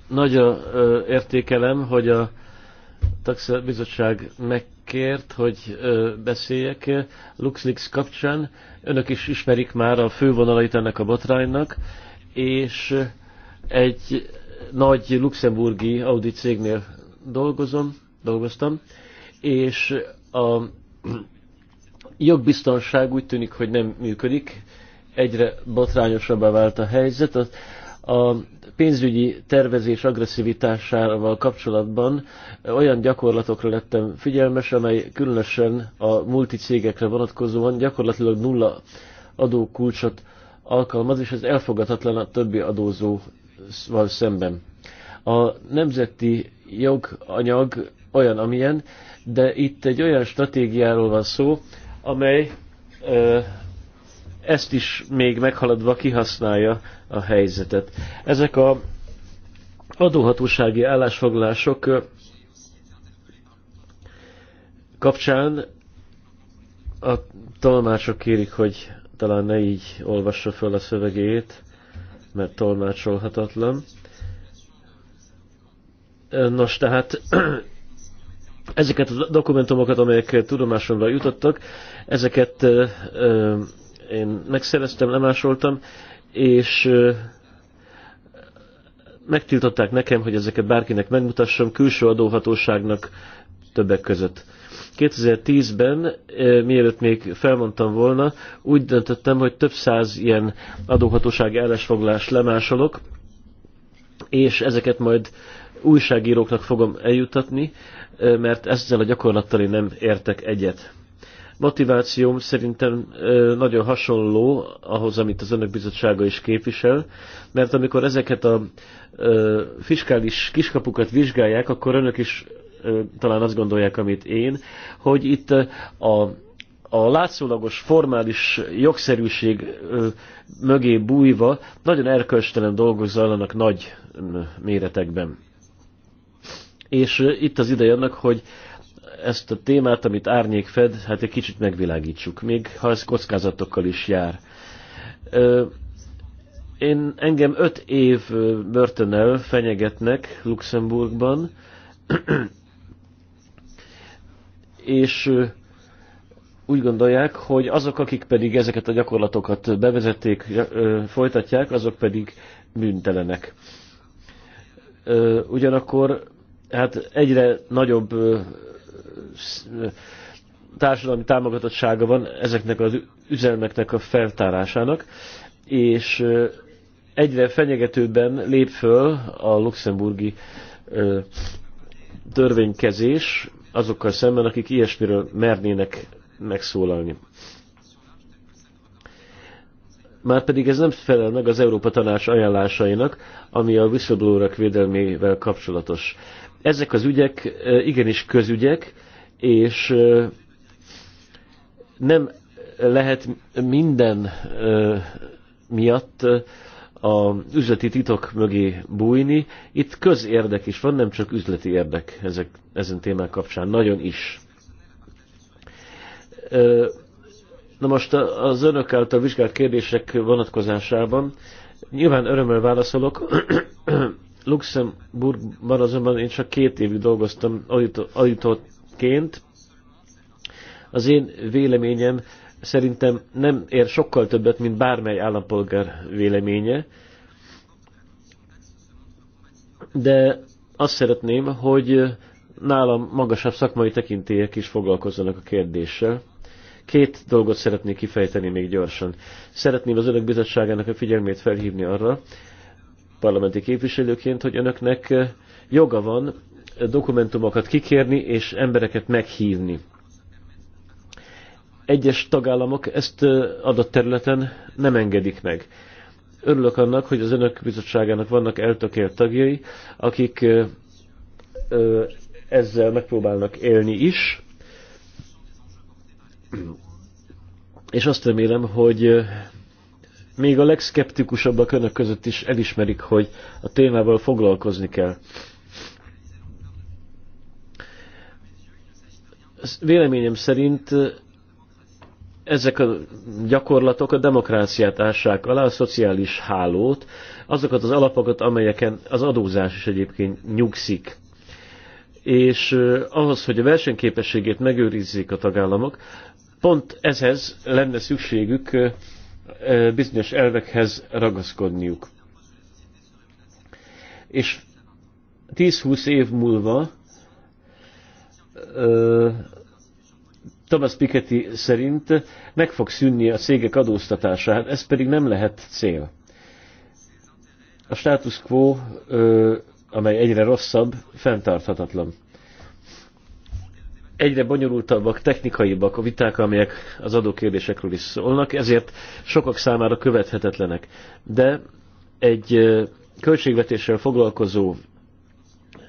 C: nagy a, ö, értékelem, hogy a Taxa Bizottság megkért, hogy ö, beszéljek LuxLeaks kapcsán önök is ismerik már a fővonalait ennek a botránynak, és egy nagy luxemburgi audi cégnél dolgozom, dolgoztam, és a jogbiztonság úgy tűnik, hogy nem működik, egyre botrányosabbá vált a helyzet a pénzügyi tervezés agresszivitásával kapcsolatban olyan gyakorlatokra lettem figyelmes, amely különösen a multicégekre vonatkozóan gyakorlatilag nulla adókulcsot alkalmaz, és ez elfogadhatatlan a többi adózóval szemben. A nemzeti joganyag olyan, amilyen, de itt egy olyan stratégiáról van szó, amely ö, ezt is még meghaladva kihasználja a helyzetet. Ezek a adóhatósági állásfoglalások kapcsán a tolmácsok kérik, hogy talán ne így olvassa föl a szövegét, mert tolmácsolhatatlan. Nos, tehát ezeket a dokumentumokat, amelyek tudomásomra jutottak, ezeket én megszereztem, lemásoltam, és megtiltották nekem, hogy ezeket bárkinek megmutassam külső adóhatóságnak többek között. 2010-ben, mielőtt még felmondtam volna, úgy döntöttem, hogy több száz ilyen adóhatósági állásfoglalást lemásolok, és ezeket majd újságíróknak fogom eljutatni, mert ezzel a gyakorlattal én nem értek egyet motivációm szerintem nagyon hasonló ahhoz, amit az önök bizottsága is képvisel, mert amikor ezeket a fiskális kiskapukat vizsgálják, akkor önök is talán azt gondolják, amit én, hogy itt a a látszólagos formális jogszerűség mögé bújva nagyon erkölcstelen dolgok zajlanak nagy méretekben. És itt az ideje annak, hogy ezt a témát, amit árnyék fed, hát egy kicsit megvilágítsuk, még ha ez kockázatokkal is jár. Én engem öt év börtönnel fenyegetnek Luxemburgban, és úgy gondolják, hogy azok, akik pedig ezeket a gyakorlatokat bevezették, folytatják, azok pedig bűntelenek. Ugyanakkor hát egyre nagyobb társadalmi támogatottsága van ezeknek az üzelmeknek a feltárásának, és egyre fenyegetőbben lép föl a luxemburgi törvénykezés azokkal szemben, akik ilyesmiről mernének megszólalni. Márpedig ez nem felel meg az Európa Tanács ajánlásainak, ami a whistleblower védelmével kapcsolatos. Ezek az ügyek igenis közügyek, és nem lehet minden miatt a üzleti titok mögé bújni. Itt közérdek is van, nem csak üzleti érdek ezek, ezen témák kapcsán, nagyon is. Na most az önök által vizsgált kérdések vonatkozásában nyilván örömmel válaszolok. Luxemburgban azonban én csak két évig dolgoztam auditort ként. Az én véleményem szerintem nem ér sokkal többet, mint bármely állampolgár véleménye, de azt szeretném, hogy nálam magasabb szakmai tekintélyek is foglalkozzanak a kérdéssel. Két dolgot szeretnék kifejteni még gyorsan. Szeretném az Önök Bizottságának a figyelmét felhívni arra, parlamenti képviselőként, hogy Önöknek joga van dokumentumokat kikérni és embereket meghívni. Egyes tagállamok ezt adott területen nem engedik meg. Örülök annak, hogy az önök bizottságának vannak eltökélt tagjai, akik ezzel megpróbálnak élni is. És azt remélem, hogy még a legszkeptikusabbak önök között is elismerik, hogy a témával foglalkozni kell. Véleményem szerint ezek a gyakorlatok a demokráciát ássák alá, a szociális hálót, azokat az alapokat, amelyeken az adózás is egyébként nyugszik. És ahhoz, hogy a versenyképességét megőrizzék a tagállamok, pont ezhez lenne szükségük bizonyos elvekhez ragaszkodniuk. És 10-20 év múlva Thomas Piketty szerint meg fog szűnni a cégek adóztatása, hát ez pedig nem lehet cél. A status quo, amely egyre rosszabb, fenntarthatatlan. Egyre bonyolultabbak, technikaibbak a viták, amelyek az adókérdésekről is szólnak, ezért sokak számára követhetetlenek. De egy költségvetéssel foglalkozó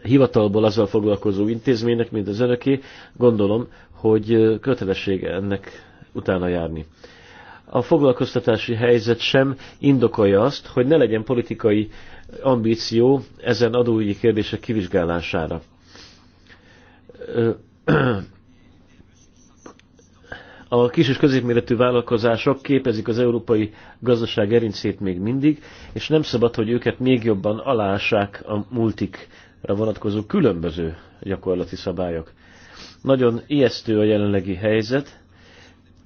C: hivatalból azzal foglalkozó intézménynek, mint az önöké, gondolom, hogy kötelessége ennek utána járni. A foglalkoztatási helyzet sem indokolja azt, hogy ne legyen politikai ambíció ezen adóügyi kérdések kivizsgálására. A kis és középméretű vállalkozások képezik az európai gazdaság gerincét még mindig, és nem szabad, hogy őket még jobban alássák a multik vonatkozó különböző gyakorlati szabályok. Nagyon ijesztő a jelenlegi helyzet,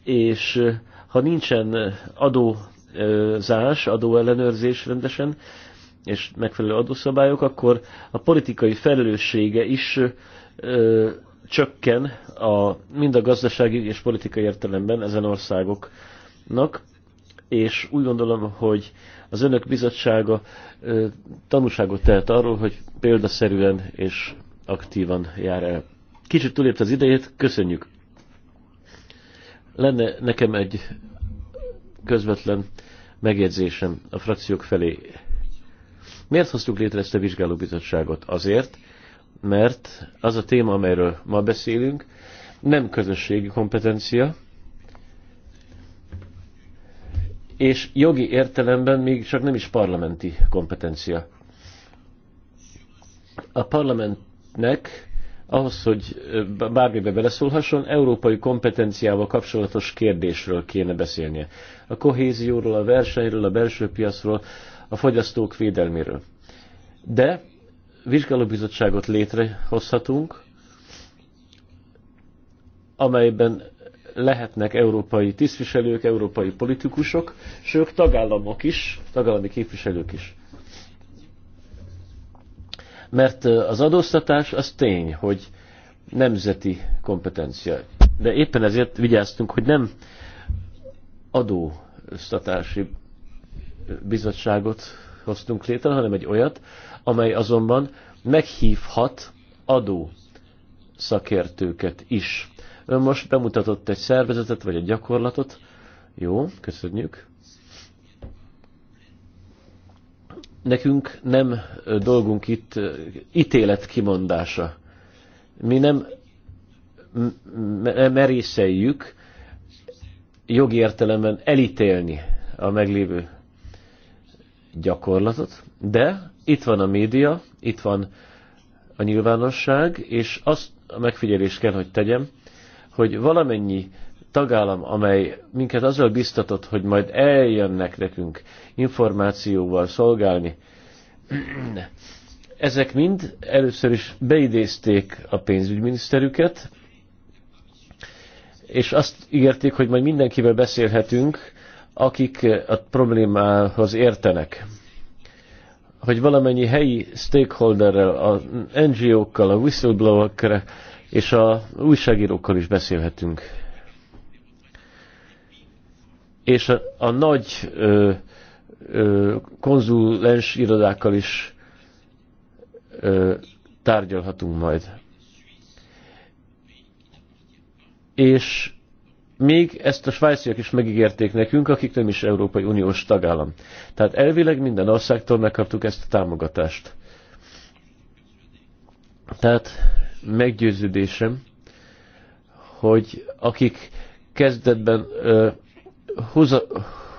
C: és ha nincsen adózás, adóellenőrzés rendesen, és megfelelő adószabályok, akkor a politikai felelőssége is ö, csökken a, mind a gazdasági és politikai értelemben ezen országoknak, és úgy gondolom, hogy az önök bizottsága tanúságot tehet arról, hogy példaszerűen és aktívan jár el. Kicsit túlépte az idejét, köszönjük. Lenne nekem egy közvetlen megjegyzésem a frakciók felé. Miért hoztuk létre ezt a vizsgálóbizottságot? Azért, mert az a téma, amelyről ma beszélünk, nem közösségi kompetencia, és jogi értelemben még csak nem is parlamenti kompetencia. A parlamentnek ahhoz, hogy bármibe beleszólhasson, európai kompetenciával kapcsolatos kérdésről kéne beszélnie. A kohézióról, a versenyről, a belső piacról, a fogyasztók védelméről. De vizsgálóbizottságot létrehozhatunk, amelyben lehetnek európai tisztviselők, európai politikusok, sőt tagállamok is, tagállami képviselők is. Mert az adóztatás az tény, hogy nemzeti kompetencia. De éppen ezért vigyáztunk, hogy nem adóztatási bizottságot hoztunk létre, hanem egy olyat, amely azonban meghívhat adó szakértőket is. Ön most bemutatott egy szervezetet, vagy egy gyakorlatot. Jó, köszönjük. Nekünk nem dolgunk itt ítélet kimondása. Mi nem merészeljük jogi értelemben elítélni a meglévő gyakorlatot, de itt van a média, itt van a nyilvánosság, és azt a megfigyelést kell, hogy tegyem, hogy valamennyi tagállam, amely minket azzal biztatott, hogy majd eljönnek nekünk információval szolgálni, ezek mind először is beidézték a pénzügyminiszterüket, és azt ígérték, hogy majd mindenkivel beszélhetünk, akik a problémához értenek. Hogy valamennyi helyi stakeholderrel, az NGO-kkal, a whistleblower-kkel, és a újságírókkal is beszélhetünk. És a, a nagy ö, ö, konzulens irodákkal is ö, tárgyalhatunk majd. És még ezt a svájciak is megígérték nekünk, akik nem is Európai Uniós tagállam. Tehát elvileg minden országtól megkaptuk ezt a támogatást. Tehát meggyőződésem, hogy akik kezdetben ö, húza,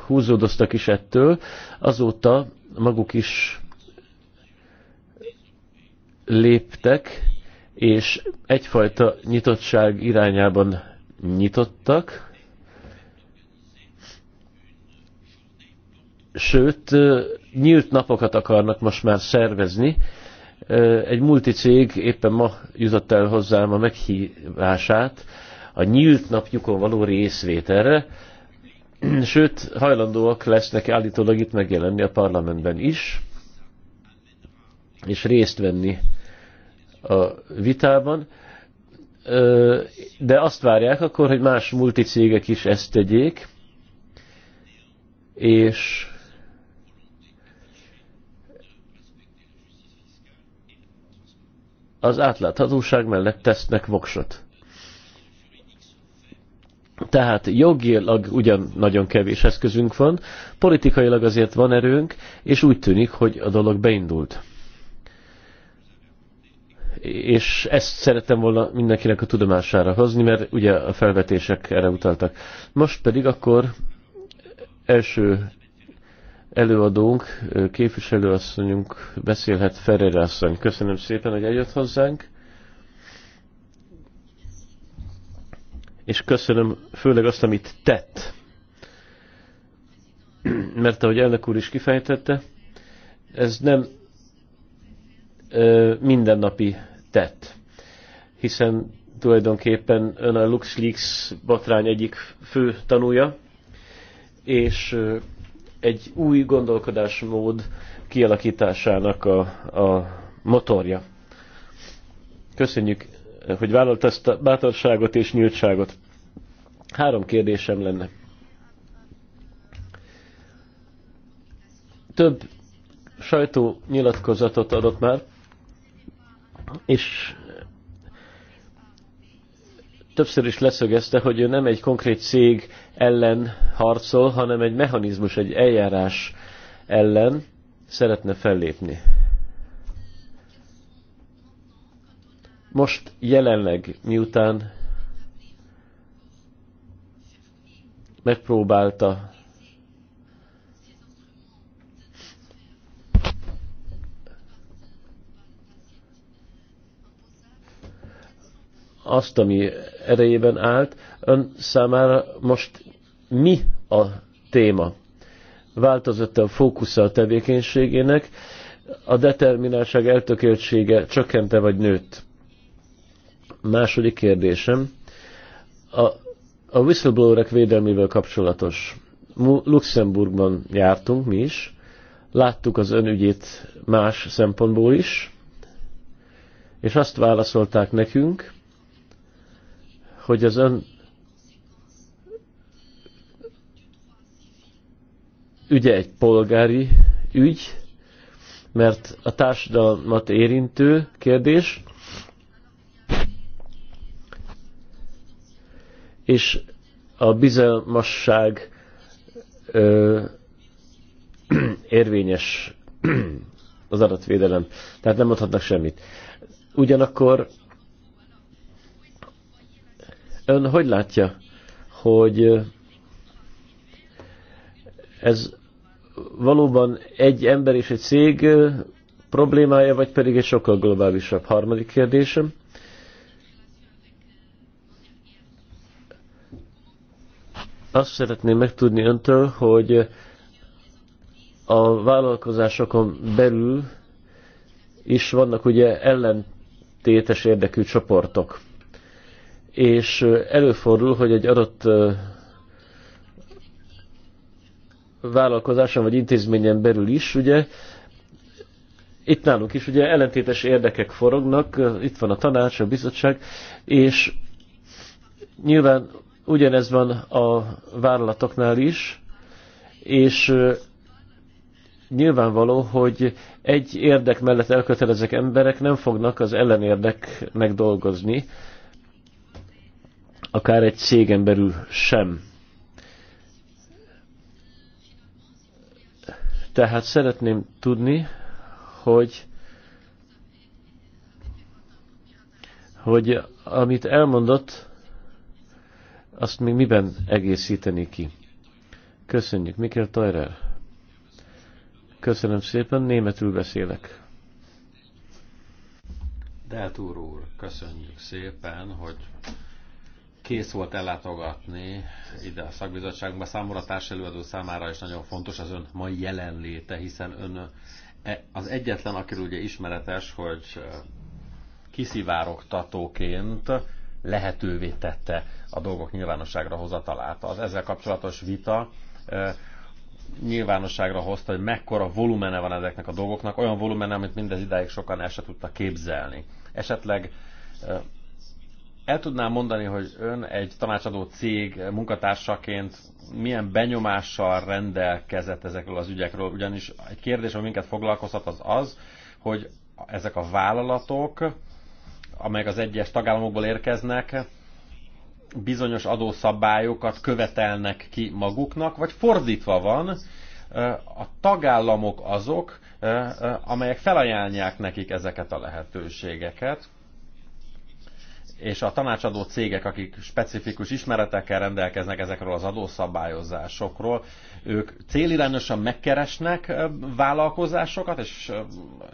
C: húzódoztak is ettől, azóta maguk is léptek, és egyfajta nyitottság irányában nyitottak, sőt, nyílt napokat akarnak most már szervezni, egy multicég éppen ma jutott el hozzám a meghívását a nyílt napjukon való részvételre, sőt, hajlandóak lesznek állítólag itt megjelenni a parlamentben is, és részt venni a vitában, de azt várják akkor, hogy más multicégek is ezt tegyék, és az átláthatóság mellett tesznek voksot. Tehát jogilag ugyan nagyon kevés eszközünk van, politikailag azért van erőnk, és úgy tűnik, hogy a dolog beindult. És ezt szerettem volna mindenkinek a tudomására hozni, mert ugye a felvetések erre utaltak. Most pedig akkor első előadónk, képviselőasszonyunk beszélhet Ferrer asszony. Köszönöm szépen, hogy eljött hozzánk. És köszönöm főleg azt, amit tett. Mert ahogy elnök úr is kifejtette, ez nem ö, mindennapi tett. Hiszen tulajdonképpen ön a LuxLeaks botrány egyik fő tanúja, és egy új gondolkodásmód kialakításának a, a motorja. Köszönjük, hogy vállalt ezt a bátorságot és nyíltságot. Három kérdésem lenne. Több sajtó nyilatkozatot adott már, és többször is leszögezte, hogy ő nem egy konkrét cég ellen harcol, hanem egy mechanizmus, egy eljárás ellen szeretne fellépni. Most jelenleg, miután megpróbálta azt, ami erejében állt, ön számára most mi a téma? Változott a fókusza a tevékenységének, a determináltság eltökéltsége csökkente vagy nőtt? Második kérdésem. A, a whistleblowerek védelmével kapcsolatos. Luxemburgban jártunk mi is, láttuk az önügyét más szempontból is, és azt válaszolták nekünk, hogy az ön ügye egy polgári ügy, mert a társadalmat érintő kérdés, és a bizalmasság ö, érvényes az adatvédelem. Tehát nem adhatnak semmit. Ugyanakkor Ön hogy látja, hogy ez valóban egy ember és egy cég problémája, vagy pedig egy sokkal globálisabb harmadik kérdésem? Azt szeretném megtudni öntől, hogy a vállalkozásokon belül is vannak ugye ellentétes érdekű csoportok és előfordul, hogy egy adott vállalkozáson vagy intézményen belül is, ugye, itt nálunk is ugye ellentétes érdekek forognak, itt van a tanács, a bizottság, és nyilván ugyanez van a vállalatoknál is, és nyilvánvaló, hogy egy érdek mellett elkötelezek emberek nem fognak az ellenérdeknek dolgozni, akár egy cégen belül sem. Tehát szeretném tudni, hogy hogy amit elmondott, azt még miben egészíteni ki. Köszönjük, Mikkel Tajrer. Köszönöm szépen, németül beszélek.
A: Deltúr úr, köszönjük szépen, hogy kész volt ellátogatni ide a szakbizottságunkba. Számomra társelőadó számára is nagyon fontos az ön mai jelenléte, hiszen ön e, az egyetlen, akiről ugye ismeretes, hogy kiszivárogtatóként lehetővé tette a dolgok nyilvánosságra hozatalát. Az ezzel kapcsolatos vita nyilvánosságra hozta, hogy mekkora volumene van ezeknek a dolgoknak, olyan volumene, amit mindez idáig sokan el se tudta képzelni. Esetleg el tudnám mondani, hogy ön egy tanácsadó cég munkatársaként milyen benyomással rendelkezett ezekről az ügyekről? Ugyanis egy kérdés, ami minket foglalkoztat, az az, hogy ezek a vállalatok, amelyek az egyes tagállamokból érkeznek, bizonyos adószabályokat követelnek ki maguknak, vagy fordítva van, a tagállamok azok, amelyek felajánlják nekik ezeket a lehetőségeket és a tanácsadó cégek, akik specifikus ismeretekkel rendelkeznek ezekről az adószabályozásokról, ők célirányosan megkeresnek vállalkozásokat, és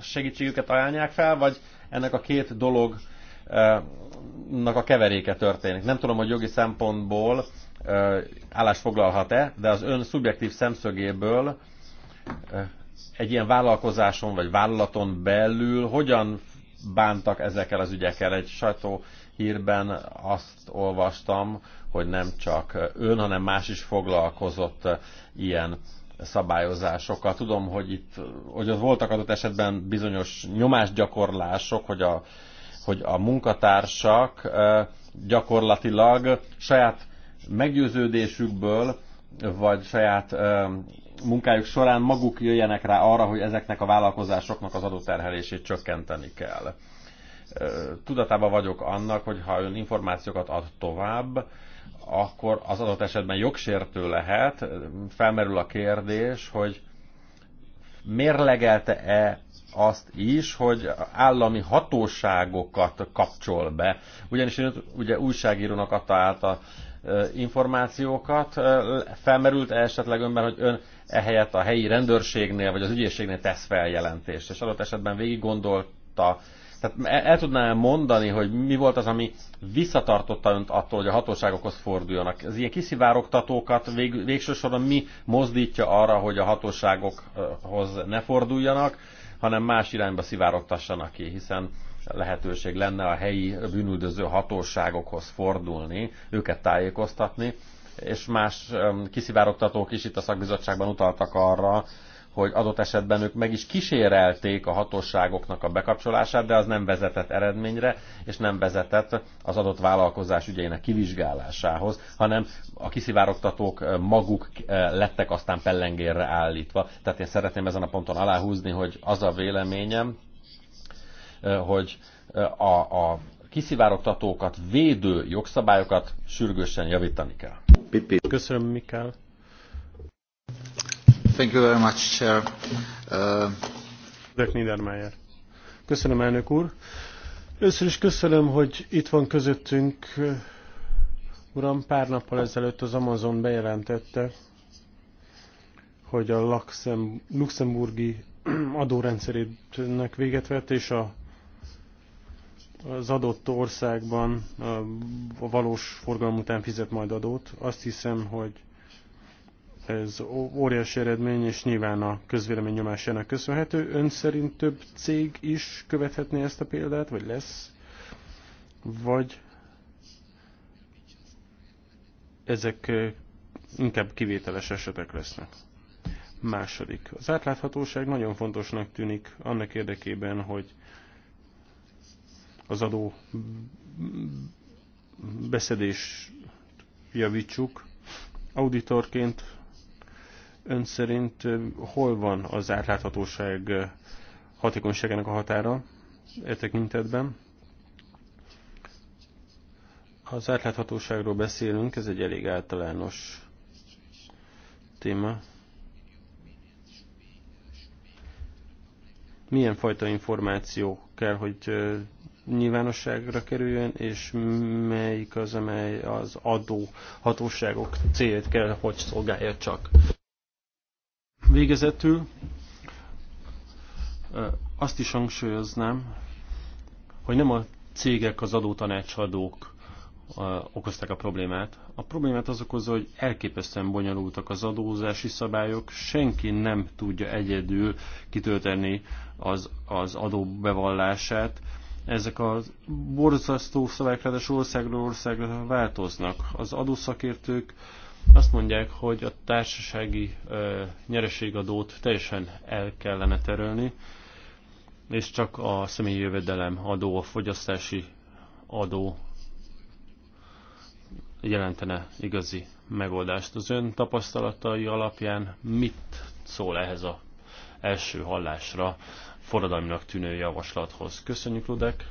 A: segítségüket ajánlják fel, vagy ennek a két dolognak a keveréke történik. Nem tudom, hogy jogi szempontból állás foglalhat-e, de az ön szubjektív szemszögéből egy ilyen vállalkozáson vagy vállalaton belül hogyan bántak ezekkel az ügyekkel. Egy sajtó hírben azt olvastam, hogy nem csak ön, hanem más is foglalkozott ilyen szabályozásokkal. Tudom, hogy itt, hogy az voltak adott esetben bizonyos nyomásgyakorlások, hogy a, hogy a munkatársak gyakorlatilag saját meggyőződésükből, vagy saját munkájuk során maguk jöjjenek rá arra, hogy ezeknek a vállalkozásoknak az adóterhelését csökkenteni kell tudatában vagyok annak, hogy ha ön információkat ad tovább, akkor az adott esetben jogsértő lehet. Felmerül a kérdés, hogy mérlegelte-e azt is, hogy állami hatóságokat kapcsol be. Ugyanis ugye újságírónak adta át a információkat. Felmerült -e esetleg önben, hogy ön ehelyett a helyi rendőrségnél vagy az ügyészségnél tesz feljelentést, és adott esetben végig gondolta tehát el, el tudná mondani, hogy mi volt az, ami visszatartotta önt attól, hogy a hatóságokhoz forduljanak? Az ilyen kiszivárogtatókat vég, végső soron mi mozdítja arra, hogy a hatóságokhoz ne forduljanak, hanem más irányba szivárogtassanak ki, hiszen lehetőség lenne a helyi bűnüldöző hatóságokhoz fordulni, őket tájékoztatni, és más kiszivárogtatók is itt a szakbizottságban utaltak arra, hogy adott esetben ők meg is kísérelték a hatóságoknak a bekapcsolását, de az nem vezetett eredményre, és nem vezetett az adott vállalkozás ügyeinek kivizsgálásához, hanem a kiszivárogtatók eh, maguk eh, lettek aztán pellengérre állítva. Tehát én szeretném ezen a ponton aláhúzni, hogy az a véleményem, eh, hogy a, a kiszivárogtatókat védő jogszabályokat sürgősen
B: javítani kell. Köszönöm, Mikkel. Thank you very much, Chair. Uh... Niedermayer. Köszönöm, elnök úr. Először is köszönöm, hogy itt van közöttünk. Uram, pár nappal ezelőtt az Amazon bejelentette, hogy a luxemburgi adórendszerének véget vett, és a, az adott országban a valós forgalom után fizet majd adót. Azt hiszem, hogy ez óriási eredmény, és nyilván a közvélemény nyomásának köszönhető. Ön szerint több cég is követhetné ezt a példát, vagy lesz? Vagy ezek inkább kivételes esetek lesznek? Második. Az átláthatóság nagyon fontosnak tűnik annak érdekében, hogy az adó beszedés javítsuk. Auditorként Ön szerint hol van az átláthatóság hatékonyságának a határa e tekintetben? Az átláthatóságról beszélünk, ez egy elég általános téma. Milyen fajta információ kell, hogy nyilvánosságra kerüljön, és melyik az, amely az adó hatóságok célját kell, hogy szolgálja csak? Végezetül azt is hangsúlyoznám, hogy nem a cégek, az adótanácsadók okozták a problémát. A problémát az okozza, hogy elképesztően bonyolultak az adózási szabályok, senki nem tudja egyedül kitölteni az, az adóbevallását. Ezek a borzasztó szabályok ráadásul országról országra változnak. Az adószakértők azt mondják, hogy a társasági nyereségadót teljesen el kellene terölni, és csak a személyi jövedelem adó, a fogyasztási adó jelentene igazi megoldást. Az ön tapasztalatai alapján mit szól ehhez a első hallásra forradalminak tűnő javaslathoz? Köszönjük, Ludek!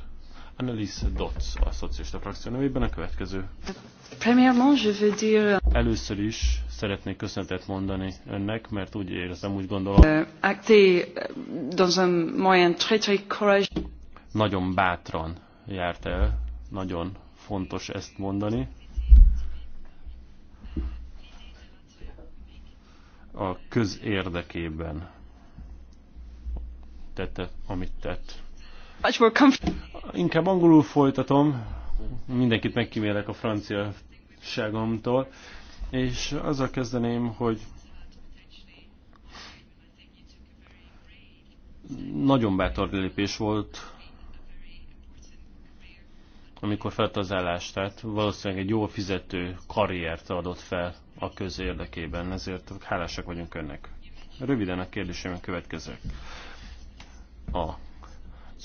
B: Annelise Dotz a szocialista frakció nevében a következő. Először is szeretnék köszönetet mondani önnek, mert úgy érzem, úgy gondolom. Euh,
E: euh,
B: nagyon bátran járt el, nagyon fontos ezt mondani. A közérdekében tette, amit tett much more Inkább angolul folytatom, mindenkit megkímélek a franciaságomtól, és azzal kezdeném, hogy nagyon bátor lépés volt, amikor felt az állást, tehát valószínűleg egy jól fizető karriert adott fel a érdekében, ezért hálásak vagyunk önnek. Röviden a kérdésem a következő. A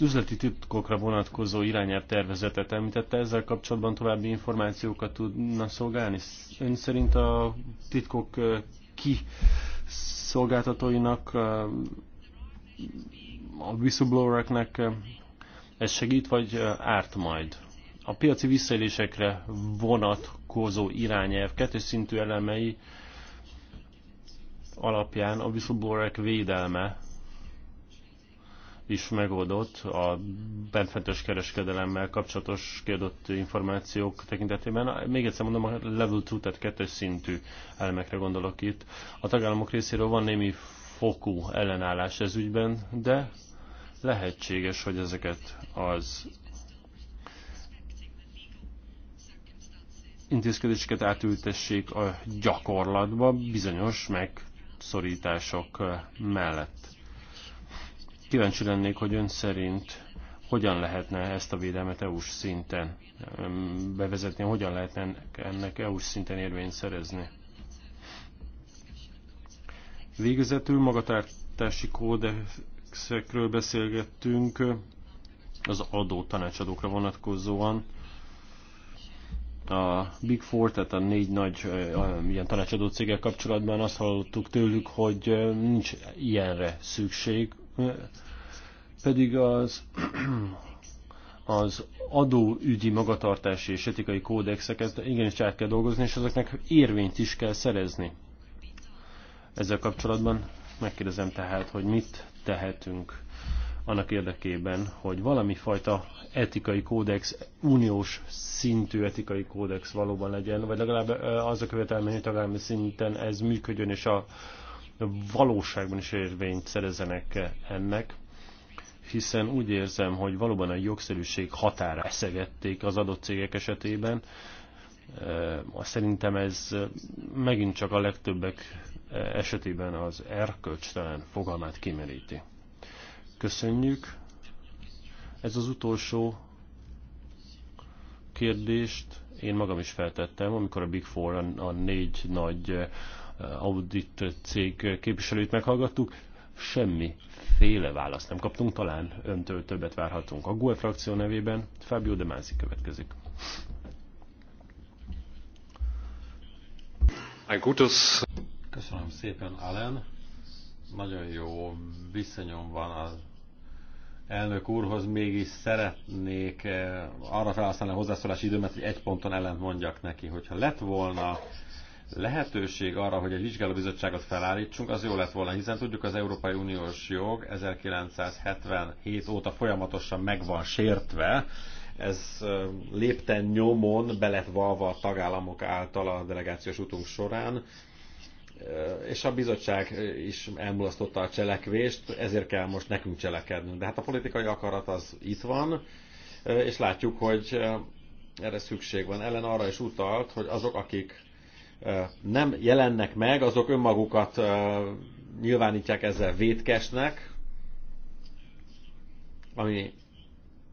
B: az üzleti titkokra vonatkozó irányelv tervezetet említette, ezzel kapcsolatban további információkat tudna szolgálni? Ön szerint a titkok ki szolgáltatóinak, a whistleblowereknek ez segít, vagy árt majd? A piaci visszaélésekre vonatkozó irányelv kettős szintű elemei alapján a whistleblowerek védelme is megoldott a bentfentes kereskedelemmel kapcsolatos kiadott információk tekintetében. Még egyszer mondom, a level 2, tehát kettes szintű elemekre gondolok itt. A tagállamok részéről van némi fokú ellenállás ez ügyben, de lehetséges, hogy ezeket az intézkedéseket átültessék a gyakorlatba bizonyos megszorítások mellett. Kíváncsi lennék, hogy ön szerint hogyan lehetne ezt a védelmet EU-s szinten bevezetni, hogyan lehetne ennek EU-s szinten érvényt szerezni. Végezetül magatartási kódexekről beszélgettünk az adó tanácsadókra vonatkozóan. A Big Four, tehát a négy nagy ilyen tanácsadó céggel kapcsolatban azt hallottuk tőlük, hogy nincs ilyenre szükség, pedig az az adóügyi magatartási és etikai kódexeket igenis át kell dolgozni, és ezeknek érvényt is kell szerezni. Ezzel kapcsolatban megkérdezem tehát, hogy mit tehetünk annak érdekében, hogy valami fajta etikai kódex, uniós szintű etikai kódex valóban legyen, vagy legalább az a követelmény, hogy tagállami szinten ez működjön, és a, valóságban is érvényt szerezenek ennek, hiszen úgy érzem, hogy valóban a jogszerűség határa eszegették az adott cégek esetében. Szerintem ez megint csak a legtöbbek esetében az erkölcstelen fogalmát kimeríti. Köszönjük. Ez az utolsó kérdést én magam is feltettem, amikor a Big Four, a, a négy nagy audit cég képviselőit meghallgattuk, féle választ nem kaptunk, talán öntől többet várhatunk. A GUE frakció nevében Fábio De Mászi következik.
A: Köszönöm szépen, Allen. Nagyon jó viszonyom van az elnök úrhoz, mégis szeretnék eh, arra felhasználni a hozzászólási időmet, hogy egy ponton ellent mondjak neki, hogyha lett volna lehetőség arra, hogy egy vizsgálóbizottságot felállítsunk, az jó lett volna, hiszen tudjuk, az Európai Uniós jog 1977 óta folyamatosan meg van sértve, ez lépten nyomon belet valva a tagállamok által a delegációs utunk során, és a bizottság is elmulasztotta a cselekvést, ezért kell most nekünk cselekednünk. De hát a politikai akarat az itt van, és látjuk, hogy erre szükség van. Ellen arra is utalt, hogy azok, akik nem jelennek meg, azok önmagukat nyilvánítják ezzel vétkesnek, ami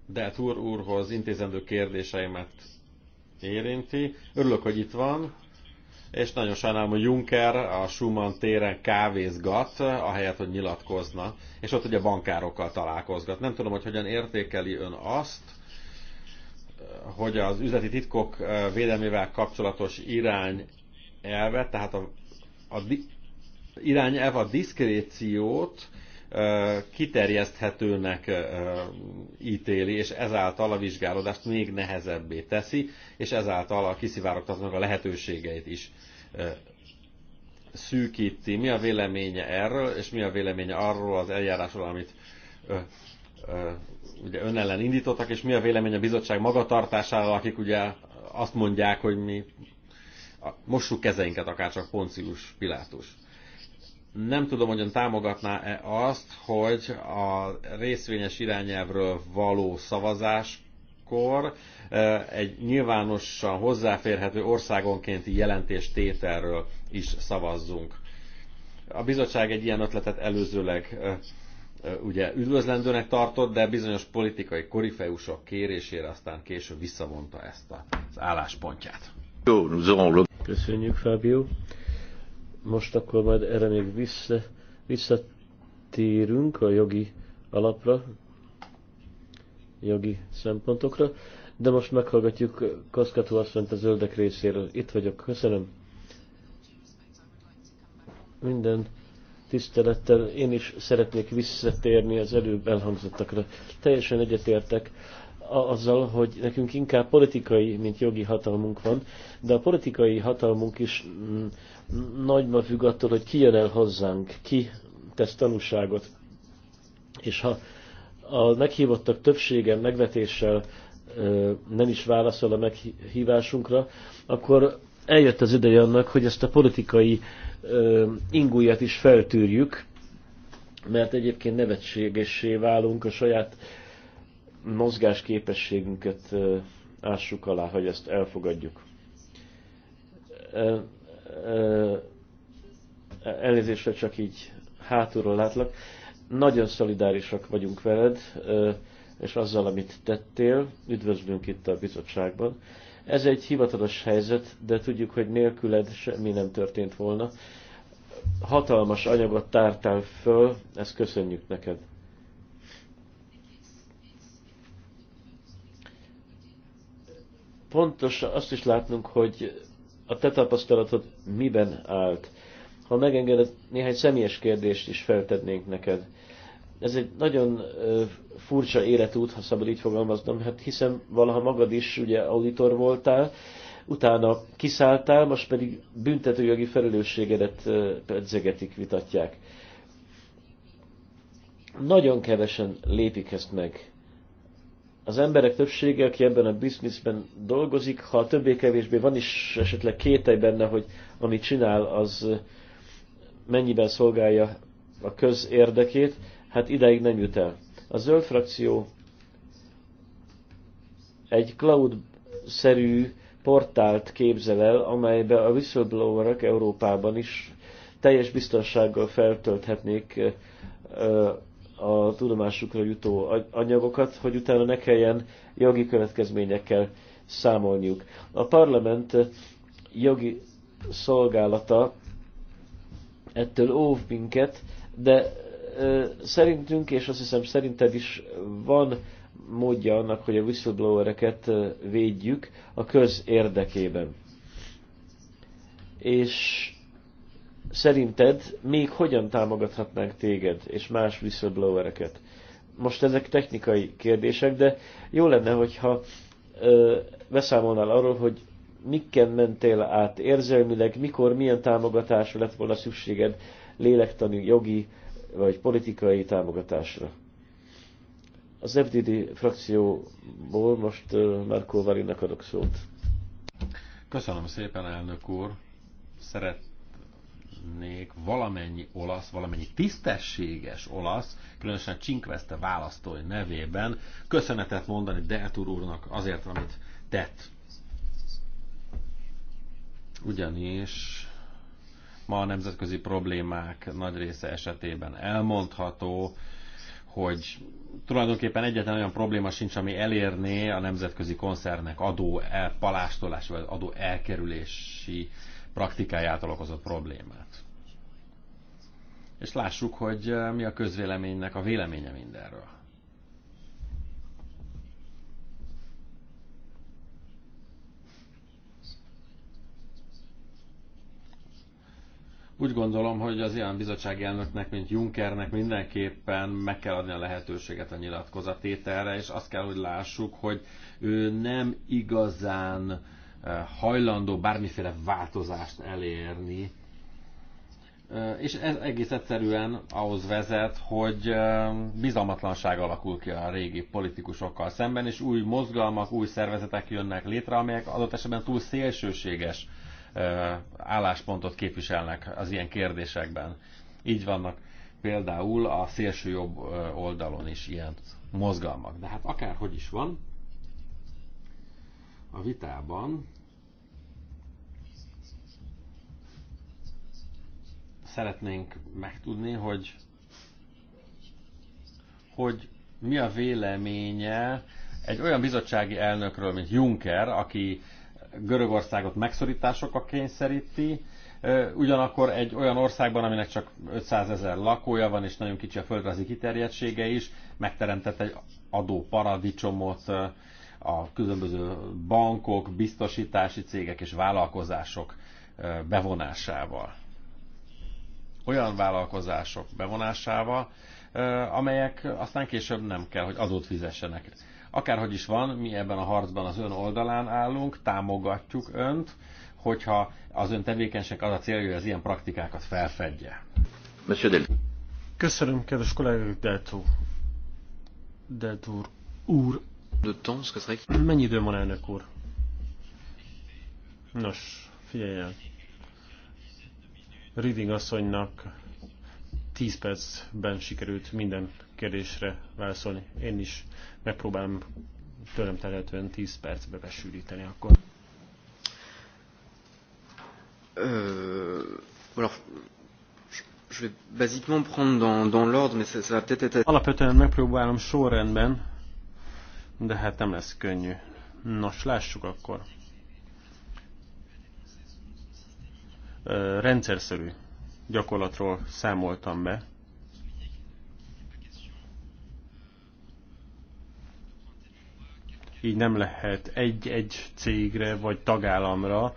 A: Delt úr úrhoz intézendő kérdéseimet érinti. Örülök, hogy itt van, és nagyon sajnálom, hogy Juncker a Schumann téren kávézgat, ahelyett, hogy nyilatkozna, és ott ugye bankárokkal találkozgat. Nem tudom, hogy hogyan értékeli ön azt, hogy az üzleti titkok védelmével kapcsolatos irány elvet tehát a, a di, irányelv a diszkréciót ö, kiterjeszthetőnek ö, ítéli, és ezáltal a vizsgálódást még nehezebbé teszi, és ezáltal a kiszivárogtatnak a lehetőségeit is ö, szűkíti. Mi a véleménye erről, és mi a véleménye arról az eljárásról, amit ö, ugye ön ellen indítottak, és mi a vélemény a bizottság magatartásáról, akik ugye azt mondják, hogy mi mossuk kezeinket, akár csak Poncius Pilátus. Nem tudom, hogyan támogatná-e azt, hogy a részvényes irányelvről való szavazás Kor, e, egy nyilvánosan hozzáférhető országonkénti jelentéstételről is szavazzunk. A bizottság egy ilyen ötletet előzőleg e, e, ugye üdvözlendőnek tartott, de bizonyos politikai korifeusok kérésére aztán később visszavonta ezt az álláspontját.
C: Köszönjük, Fábio. Most akkor majd erre még vissza, visszatérünk a jogi alapra, jogi szempontokra, de most meghallgatjuk Kaszkató asszonyt a zöldek részéről. Itt vagyok, köszönöm. Minden tisztelettel én is szeretnék visszatérni az előbb elhangzottakra. Teljesen egyetértek azzal, hogy nekünk inkább politikai, mint jogi hatalmunk van, de a politikai hatalmunk is mm, nagyban függ attól, hogy ki jön el hozzánk, ki tesz tanúságot. És ha a meghívottak többsége megvetéssel nem is válaszol a meghívásunkra, akkor eljött az ideje annak, hogy ezt a politikai ingújat is feltűrjük, mert egyébként nevetségessé válunk a saját mozgásképességünket ássuk alá, hogy ezt elfogadjuk. Elnézésre csak így hátulról látlak. Nagyon szolidárisak vagyunk veled, és azzal, amit tettél, üdvözlünk itt a bizottságban. Ez egy hivatalos helyzet, de tudjuk, hogy nélküled semmi nem történt volna. Hatalmas anyagot tártál föl, ezt köszönjük neked. Fontos azt is látnunk, hogy a te tapasztalatod miben állt. Ha megengeded, néhány személyes kérdést is feltednénk neked. Ez egy nagyon furcsa életút, ha szabad így fogalmaznom, hát hiszen valaha magad is ugye auditor voltál, utána kiszálltál, most pedig büntetőjogi felelősségedet pedzegetik, vitatják. Nagyon kevesen lépik ezt meg az emberek többsége, aki ebben a bizniszben dolgozik, ha többé-kevésbé van is esetleg kételj benne, hogy amit csinál, az mennyiben szolgálja a köz érdekét, hát ideig nem jut el. A zöld frakció egy cloud-szerű portált képzel el, amelybe a whistleblowerek Európában is teljes biztonsággal feltölthetnék a tudomásukra jutó anyagokat, hogy utána ne kelljen jogi következményekkel számolniuk. A parlament jogi szolgálata ettől óv minket, de szerintünk, és azt hiszem szerinted is van módja annak, hogy a whistleblowereket védjük a köz érdekében. És szerinted még hogyan támogathatnánk téged és más whistleblowereket? Most ezek technikai kérdések, de jó lenne, hogyha ö, beszámolnál arról, hogy mikken mentél át érzelmileg, mikor milyen támogatásra lett volna szükséged lélektani, jogi vagy politikai támogatásra. Az FDD frakcióból most Márkó Varinak adok szót.
A: Köszönöm szépen, elnök úr! Szeret, szeretnék valamennyi olasz, valamennyi tisztességes olasz, különösen Csinkveszte választói nevében köszönetet mondani Deltur úrnak azért, amit tett. Ugyanis ma a nemzetközi problémák nagy része esetében elmondható, hogy tulajdonképpen egyetlen olyan probléma sincs, ami elérné a nemzetközi koncernek adó elpalástolás, vagy adó elkerülési praktikájától okozott problémát. És lássuk, hogy eh, mi a közvéleménynek a véleménye mindenről. úgy gondolom, hogy az ilyen bizottsági elnöknek, mint Junckernek mindenképpen meg kell adni a lehetőséget a nyilatkozatételre, és azt kell, hogy lássuk, hogy ő nem igazán hajlandó bármiféle változást elérni. És ez egész egyszerűen ahhoz vezet, hogy bizalmatlanság alakul ki a régi politikusokkal szemben, és új mozgalmak, új szervezetek jönnek létre, amelyek adott esetben túl szélsőséges álláspontot képviselnek az ilyen kérdésekben. Így vannak például a szélső jobb oldalon is ilyen mozgalmak. De hát akárhogy is van, a vitában szeretnénk megtudni, hogy, hogy mi a véleménye egy olyan bizottsági elnökről, mint Juncker, aki Görögországot megszorításokkal kényszeríti, ugyanakkor egy olyan országban, aminek csak 500 ezer lakója van, és nagyon kicsi a földrajzi kiterjedtsége is, megteremtett egy adóparadicsomot, a különböző bankok, biztosítási cégek és vállalkozások bevonásával. Olyan vállalkozások bevonásával, amelyek aztán később nem kell, hogy adót fizessenek. Akárhogy is van, mi ebben a harcban az ön oldalán állunk, támogatjuk önt, hogyha az ön tevékenység az a célja, hogy az ilyen praktikákat felfedje.
B: Köszönöm, kedves kollégák, Deltó. Deltó úr, de temps, ce que serait Mennyi időm van, elnök úr? Nos, figyelj el. Reading asszonynak 10 percben sikerült minden kérdésre válaszolni. Én is megpróbálom tőlem telhetően 10 percbe besűríteni akkor. Euh, alors, je vais basiquement prendre dans, dans l'ordre, mais ça, ça va peut-être être... Alapvetően megpróbálom sorrendben de hát nem lesz könnyű. Nos, lássuk akkor. rendszerszerű gyakorlatról számoltam be. Így nem lehet egy-egy cégre vagy tagállamra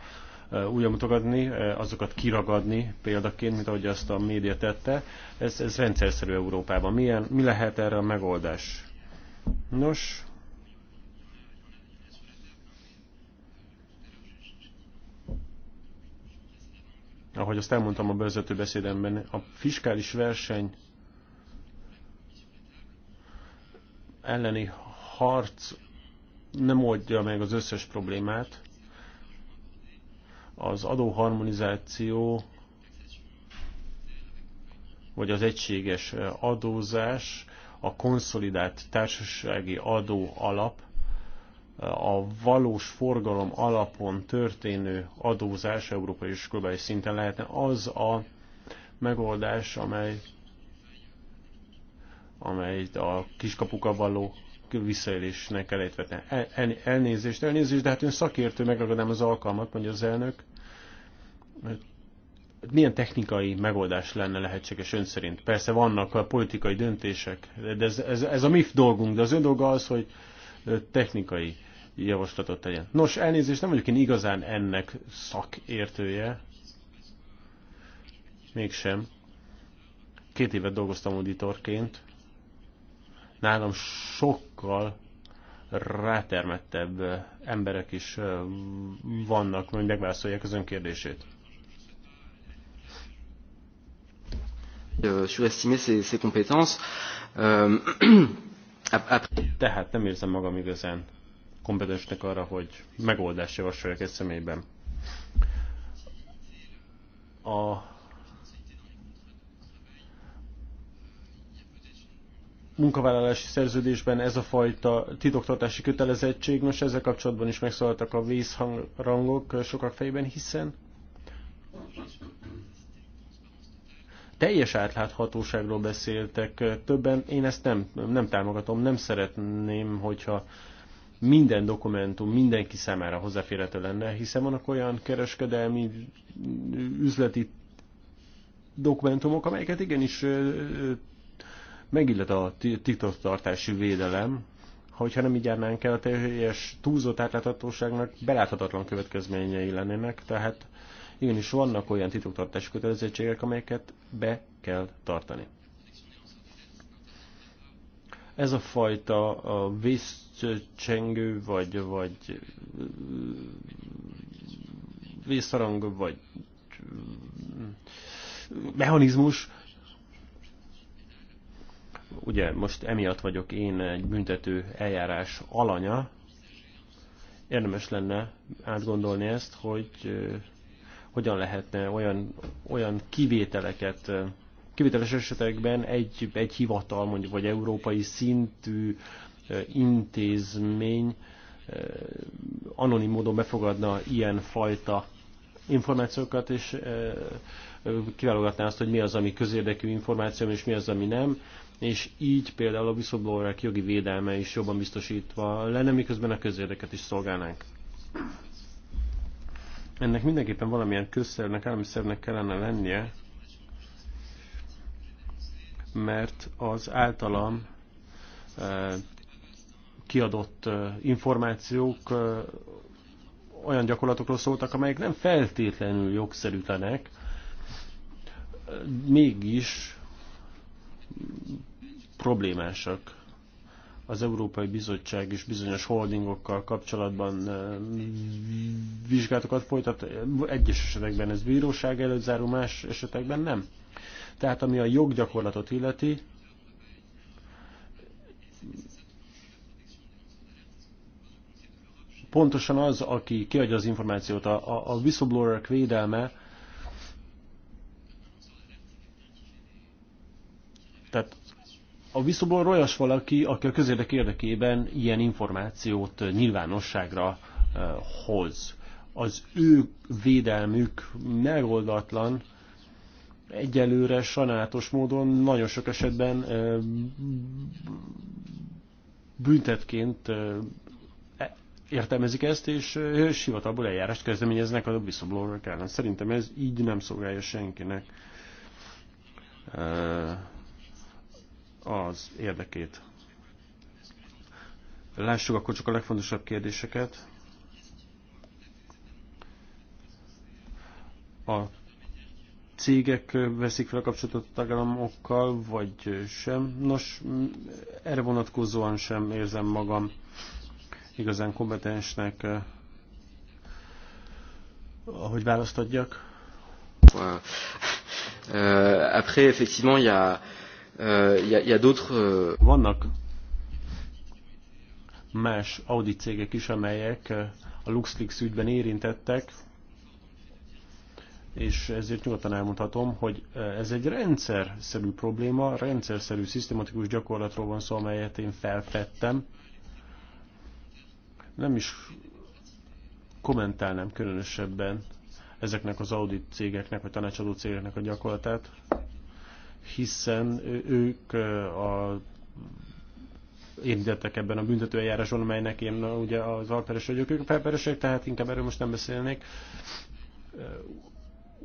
B: újra mutogatni, azokat kiragadni példaként, mint ahogy azt a média tette. Ez, ez rendszerszerű Európában. Milyen, mi lehet erre a megoldás? Nos, ahogy azt elmondtam a bevezető beszédemben, a fiskális verseny elleni harc nem oldja meg az összes problémát. Az adóharmonizáció vagy az egységes adózás, a konszolidált társasági adó alap a valós forgalom alapon történő adózás európai és globális szinten lehetne az a megoldás, amely, amely a kiskapukkal való visszaélésnek elejtvetne. El, elnézést, elnézést, de hát ön szakértő, megragadám az alkalmat, mondja az elnök. Milyen technikai megoldás lenne lehetséges ön szerint? Persze vannak a politikai döntések, de ez, ez, ez a mi dolgunk, de az ön dolga az, hogy technikai javaslatot tegyen. Nos, elnézést, nem vagyok én igazán ennek szakértője. Mégsem. Két évet dolgoztam auditorként. Nálam sokkal rátermettebb emberek is vannak, hogy megválaszolják az önkérdését. Euh, surestimer euh, Tehát nem érzem magam igazán kompetensnek arra, hogy megoldást javasoljak egy személyben. A munkavállalási szerződésben ez a fajta titoktartási kötelezettség, most ezzel kapcsolatban is megszólaltak a vészrangok sokak fejében, hiszen teljes átláthatóságról beszéltek többen, én ezt nem, nem támogatom, nem szeretném, hogyha minden dokumentum mindenki számára hozzáférhető lenne, hiszen vannak olyan kereskedelmi mm, üzleti dokumentumok, amelyeket igenis megillet a titoktartási védelem, hogyha nem így járnánk el, a teljes túlzott átláthatóságnak beláthatatlan következményei lennének, tehát igenis vannak olyan titoktartási kötelezettségek, amelyeket be kell tartani. Ez a fajta a vízcsengő, vagy, vagy vízszarang, vagy mechanizmus, ugye most emiatt vagyok én egy büntető eljárás alanya, érdemes lenne átgondolni ezt, hogy hogyan lehetne olyan, olyan kivételeket kivételes esetekben egy, egy hivatal, mondjuk, vagy európai szintű intézmény anonim módon befogadna ilyen fajta információkat, és kiválogatná azt, hogy mi az, ami közérdekű információ, és mi az, ami nem, és így például a whistleblowerek jogi védelme is jobban biztosítva lenne, miközben a közérdeket is szolgálnánk. Ennek mindenképpen valamilyen közszervnek, állami szervnek kellene lennie, mert az általam eh, kiadott eh, információk eh, olyan gyakorlatokról szóltak, amelyek nem feltétlenül jogszerűtlenek, mégis problémásak. Az Európai Bizottság is bizonyos holdingokkal kapcsolatban vizsgálatokat folytat. Egyes esetekben ez bíróság előtt zárul, más esetekben nem. Tehát ami a joggyakorlatot illeti, pontosan az, aki kiadja az információt, a, a, whistleblower whistleblowerek védelme, tehát a whistleblower olyas valaki, aki a közérdek érdekében ilyen információt nyilvánosságra eh, hoz. Az ő védelmük megoldatlan, egyelőre sanátos módon nagyon sok esetben büntetként e, értelmezik ezt, és sivatagból eljárást kezdeményeznek a whistleblower ellen. Szerintem ez így nem szolgálja senkinek az érdekét. Lássuk akkor csak a legfontosabb kérdéseket. A cégek veszik fel a kapcsolatot a tagállamokkal, vagy sem. Nos, erre vonatkozóan sem érzem magam igazán kompetensnek, ahogy választ
F: adjak. Euh, après, effectivement, il y a, euh, y a, d'autres... Euh, Vannak más
B: audit cégek is, amelyek a LuxLeaks ügyben érintettek, és ezért nyugodtan elmondhatom, hogy e, ez egy rendszerszerű probléma, rendszerszerű, szisztematikus gyakorlatról van szó, amelyet én felfedtem. Nem is kommentálnám különösebben ezeknek az audit cégeknek, vagy tanácsadó cégeknek a gyakorlatát, hiszen ők e, a érintettek ebben a büntetőeljáráson, amelynek én ugye az alperes vagyok, ők felperesek, tehát inkább erről most nem beszélnék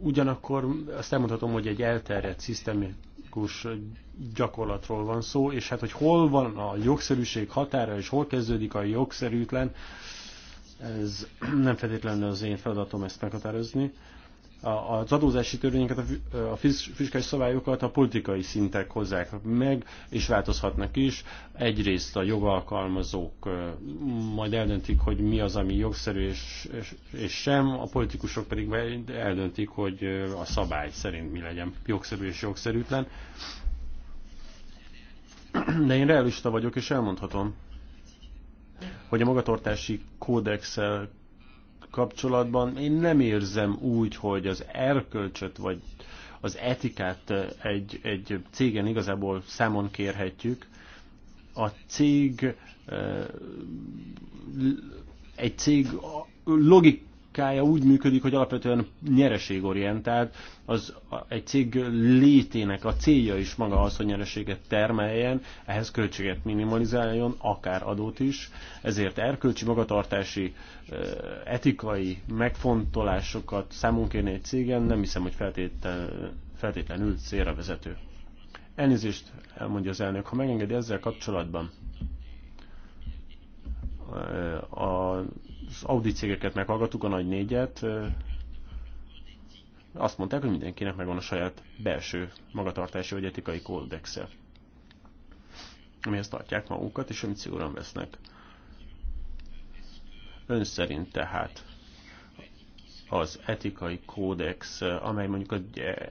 B: Ugyanakkor azt elmondhatom, hogy egy elterjedt szisztemikus gyakorlatról van szó, és hát, hogy hol van a jogszerűség határa, és hol kezdődik a jogszerűtlen, ez nem feltétlenül az én feladatom ezt meghatározni az adózási törvényeket, a fiskális szabályokat a politikai szintek hozzák meg, és változhatnak is. Egyrészt a jogalkalmazók majd eldöntik, hogy mi az, ami jogszerű és, és sem, a politikusok pedig eldöntik, hogy a szabály szerint mi legyen jogszerű és jogszerűtlen. De én realista vagyok, és elmondhatom, hogy a magatartási kódexel kapcsolatban én nem érzem úgy, hogy az erkölcsöt vagy az etikát egy, egy cégen igazából számon kérhetjük. A cég eh, egy cég logik logikája úgy működik, hogy alapvetően nyereségorientált, az egy cég létének a célja is maga az, hogy nyereséget termeljen, ehhez költséget minimalizáljon, akár adót is, ezért erkölcsi, magatartási, etikai megfontolásokat számunk kérni egy cégen nem hiszem, hogy feltétlenül, feltétlenül célra vezető. Elnézést, elmondja az elnök, ha megengedi ezzel kapcsolatban a az audit cégeket meghallgattuk, a nagy négyet, azt mondták, hogy mindenkinek megvan a saját belső magatartási vagy etikai kódexe, amihez tartják magukat, és amit szigorúan vesznek. Ön szerint tehát az etikai kódex, amely mondjuk az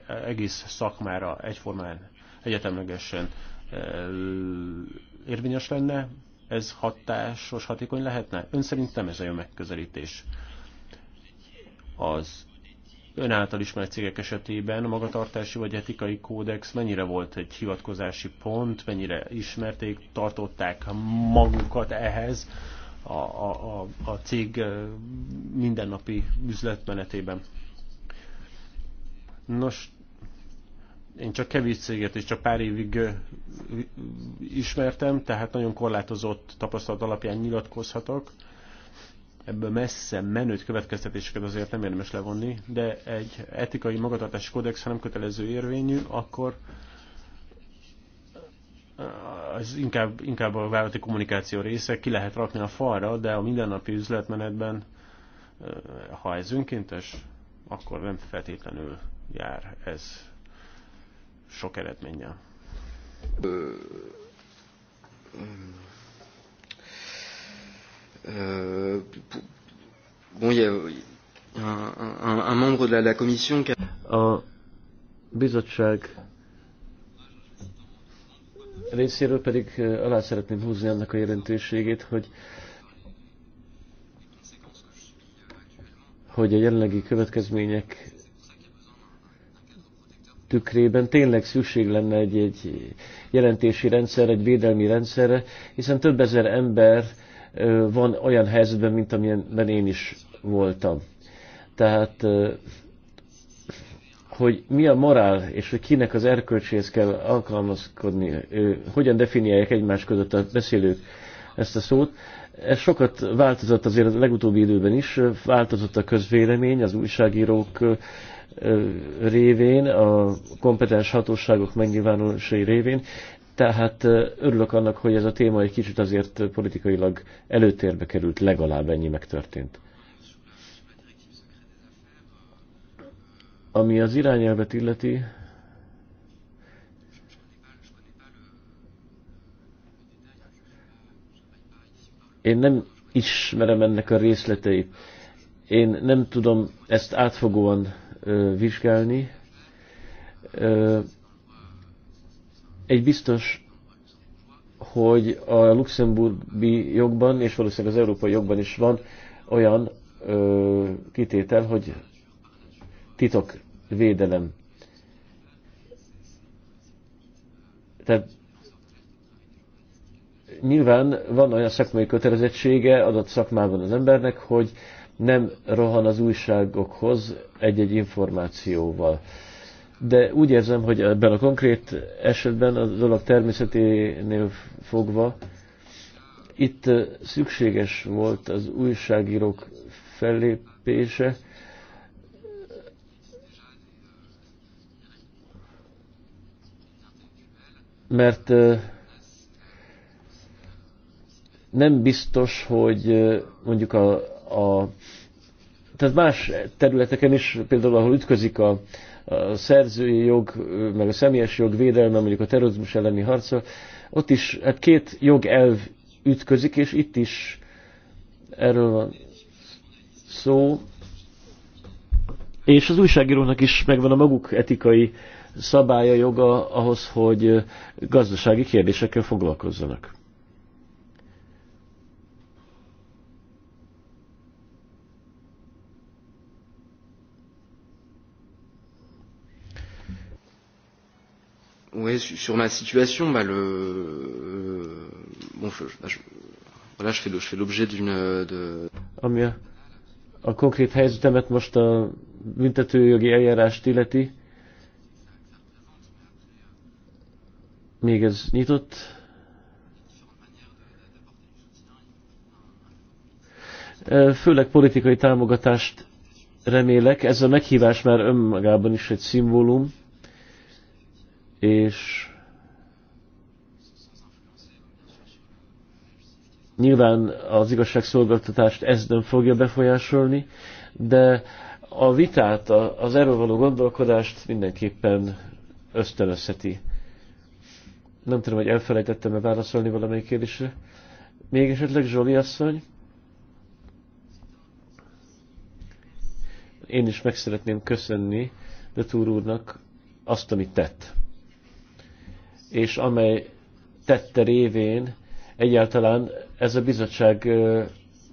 B: egész szakmára egyformán, egyetemlegesen érvényes lenne, ez hatásos, hatékony lehetne? Ön szerint nem ez a jó megközelítés. Az ön által ismert cégek esetében a magatartási vagy etikai kódex mennyire volt egy hivatkozási pont, mennyire ismerték, tartották magukat ehhez a, a, a, a cég mindennapi üzletmenetében. Nos, én csak kevés céget és csak pár évig ismertem, tehát nagyon korlátozott tapasztalat alapján nyilatkozhatok. Ebből messze menőt következtetéseket azért nem érdemes levonni, de egy etikai magatartási kódex, ha nem kötelező érvényű, akkor az inkább, inkább a vállalati kommunikáció része, ki lehet rakni a falra, de a mindennapi üzletmenetben, ha ez önkéntes, akkor nem feltétlenül jár ez sok eredménnyel.
C: A bizottság részéről pedig alá szeretném húzni annak a jelentőségét, hogy hogy a jelenlegi következmények tükrében tényleg szükség lenne egy, egy jelentési rendszer, egy védelmi rendszerre, hiszen több ezer ember van olyan helyzetben, mint amilyenben én is voltam. Tehát, hogy mi a morál, és hogy kinek az erkölcséhez kell alkalmazkodni, hogyan definiálják egymás között a beszélők ezt a szót, ez sokat változott azért a legutóbbi időben is, változott a közvélemény, az újságírók révén, a kompetens hatóságok megnyilvánulásai révén, tehát örülök annak, hogy ez a téma egy kicsit azért politikailag előtérbe került, legalább ennyi megtörtént. Ami az irányelvet illeti, én nem ismerem ennek a részleteit. Én nem tudom ezt átfogóan vizsgálni. Egy biztos, hogy a luxemburgi jogban, és valószínűleg az európai jogban is van olyan ö, kitétel, hogy titok védelem. Tehát nyilván van olyan szakmai kötelezettsége adott szakmában az embernek, hogy nem rohan az újságokhoz egy-egy információval. De úgy érzem, hogy ebben a konkrét esetben a dolog természeténél fogva itt szükséges
B: volt az újságírók fellépése,
C: mert nem biztos, hogy mondjuk a, a tehát más területeken is, például ahol ütközik a, a szerzői jog, meg a személyes jog védelme, mondjuk a terrorizmus elleni harca, ott is hát két jogelv ütközik, és itt is erről van szó. És az újságírónak is megvan a maguk etikai szabálya joga ahhoz, hogy gazdasági kérdésekkel foglalkozzanak.
E: Oui, sur ma situation,
C: bah, le, euh, bon, je, bah, je, voilà, je fais, je fais l'objet d'une... De... Ami a, a konkrét helyzetemet most a büntetőjogi eljárást illeti, még ez nyitott. Főleg politikai támogatást remélek, ez a meghívás már önmagában is egy szimbólum, és nyilván az igazságszolgáltatást ez nem fogja befolyásolni, de a vitát, az erről való gondolkodást mindenképpen ösztönözheti. Nem tudom, hogy elfelejtettem-e válaszolni valamelyik kérdésre. Még esetleg Zsoli asszony? Én is meg szeretném köszönni de úrnak azt, amit tett és amely tette révén egyáltalán ez a bizottság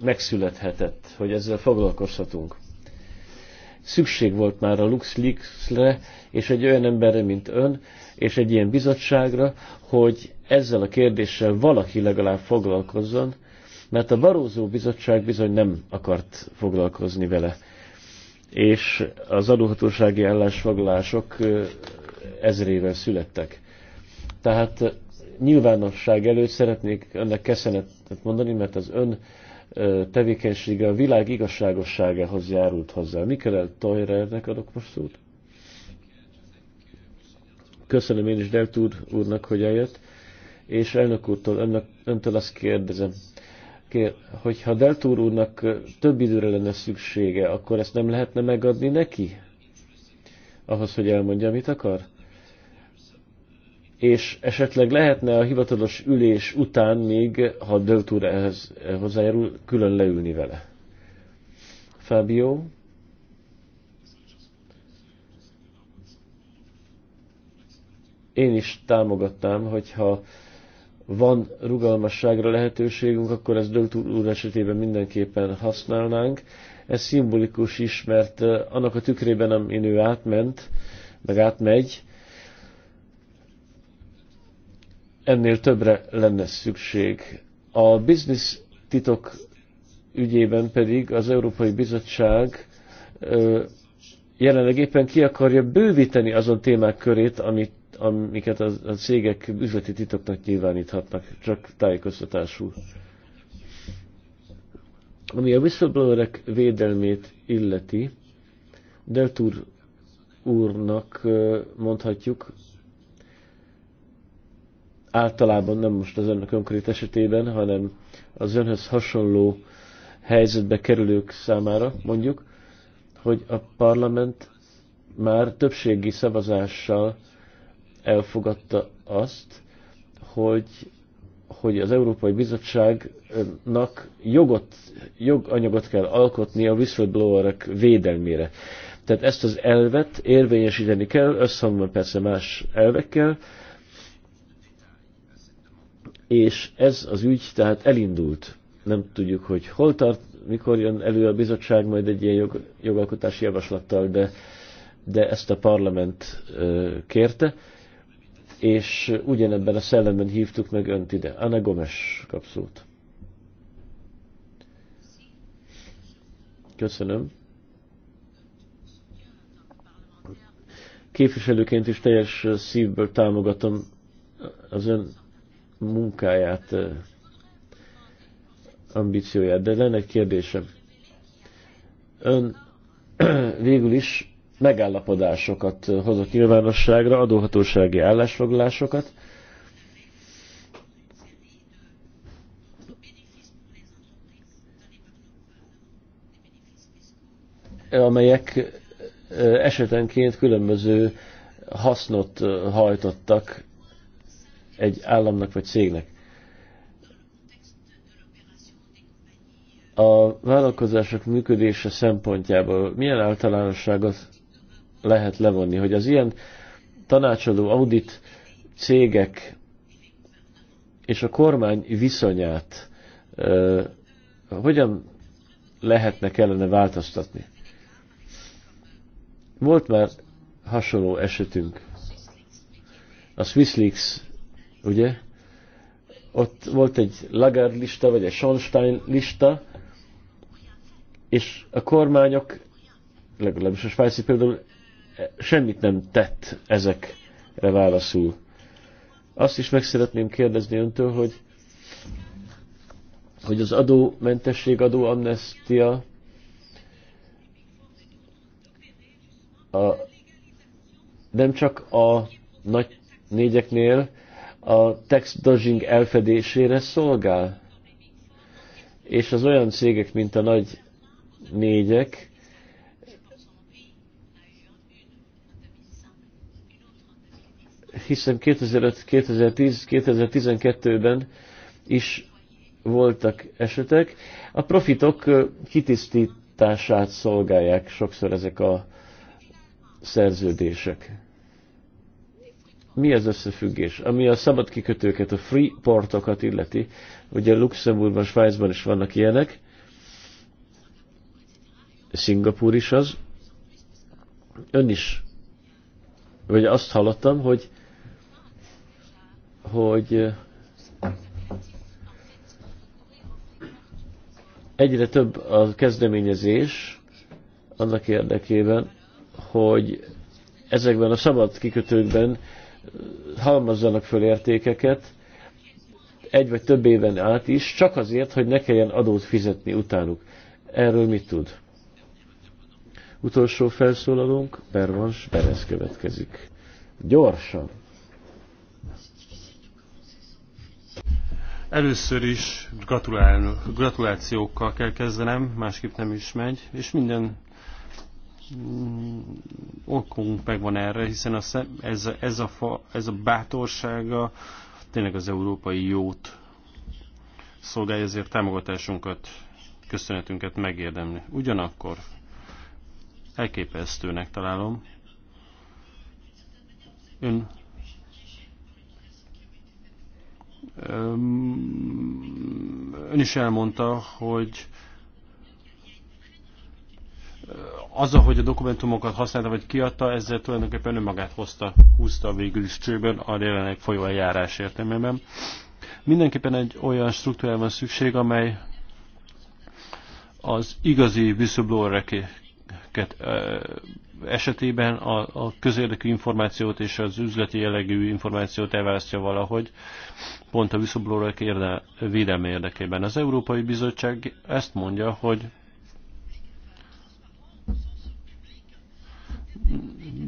C: megszülethetett, hogy ezzel foglalkozhatunk. Szükség volt már a LuxLeaks-re, és egy olyan emberre, mint ön, és egy ilyen bizottságra, hogy ezzel a kérdéssel valaki legalább foglalkozzon, mert a Barózó Bizottság bizony nem akart foglalkozni vele. És az adóhatósági állásfoglalások ezrével születtek. Tehát nyilvánosság előtt szeretnék önnek keszenetet mondani, mert az ön tevékenysége a világ igazságosságához járult hozzá. Mikkel Toyrernek adok most szót? Köszönöm én is Deltúr úrnak, hogy eljött, és elnök úrtól, önnek, öntől azt kérdezem, kér, hogyha Deltúr úrnak több időre lenne szüksége, akkor ezt nem lehetne megadni neki? Ahhoz, hogy elmondja, mit akar? és esetleg lehetne a hivatalos ülés után még, ha Deltúr ehhez hozzájárul, külön leülni vele. Fábio? Én is támogattam, hogyha van rugalmasságra lehetőségünk, akkor ezt Deltúr úr esetében mindenképpen használnánk. Ez szimbolikus is, mert eh, annak a tükrében, amin ő átment, meg átmegy, ennél többre lenne szükség. A business titok ügyében pedig az Európai Bizottság jelenleg éppen ki akarja bővíteni azon témák körét, amit, amiket a, a cégek üzleti titoknak nyilváníthatnak, csak tájékoztatásul. Ami a whistleblowerek védelmét illeti, Deltúr úrnak mondhatjuk, általában nem most az önök konkrét esetében, hanem az önhöz hasonló helyzetbe kerülők számára mondjuk, hogy a parlament már többségi szavazással elfogadta azt, hogy, hogy az Európai Bizottságnak jogot, joganyagot kell alkotni a whistleblowerek védelmére. Tehát ezt az elvet érvényesíteni kell, összhangban persze más elvekkel, és ez az ügy tehát elindult. Nem tudjuk, hogy hol tart, mikor jön elő a bizottság majd egy ilyen jog, jogalkotási javaslattal, de, de ezt a parlament ö, kérte, és ugyanebben a szellemben hívtuk meg önt ide. Anna Gomes kapszót. Köszönöm. Képviselőként is teljes szívből támogatom az ön munkáját, ambícióját. De lenne egy kérdésem. Ön végül is megállapodásokat hozott nyilvánosságra, adóhatósági állásfoglalásokat, amelyek esetenként különböző hasznot hajtottak egy államnak vagy cégnek. A vállalkozások működése szempontjából milyen általánosságot lehet levonni, hogy az ilyen tanácsadó audit cégek és a kormány viszonyát uh, hogyan lehetne kellene változtatni? Volt már hasonló esetünk. A SwissLeaks ugye? Ott volt egy Lagarde lista, vagy egy Schonstein lista, és a kormányok, legalábbis a svájci például, semmit nem tett ezekre válaszul. Azt is meg szeretném kérdezni öntől, hogy, hogy az adómentesség, adóamnestia, a, nem csak a nagy négyeknél, a text dodging elfedésére szolgál. És az olyan cégek, mint a nagy négyek, hiszem 2005, 2010, 2012-ben is voltak esetek. A profitok kitisztítását szolgálják sokszor ezek a szerződések mi az összefüggés? Ami a szabad kikötőket, a free portokat illeti, ugye Luxemburgban, Svájcban is vannak ilyenek, Szingapúr is az. Ön is, vagy azt hallottam, hogy hogy egyre több a kezdeményezés annak érdekében, hogy ezekben a szabad kikötőkben halmazzanak föl értékeket, egy vagy több éven át is, csak azért, hogy ne kelljen adót fizetni utánuk. Erről mit tud? Utolsó felszólalónk, bervans, Perez következik. Gyorsan!
B: Először is gratulál, gratulációkkal kell kezdenem, másképp nem is megy, és minden Mm, okunk megvan erre, hiszen a, ez, a, ez, a fa, ez a bátorsága tényleg az európai jót szolgálja, ezért támogatásunkat, köszönetünket megérdemli. Ugyanakkor elképesztőnek találom ön ön is elmondta, hogy azzal, hogy a dokumentumokat használta vagy kiadta, ezzel tulajdonképpen önmagát hozta, húzta végül is csőben a jelenleg folyó eljárás értelmében. Mindenképpen egy olyan struktúrára van szükség, amely az igazi whistleblower-eket esetében a, a közérdekű információt és az üzleti jellegű információt elválasztja valahogy, pont a whistleblower-ek védelme érdekében. Az Európai Bizottság ezt mondja, hogy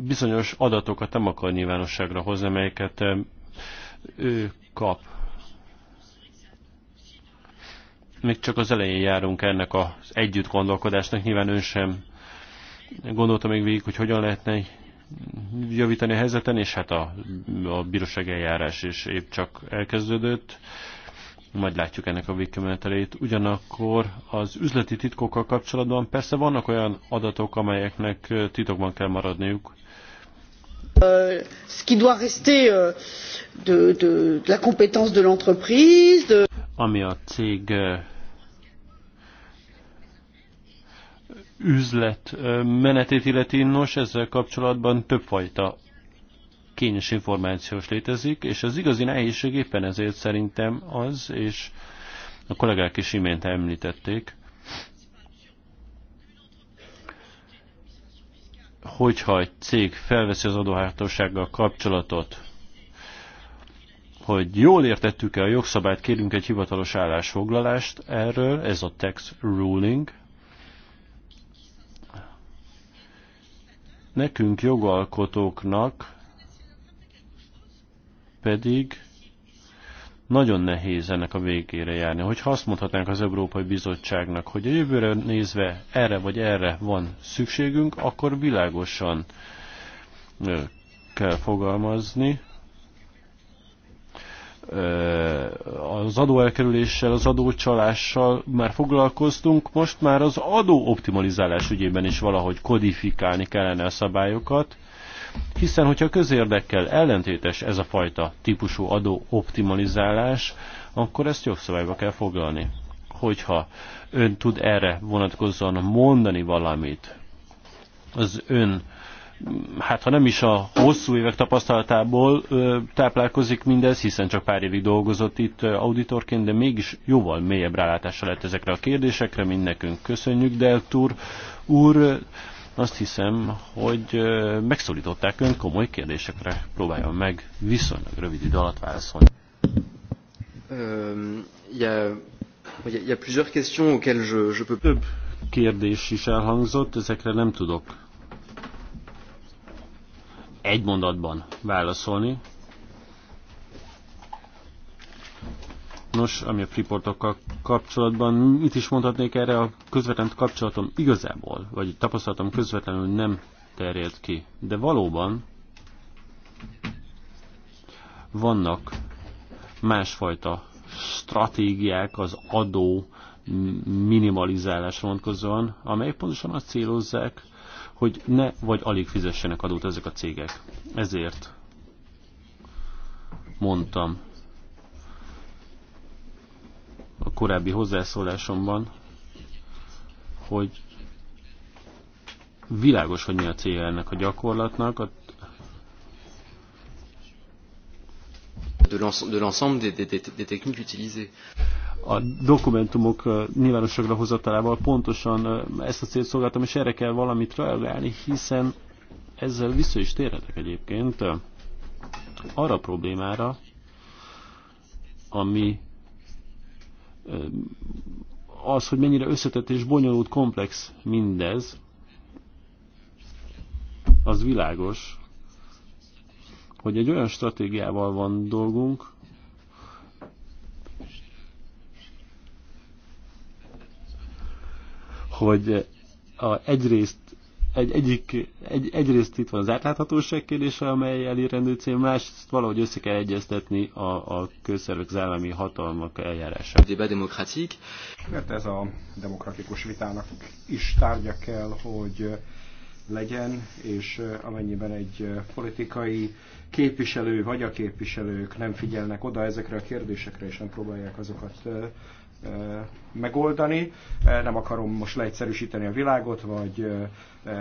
B: bizonyos adatokat nem akar nyilvánosságra hozni, amelyeket ő kap. Még csak az elején járunk ennek az együtt gondolkodásnak, nyilván ön sem gondolta még végig, hogy hogyan lehetne javítani a helyzeten, és hát a, a bíróság eljárás is épp csak elkezdődött majd látjuk ennek a végkimenetelét. Ugyanakkor az üzleti titkokkal kapcsolatban persze vannak olyan adatok, amelyeknek titokban kell maradniuk.
E: Euh, euh,
B: Ami a cég üzlet menetét illeti, nos ezzel kapcsolatban többfajta kényes információs létezik, és az igazi nehézség éppen ezért szerintem az, és a kollégák is imént említették, hogyha egy cég felveszi az adóhatósággal kapcsolatot, hogy jól értettük-e a jogszabályt, kérünk egy hivatalos állásfoglalást erről, ez a tax ruling. Nekünk jogalkotóknak pedig nagyon nehéz ennek a végére járni. Hogyha azt mondhatnánk az Európai Bizottságnak, hogy a jövőre nézve erre vagy erre van szükségünk, akkor világosan kell fogalmazni. Az adóelkerüléssel, az adócsalással már foglalkoztunk, most már az adó optimalizálás ügyében is valahogy kodifikálni kellene a szabályokat. Hiszen, hogyha közérdekkel ellentétes ez a fajta típusú adó optimalizálás, akkor ezt jogszabályba kell foglalni. Hogyha ön tud erre vonatkozóan mondani valamit, az ön hát ha nem is a hosszú évek tapasztalatából ö, táplálkozik mindez, hiszen csak pár évig dolgozott itt auditorként, de mégis jóval mélyebb rálátása lett ezekre a kérdésekre, mint nekünk köszönjük, Deltúr úr, azt hiszem, hogy megszólították önt komoly kérdésekre. Próbáljon meg viszonylag rövid idő alatt válaszolni. Több kérdés is elhangzott, ezekre nem tudok egy mondatban válaszolni. Nos, ami a freeportokkal kapcsolatban, mit is mondhatnék erre a közvetlen kapcsolatom igazából, vagy tapasztalatom közvetlenül nem terjed ki. De valóban vannak másfajta stratégiák az adó minimalizálásra vonatkozóan, amelyek pontosan azt célozzák, hogy ne vagy alig fizessenek adót ezek a cégek. Ezért mondtam a korábbi hozzászólásomban, hogy világos, hogy mi a célja ennek a gyakorlatnak. A de l'ensemble des, des, des techniques utilisées. A dokumentumok nyilvánosságra hozatalával pontosan ezt a célt szolgáltam, és erre kell valamit reagálni, hiszen ezzel vissza is térhetek egyébként arra a problémára, ami az, hogy mennyire összetett és bonyolult, komplex mindez, az világos, hogy egy olyan stratégiával van dolgunk, hogy a, egyrészt egy, egyik, egy, egyrészt itt van az átláthatóság kérdése, amely elérendő cél, másrészt valahogy össze kell egyeztetni a, a
F: közszervek az állami hatalmak eljárása. Mert hát ez a demokratikus vitának is tárgya kell, hogy legyen, és amennyiben egy politikai képviselő vagy a képviselők nem figyelnek oda ezekre a kérdésekre, és nem próbálják azokat megoldani. Nem akarom most leegyszerűsíteni a világot, vagy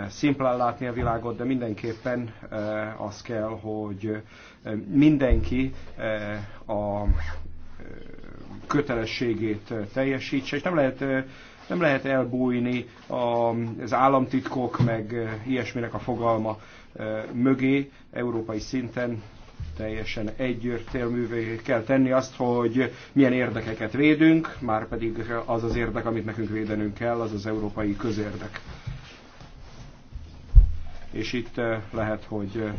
F: szimplán látni a világot, de mindenképpen az kell, hogy mindenki a kötelességét teljesítse, és nem lehet nem lehet elbújni az államtitkok, meg ilyesminek a fogalma mögé európai szinten teljesen egyértelművé kell tenni azt, hogy milyen érdekeket védünk, már pedig az az érdek, amit nekünk védenünk kell, az az európai közérdek. És itt eh, lehet, hogy eh,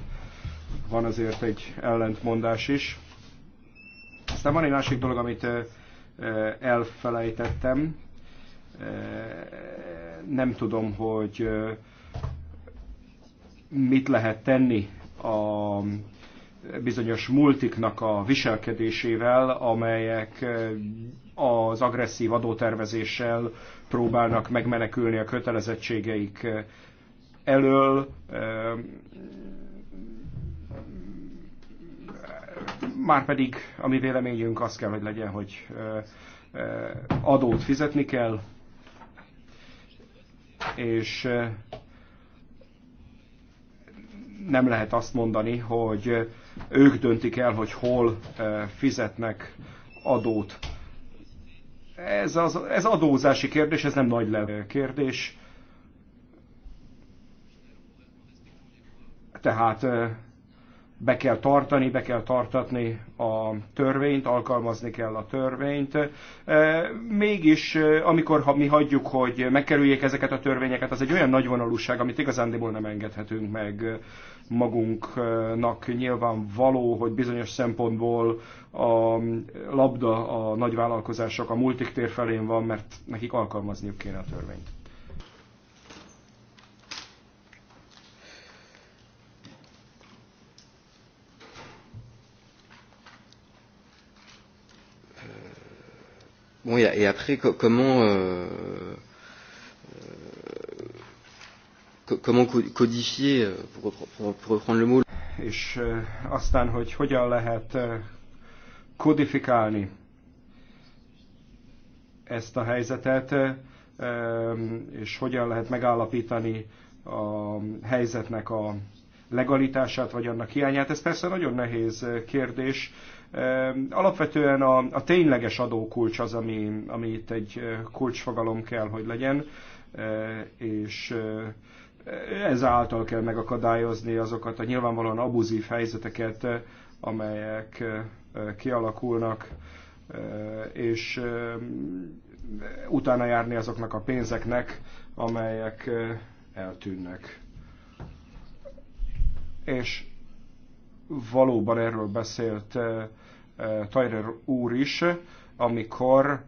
F: van azért egy ellentmondás is. Aztán van egy másik dolog, amit eh, elfelejtettem. Nem tudom, hogy mit lehet tenni a bizonyos multiknak a viselkedésével, amelyek eh, az agresszív adótervezéssel próbálnak megmenekülni a kötelezettségeik eh, elől. Eh, márpedig a mi véleményünk az kell, hogy legyen, hogy adót fizetni kell, és nem lehet azt mondani, hogy ők döntik el, hogy hol eh, fizetnek adót. Ez, az, ez adózási kérdés, ez nem nagy level kérdés. Tehát eh, be kell tartani, be kell tartatni a törvényt, alkalmazni kell a törvényt. E, mégis, e, amikor ha mi hagyjuk, hogy megkerüljék ezeket a törvényeket, az egy olyan nagyvonalúság, amit igazándiból nem engedhetünk meg magunknak. Nyilván való, hogy bizonyos szempontból a labda, a nagyvállalkozások, a multik tér felén van, mert nekik alkalmazniuk kéne a törvényt.
B: Bon, et, et après, comment, euh,
F: euh, comment codifier, euh, pour, pour, pour reprendre le mot És euh, aztán, hogy hogyan lehet euh, kodifikálni ezt a helyzetet, um, és hogyan lehet megállapítani a helyzetnek a legalitását, vagy annak hiányát. Ez persze nagyon nehéz kérdés, Alapvetően a, a tényleges adókulcs az, ami, ami itt egy kulcsfogalom kell, hogy legyen, e, és ezáltal kell megakadályozni azokat a nyilvánvalóan abuzív helyzeteket, amelyek kialakulnak, e, és utána járni azoknak a pénzeknek, amelyek eltűnnek. És valóban erről beszélt Tyler úr is, amikor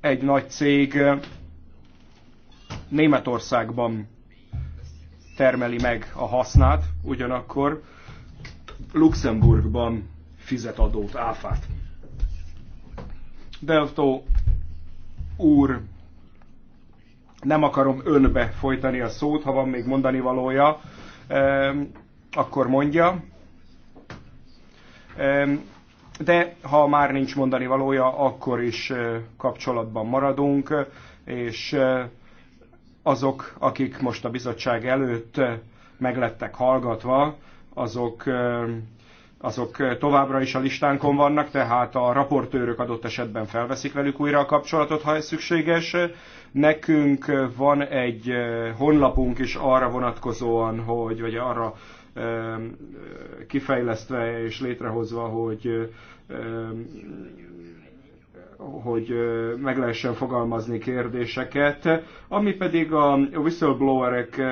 F: egy nagy cég Németországban termeli meg a hasznát, ugyanakkor Luxemburgban fizet adót, áfát. Delto úr, nem akarom önbe folytani a szót, ha van még mondani valója, akkor mondja. De ha már nincs mondani valója, akkor is kapcsolatban maradunk, és azok, akik most a bizottság előtt meglettek hallgatva, azok azok továbbra is a listánkon vannak, tehát a raportőrök adott esetben felveszik velük újra a kapcsolatot, ha ez szükséges. Nekünk van egy honlapunk is arra vonatkozóan, hogy, vagy arra kifejlesztve és létrehozva, hogy hogy meg lehessen fogalmazni kérdéseket, ami pedig a whistleblowerek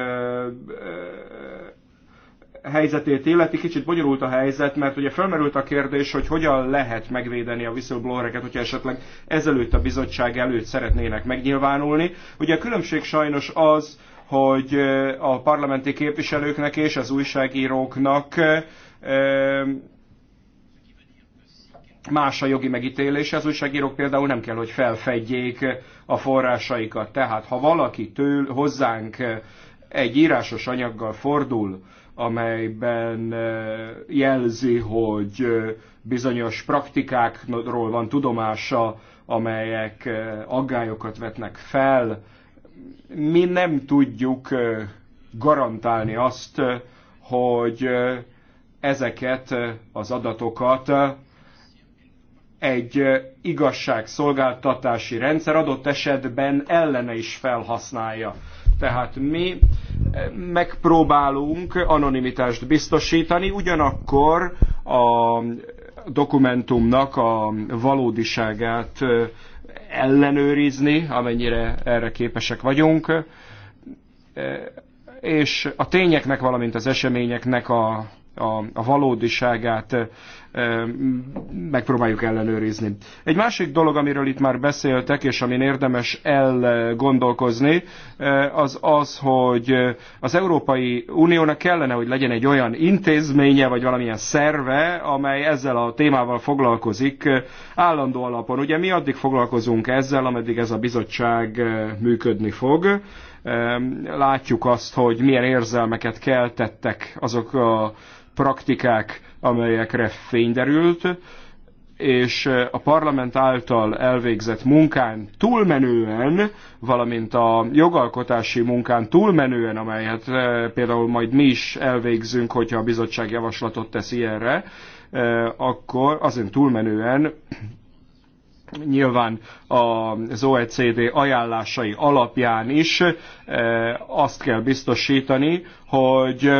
F: helyzetét illeti, kicsit bonyolult a helyzet, mert ugye felmerült a kérdés, hogy hogyan lehet megvédeni a whistleblowereket, hogyha esetleg ezelőtt a bizottság előtt szeretnének megnyilvánulni. Ugye a különbség sajnos az, hogy a parlamenti képviselőknek és az újságíróknak más a jogi megítélése. Az újságírók például nem kell, hogy felfedjék a forrásaikat. Tehát ha valaki től hozzánk egy írásos anyaggal fordul, amelyben jelzi, hogy bizonyos praktikákról van tudomása, amelyek aggályokat vetnek fel, mi nem tudjuk garantálni azt, hogy ezeket az adatokat egy igazságszolgáltatási rendszer adott esetben ellene is felhasználja. Tehát mi megpróbálunk anonimitást biztosítani, ugyanakkor a dokumentumnak a valódiságát ellenőrizni, amennyire erre képesek vagyunk, e, és a tényeknek, valamint az eseményeknek a a, a valódiságát megpróbáljuk ellenőrizni. Egy másik dolog, amiről itt már beszéltek, és amin érdemes elgondolkozni, az az, hogy az Európai Uniónak kellene, hogy legyen egy olyan intézménye, vagy valamilyen szerve, amely ezzel a témával foglalkozik állandó alapon. Ugye mi addig foglalkozunk ezzel, ameddig ez a bizottság működni fog, látjuk azt, hogy milyen érzelmeket keltettek azok a praktikák, amelyekre fényderült, és a parlament által elvégzett munkán túlmenően, valamint a jogalkotási munkán túlmenően, amelyet például majd mi is elvégzünk, hogyha a bizottság javaslatot tesz ilyenre, akkor azon túlmenően nyilván az OECD ajánlásai alapján is azt kell biztosítani, hogy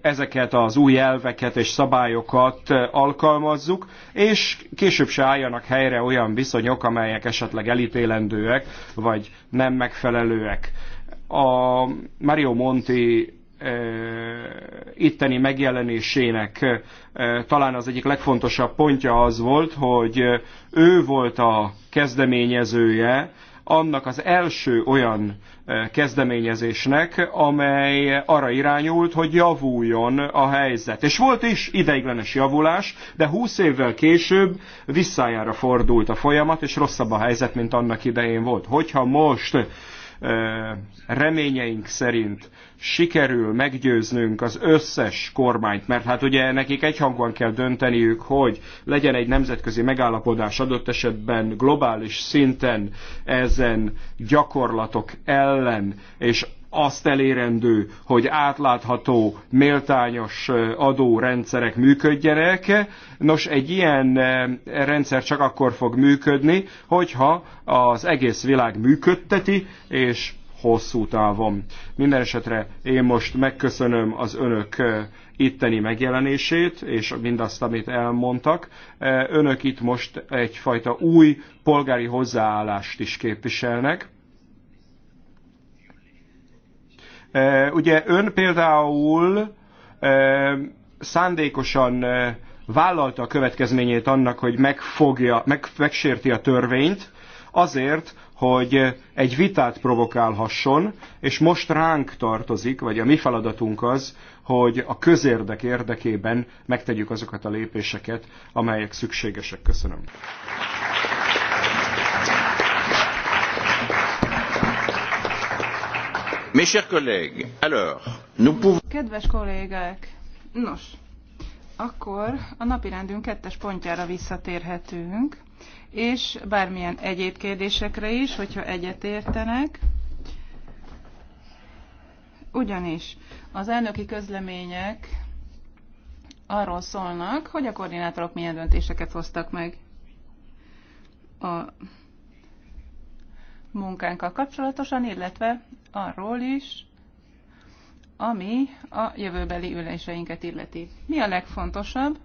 F: ezeket az új elveket és szabályokat alkalmazzuk, és később se álljanak helyre olyan viszonyok, amelyek esetleg elítélendőek, vagy nem megfelelőek. A Mario Monti itteni megjelenésének talán az egyik legfontosabb pontja az volt, hogy ő volt a kezdeményezője annak az első olyan kezdeményezésnek, amely arra irányult, hogy javuljon a helyzet. És volt is ideiglenes javulás, de 20 évvel később visszájára fordult a folyamat, és rosszabb a helyzet, mint annak idején volt. Hogyha most reményeink szerint sikerül meggyőznünk az összes kormányt, mert hát ugye nekik egyhangban kell dönteniük, hogy legyen egy nemzetközi megállapodás adott esetben globális szinten ezen gyakorlatok ellen, és azt elérendő, hogy átlátható, méltányos adórendszerek működjenek. Nos, egy ilyen rendszer csak akkor fog működni, hogyha az egész világ működteti, és hosszú távon. Minden esetre én most megköszönöm az önök eh, itteni megjelenését, és mindazt, amit elmondtak. Eh, önök itt most egyfajta új polgári hozzáállást is képviselnek. Eh, ugye ön például szándékosan vállalta a következményét annak, hogy megfogja, meg, megsérti a törvényt, azért, hogy egy vitát provokálhasson, és most ránk tartozik, vagy a mi feladatunk az, hogy a közérdek érdekében megtegyük azokat a lépéseket, amelyek szükségesek. Köszönöm.
D: Kedves kollégák, nos, akkor a napirendünk kettes pontjára visszatérhetünk, és bármilyen egyéb kérdésekre is, hogyha egyetértenek. Ugyanis az elnöki közlemények arról szólnak, hogy a koordinátorok milyen döntéseket hoztak meg a munkánkkal kapcsolatosan, illetve arról is, ami a jövőbeli üléseinket illeti. Mi a legfontosabb?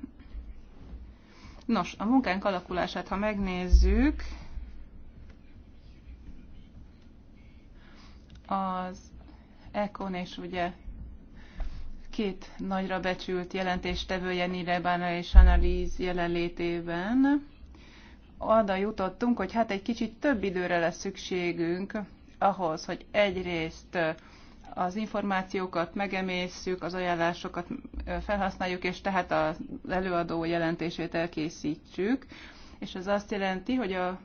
D: Nos, a munkánk alakulását, ha megnézzük, az Econ és ugye két nagyra becsült jelentéstevője Nilebána és Analíz jelenlétében oda jutottunk, hogy hát egy kicsit több időre lesz szükségünk ahhoz, hogy egyrészt az információkat megemészszük, az ajánlásokat felhasználjuk, és tehát az előadó jelentését elkészítjük. És ez azt jelenti, hogy a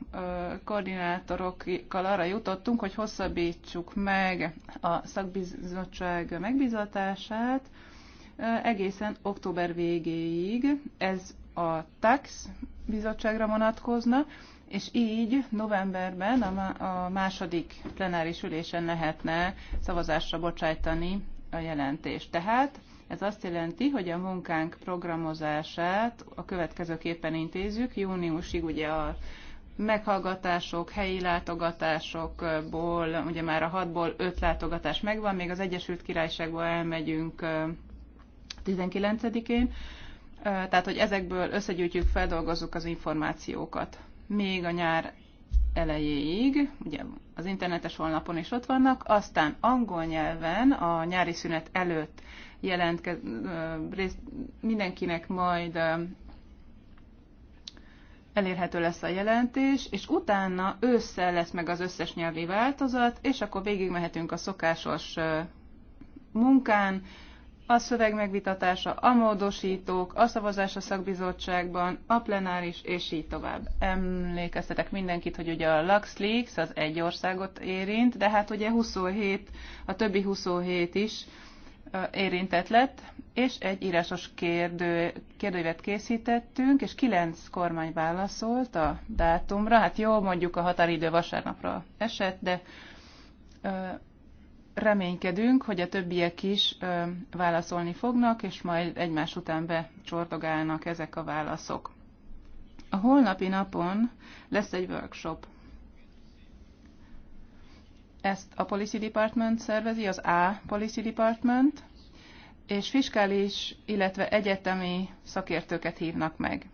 D: koordinátorokkal arra jutottunk, hogy hosszabbítsuk meg a szakbizottság megbizatását egészen október végéig. Ez a TAX bizottságra vonatkozna, és így novemberben a második plenáris ülésen lehetne szavazásra bocsájtani a jelentést. Tehát ez azt jelenti, hogy a munkánk programozását a következőképpen intézzük. Júniusig ugye a meghallgatások, helyi látogatásokból, ugye már a hatból öt látogatás megvan, még az Egyesült Királyságba elmegyünk 19-én, tehát hogy ezekből összegyűjtjük, feldolgozzuk az információkat még a nyár elejéig, ugye az internetes honlapon is ott vannak, aztán angol nyelven a nyári szünet előtt jelentkez, mindenkinek majd elérhető lesz a jelentés, és utána ősszel lesz meg az összes nyelvi változat, és akkor végigmehetünk a szokásos munkán, a szöveg megvitatása, a módosítók, a szavazás a szakbizottságban, a plenáris, és így tovább. Emlékeztetek mindenkit, hogy ugye a Leaks az egy országot érint, de hát ugye 27, a többi 27 is érintett lett, és egy írásos kérdő, kérdőívet készítettünk, és kilenc kormány válaszolt a dátumra. Hát jó, mondjuk a határidő vasárnapra esett, de reménykedünk, hogy a többiek is ö, válaszolni fognak, és majd egymás után becsordogálnak ezek a válaszok. A holnapi napon lesz egy workshop. Ezt a Policy Department szervezi, az A Policy Department, és fiskális, illetve egyetemi szakértőket hívnak meg.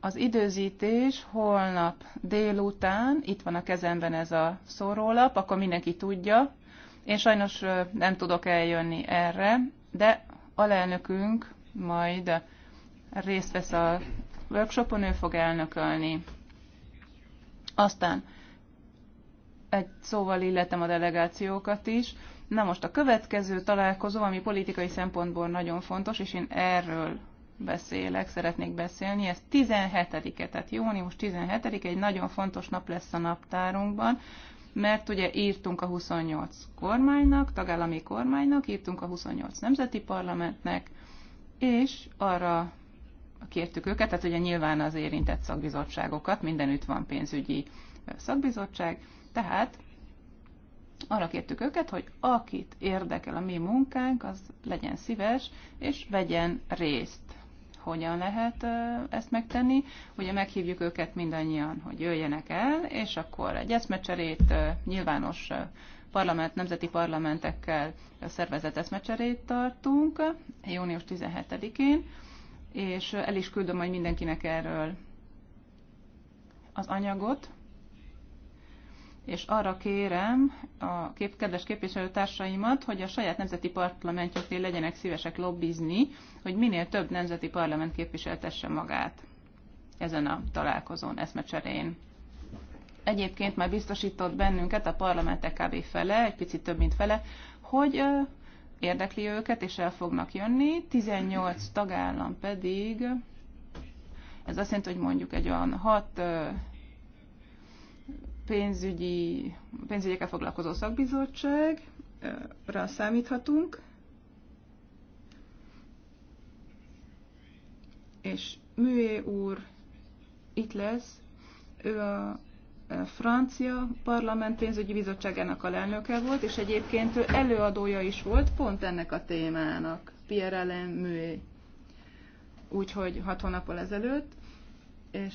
D: Az időzítés holnap délután, itt van a kezemben ez a szórólap, akkor mindenki tudja, én sajnos nem tudok eljönni erre, de alelnökünk majd részt vesz a workshopon, ő fog elnökölni. Aztán egy szóval illetem a delegációkat is. Na most a következő találkozó, ami politikai szempontból nagyon fontos, és én erről beszélek, szeretnék beszélni, ez 17-e, tehát június 17-e, egy nagyon fontos nap lesz a naptárunkban, mert ugye írtunk a 28 kormánynak, tagállami kormánynak, írtunk a 28 nemzeti parlamentnek, és arra kértük őket, tehát ugye nyilván az érintett szakbizottságokat, mindenütt van pénzügyi szakbizottság, tehát arra kértük őket, hogy akit érdekel a mi munkánk, az legyen szíves, és vegyen részt hogyan lehet ezt megtenni. Ugye meghívjuk őket mindannyian, hogy jöjjenek el, és akkor egy eszmecserét nyilvános parlament, nemzeti parlamentekkel szervezett eszmecserét tartunk június 17-én, és el is küldöm majd mindenkinek erről az anyagot, és arra kérem a kép, kedves képviselőtársaimat, hogy a saját nemzeti parlamentjüknél legyenek szívesek lobbizni hogy minél több nemzeti parlament képviseltesse magát ezen a találkozón, eszmecserén. Egyébként már biztosított bennünket a parlamentek kb. fele, egy picit több, mint fele, hogy érdekli őket, és el fognak jönni, 18 tagállam pedig, ez azt jelenti, hogy mondjuk egy olyan 6 pénzügyi, pénzügyekkel foglalkozó szakbizottságra számíthatunk, és Műé úr itt lesz, ő a francia parlament pénzügyi bizottságának lelnöke volt, és egyébként ő előadója is volt pont ennek a témának, Pierre Alain Műé. Úgyhogy hat hónappal ezelőtt, és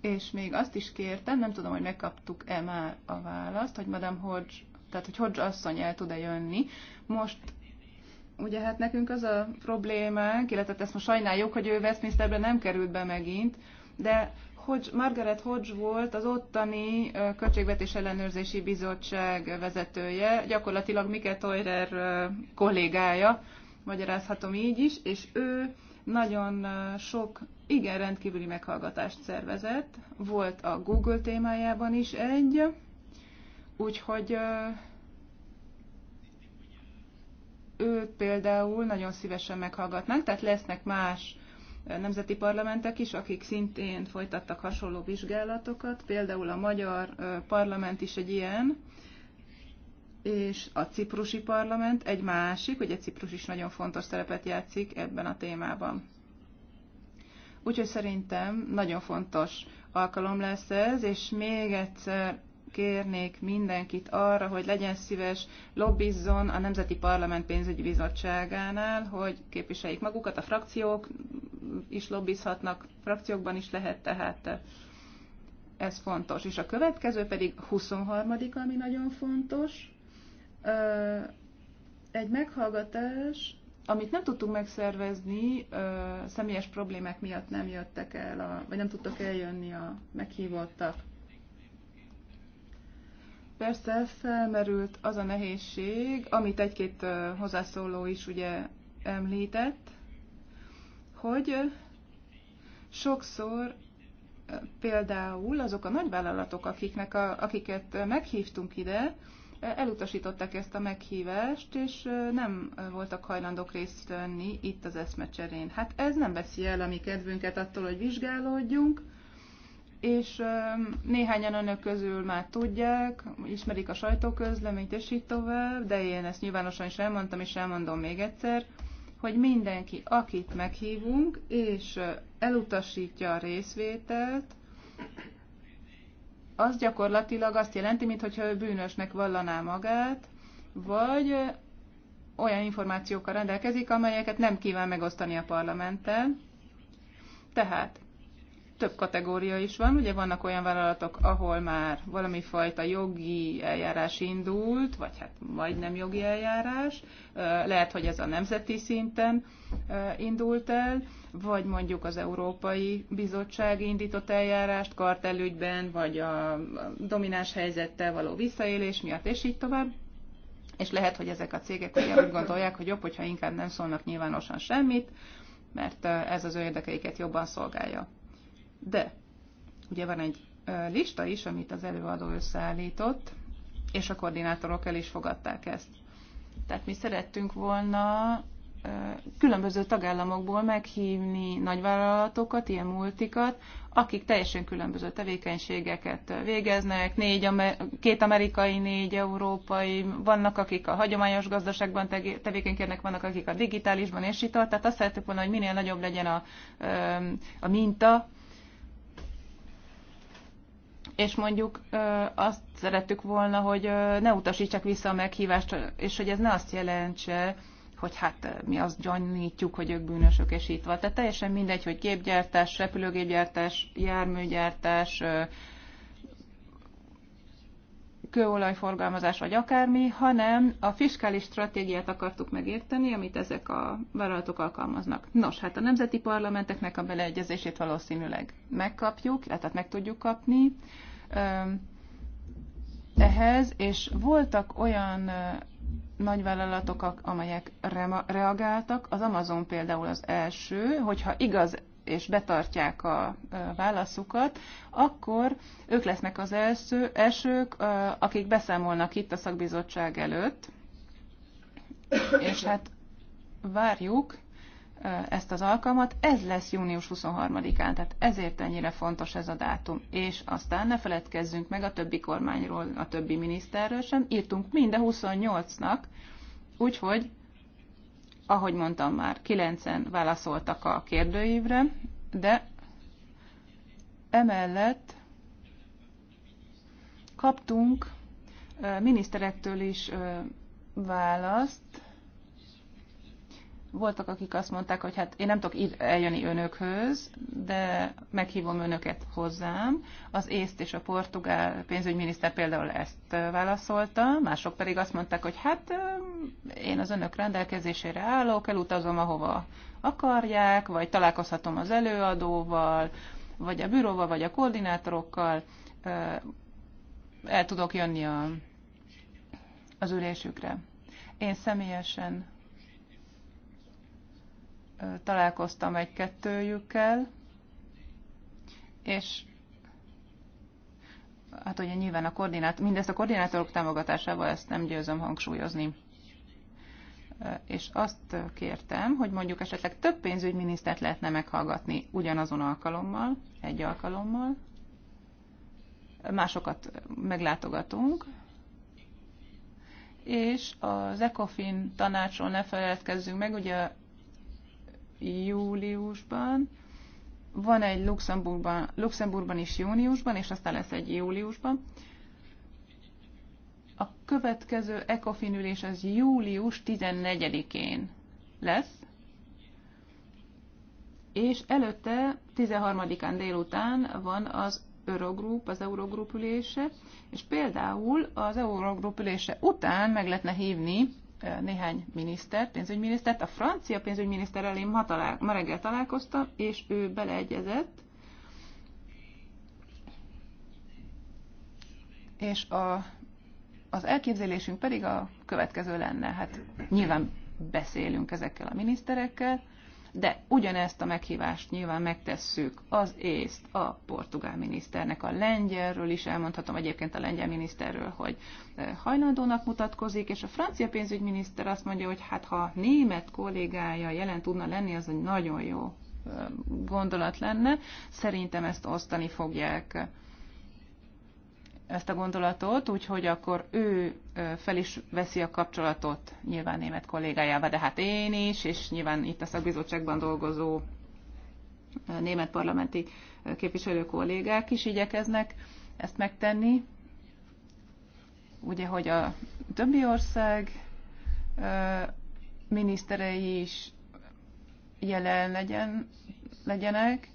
D: és még azt is kértem, nem tudom, hogy megkaptuk-e már a választ, hogy Madame Hodge, tehát hogy Hodge asszony el tud-e jönni, most ugye hát nekünk az a problémánk, illetve ezt most sajnáljuk, hogy ő Westminsterbe nem került be megint, de Hodge, Margaret Hodge volt az ottani Költségvetés Ellenőrzési Bizottság vezetője, gyakorlatilag Mike Toyer kollégája, magyarázhatom így is, és ő nagyon sok igen rendkívüli meghallgatást szervezett, volt a Google témájában is egy, úgyhogy őt például nagyon szívesen meghallgatnánk, tehát lesznek más nemzeti parlamentek is, akik szintén folytattak hasonló vizsgálatokat, például a magyar parlament is egy ilyen, és a ciprusi parlament egy másik, ugye Ciprus is nagyon fontos szerepet játszik ebben a témában. Úgyhogy szerintem nagyon fontos alkalom lesz ez, és még egyszer kérnék mindenkit arra, hogy legyen szíves, lobbizzon a Nemzeti Parlament pénzügyi bizottságánál, hogy képviseljék magukat, a frakciók is lobbizhatnak, frakciókban is lehet, tehát ez fontos. És a következő pedig 23. ami nagyon fontos, egy meghallgatás, amit nem tudtunk megszervezni, személyes problémák miatt nem jöttek el, a, vagy nem tudtak eljönni a meghívottak. Persze felmerült az a nehézség, amit egy-két hozzászóló is ugye említett, hogy sokszor például azok a nagyvállalatok, akiknek a, akiket meghívtunk ide, e, elutasították ezt a meghívást, és nem voltak hajlandók részt venni itt az eszmecserén. Hát ez nem veszi el a mi kedvünket attól, hogy vizsgálódjunk, és néhányan önök közül már tudják, ismerik a sajtóközleményt, és így tovább, de én ezt nyilvánosan is elmondtam, és elmondom még egyszer, hogy mindenki, akit meghívunk, és elutasítja a részvételt, az gyakorlatilag azt jelenti, mintha ő bűnösnek vallaná magát, vagy olyan információkkal rendelkezik, amelyeket nem kíván megosztani a parlamenttel. Tehát több kategória is van. Ugye vannak olyan vállalatok, ahol már valami fajta jogi eljárás indult, vagy hát majdnem jogi eljárás. Lehet, hogy ez a nemzeti szinten indult el, vagy mondjuk az Európai Bizottság indított eljárást kartelügyben, vagy a domináns helyzettel való visszaélés miatt, és így tovább és lehet, hogy ezek a cégek ugye úgy gondolják, hogy jobb, hogyha inkább nem szólnak nyilvánosan semmit, mert ez az ő érdekeiket jobban szolgálja. De ugye van egy lista is, amit az előadó összeállított, és a koordinátorok el is fogadták ezt. Tehát mi szerettünk volna különböző tagállamokból meghívni nagyvállalatokat, ilyen multikat, akik teljesen különböző tevékenységeket végeznek, négy, két amerikai, négy európai, vannak akik a hagyományos gazdaságban tevékenykednek, vannak akik a digitálisban, és itt Tehát azt szerettük volna, hogy minél nagyobb legyen a, a minta, és mondjuk azt szerettük volna, hogy ne utasítsák vissza a meghívást, és hogy ez ne azt jelentse, hogy hát mi azt gyanítjuk, hogy ők bűnösök, és itt van. Tehát teljesen mindegy, hogy gépgyártás, repülőgépgyártás, járműgyártás, kőolajforgalmazás, vagy akármi, hanem a fiskális stratégiát akartuk megérteni, amit ezek a vállalatok alkalmaznak. Nos, hát a nemzeti parlamenteknek a beleegyezését valószínűleg megkapjuk, tehát meg tudjuk kapni ehhez, és voltak olyan nagyvállalatok, amelyek reagáltak. Az Amazon például az első, hogyha igaz és betartják a válaszukat, akkor ők lesznek az első, elsők, akik beszámolnak itt a szakbizottság előtt. És hát várjuk ezt az alkalmat, ez lesz június 23-án, tehát ezért ennyire fontos ez a dátum. És aztán ne feledkezzünk meg a többi kormányról, a többi miniszterről sem, írtunk mind a 28-nak, úgyhogy, ahogy mondtam már, 9-en válaszoltak a kérdőívre, de emellett kaptunk miniszterektől is választ, voltak, akik azt mondták, hogy hát én nem tudok eljönni önökhöz, de meghívom önöket hozzám. Az észt és a portugál pénzügyminiszter például ezt válaszolta, mások pedig azt mondták, hogy hát én az önök rendelkezésére állok, elutazom ahova akarják, vagy találkozhatom az előadóval, vagy a bűróval, vagy a koordinátorokkal, el tudok jönni a, az ülésükre. Én személyesen találkoztam egy-kettőjükkel, és hát ugye nyilván a koordinát, mindezt a koordinátorok támogatásával ezt nem győzöm hangsúlyozni. És azt kértem, hogy mondjuk esetleg több pénzügyminisztert lehetne meghallgatni ugyanazon alkalommal, egy alkalommal. Másokat meglátogatunk, és az ECOFIN tanácsról ne feledkezzünk meg, ugye júliusban, van egy Luxemburgban, Luxemburgban is júniusban, és aztán lesz egy júliusban. A következő ECOFIN ülés az július 14-én lesz, és előtte 13-án délután van az Eurogroup, az Eurogroup ülése, és például az Eurogroup ülése után meg lehetne hívni néhány miniszter, pénzügyminisztert. A francia pénzügyminiszterrel én ma, talál, ma reggel találkoztam, és ő beleegyezett, és a, az elképzelésünk pedig a következő lenne. Hát nyilván beszélünk ezekkel a miniszterekkel, de ugyanezt a meghívást nyilván megtesszük az észt a portugál miniszternek, a lengyelről is elmondhatom egyébként a lengyel miniszterről, hogy hajlandónak mutatkozik, és a francia pénzügyminiszter azt mondja, hogy hát ha a német kollégája jelen tudna lenni, az egy nagyon jó gondolat lenne. Szerintem ezt osztani fogják ezt a gondolatot, úgyhogy akkor ő fel is veszi a kapcsolatot nyilván német kollégájával, de hát én is, és nyilván itt a szakbizottságban dolgozó német parlamenti képviselő kollégák is igyekeznek ezt megtenni. Ugye, hogy a többi ország miniszterei is jelen legyen, legyenek,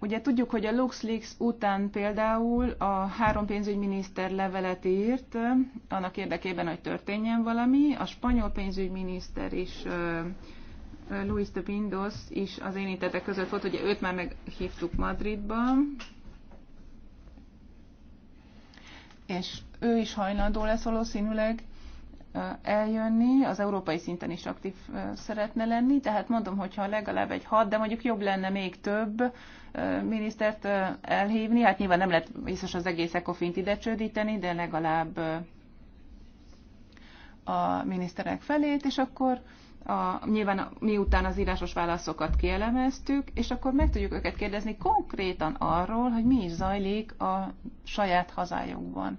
D: Ugye tudjuk, hogy a LuxLeaks után például a három pénzügyminiszter levelet írt annak érdekében, hogy történjen valami. A spanyol pénzügyminiszter is, Luis de Pindos is az érintettek között volt, ugye őt már meghívtuk Madridba, és ő is hajlandó lesz valószínűleg eljönni, az európai szinten is aktív szeretne lenni, tehát mondom, hogyha legalább egy hat, de mondjuk jobb lenne még több minisztert elhívni, hát nyilván nem lehet biztos az egész ECOFINT ide csődíteni, de legalább a miniszterek felét, és akkor a, nyilván miután az írásos válaszokat kielemeztük, és akkor meg tudjuk őket kérdezni konkrétan arról, hogy mi is zajlik a saját hazájukban.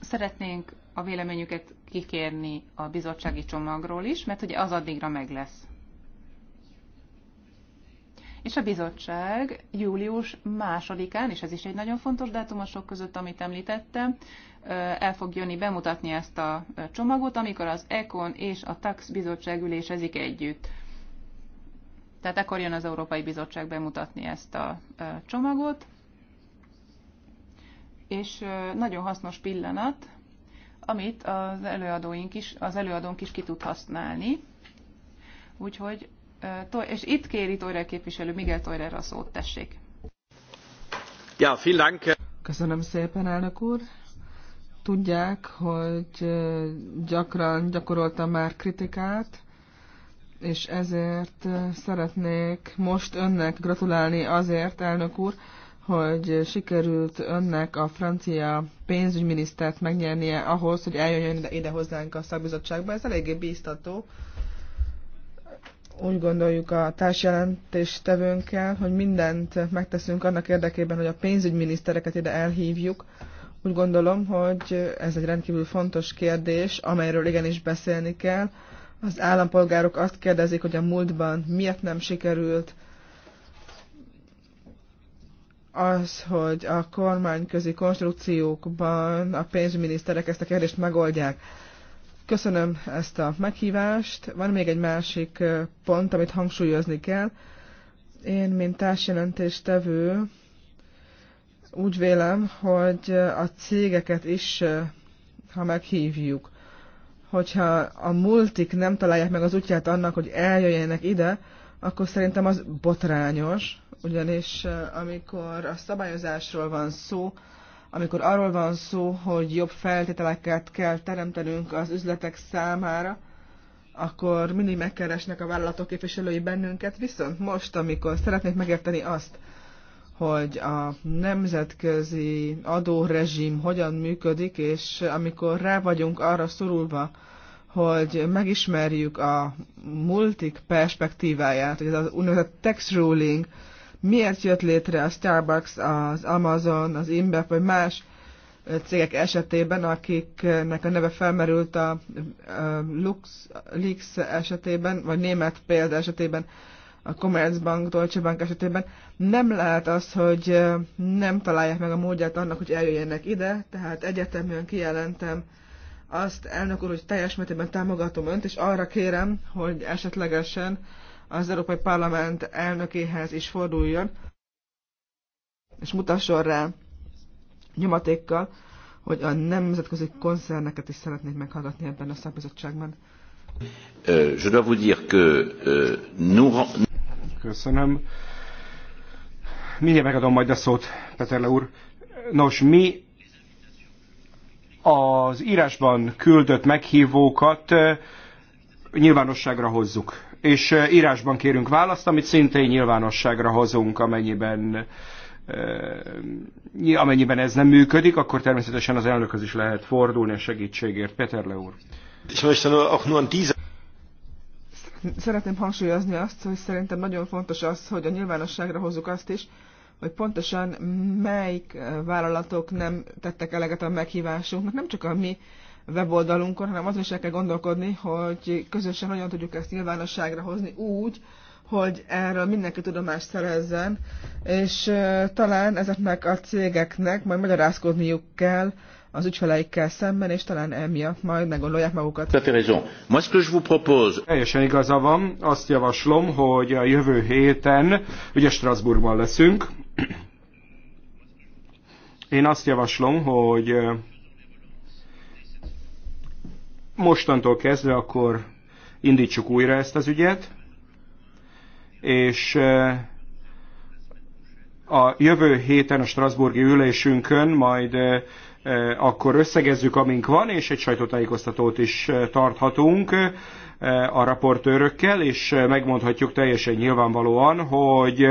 D: Szeretnénk a véleményüket kikérni a bizottsági csomagról is, mert ugye az addigra meg lesz. És a bizottság július másodikán, és ez is egy nagyon fontos dátum a sok között, amit említettem, el fog jönni bemutatni ezt a csomagot, amikor az ECON és a TAX bizottság ülésezik együtt. Tehát ekkor jön az Európai Bizottság bemutatni ezt a csomagot, és nagyon hasznos pillanat, amit az előadóink is, az előadónk is ki tud használni. Úgyhogy, és itt kéri Tojrer
E: képviselő, Miguel Tojrer a szót, tessék.
F: Ja, vielen Dank.
E: Köszönöm szépen, elnök úr. Tudják, hogy gyakran gyakoroltam már kritikát, és ezért szeretnék most önnek gratulálni azért, elnök úr, hogy sikerült önnek a francia pénzügyminisztert megnyernie ahhoz, hogy eljönjön ide, ide hozzánk a szakbizottságba. Ez eléggé bíztató. Úgy gondoljuk a társjelentéstevőnkkel, hogy mindent megteszünk annak érdekében, hogy a pénzügyminisztereket ide elhívjuk. Úgy gondolom, hogy ez egy rendkívül fontos kérdés, amelyről igenis beszélni kell. Az állampolgárok azt kérdezik, hogy a múltban miért nem sikerült az, hogy a kormányközi konstrukciókban a pénzminiszterek ezt a kérdést megoldják. Köszönöm ezt a meghívást. Van még egy másik pont, amit hangsúlyozni kell. Én, mint társjelentéstevő, úgy vélem, hogy a cégeket is, ha meghívjuk, hogyha a multik nem találják meg az útját annak, hogy eljöjjenek ide, akkor szerintem az botrányos, ugyanis eh, amikor a szabályozásról van szó, amikor arról van szó, hogy jobb feltételeket kell teremtenünk az üzletek számára, akkor mindig megkeresnek a vállalatok képviselői bennünket, viszont most, amikor szeretnék megérteni azt, hogy a nemzetközi adórezsim hogyan működik, és amikor rá vagyunk arra szorulva, hogy megismerjük a multik perspektíváját, hogy ez az úgynevezett tax ruling, miért jött létre a Starbucks, az Amazon, az InBev vagy más cégek esetében, akiknek a neve felmerült a LuxLeaks esetében, vagy német példa esetében, a Commerzbank, Deutsche Bank esetében, nem lehet az, hogy nem találják meg a módját annak, hogy eljöjjenek ide, tehát egyeteműen kijelentem azt, elnök úr, hogy teljes mértékben támogatom önt, és arra kérem, hogy esetlegesen az Európai Parlament elnökéhez is forduljon, és mutasson rá nyomatékkal, hogy a nemzetközi koncerneket is szeretnék meghallgatni ebben a szakbizottságban.
C: Euh, euh,
F: Köszönöm. Mindjárt megadom majd a szót, Peterle úr. Nos, mi az írásban küldött meghívókat nyilvánosságra hozzuk és írásban kérünk választ, amit szintén nyilvánosságra hozunk, amennyiben amennyiben ez nem működik, akkor természetesen az elnökhöz is lehet fordulni a segítségért. Peter Le úr.
E: Szeretném hangsúlyozni azt, hogy szerintem nagyon fontos az, hogy a nyilvánosságra hozzuk azt is, hogy pontosan melyik vállalatok nem tettek eleget a meghívásunknak, nem csak a mi weboldalunkon, hanem azon is el kell gondolkodni, hogy közösen hogyan tudjuk ezt nyilvánosságra hozni úgy, hogy erről mindenki tudomást szerezzen, és talán ezeknek a cégeknek majd magyarázkodniuk kell az ügyfeleikkel szemben, és talán emiatt majd meggondolják magukat.
F: Teljesen igaza van, azt javaslom, hogy a jövő héten, ugye Strasbourgban leszünk, én azt javaslom, hogy mostantól kezdve akkor indítsuk újra ezt az ügyet, és e, a jövő héten a Strasburgi ülésünkön majd e, Eh, akkor összegezzük, amink van, és egy sajtótájékoztatót is eh, tarthatunk eh, a raportőrökkel, és megmondhatjuk teljesen nyilvánvalóan, hogy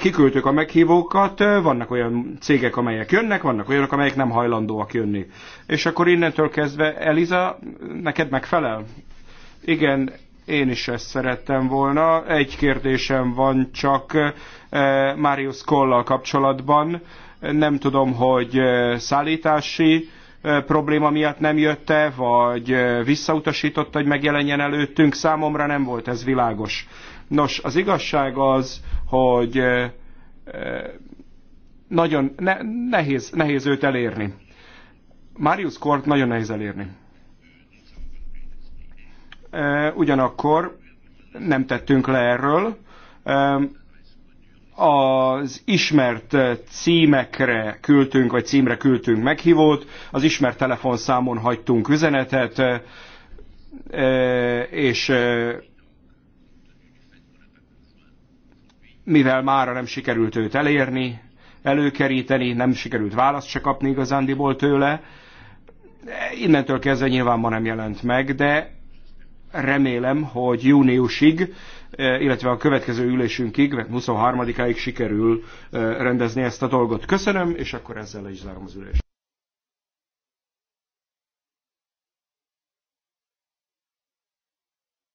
F: kiküldtük a meghívókat, vannak olyan cégek, amelyek jönnek, vannak olyanok, amelyek nem hajlandóak jönni. És akkor innentől kezdve, Eliza, neked megfelel? Igen, én is ezt szerettem volna. Egy kérdésem van csak Marius Kollal kapcsolatban nem tudom, hogy eh, szállítási eh, probléma miatt nem jött jött-e, vagy eh, visszautasította, hogy megjelenjen előttünk. Számomra nem volt ez világos. Nos, az igazság az, hogy nagyon ne, nehéz, nehéz őt elérni. Marius Kort nagyon nehéz elérni. Ugyanakkor nem tettünk le erről az ismert címekre küldtünk, vagy címre küldtünk meghívót, az ismert telefonszámon hagytunk üzenetet, e, és e, mivel mára nem sikerült őt elérni, előkeríteni, nem sikerült választ se kapni igazándiból tőle, innentől kezdve nyilván ma nem jelent meg, de remélem, hogy júniusig Eh, illetve a következő ülésünkig, 23-áig sikerül eh, rendezni ezt a dolgot. Köszönöm, és akkor ezzel is zárom az ülést.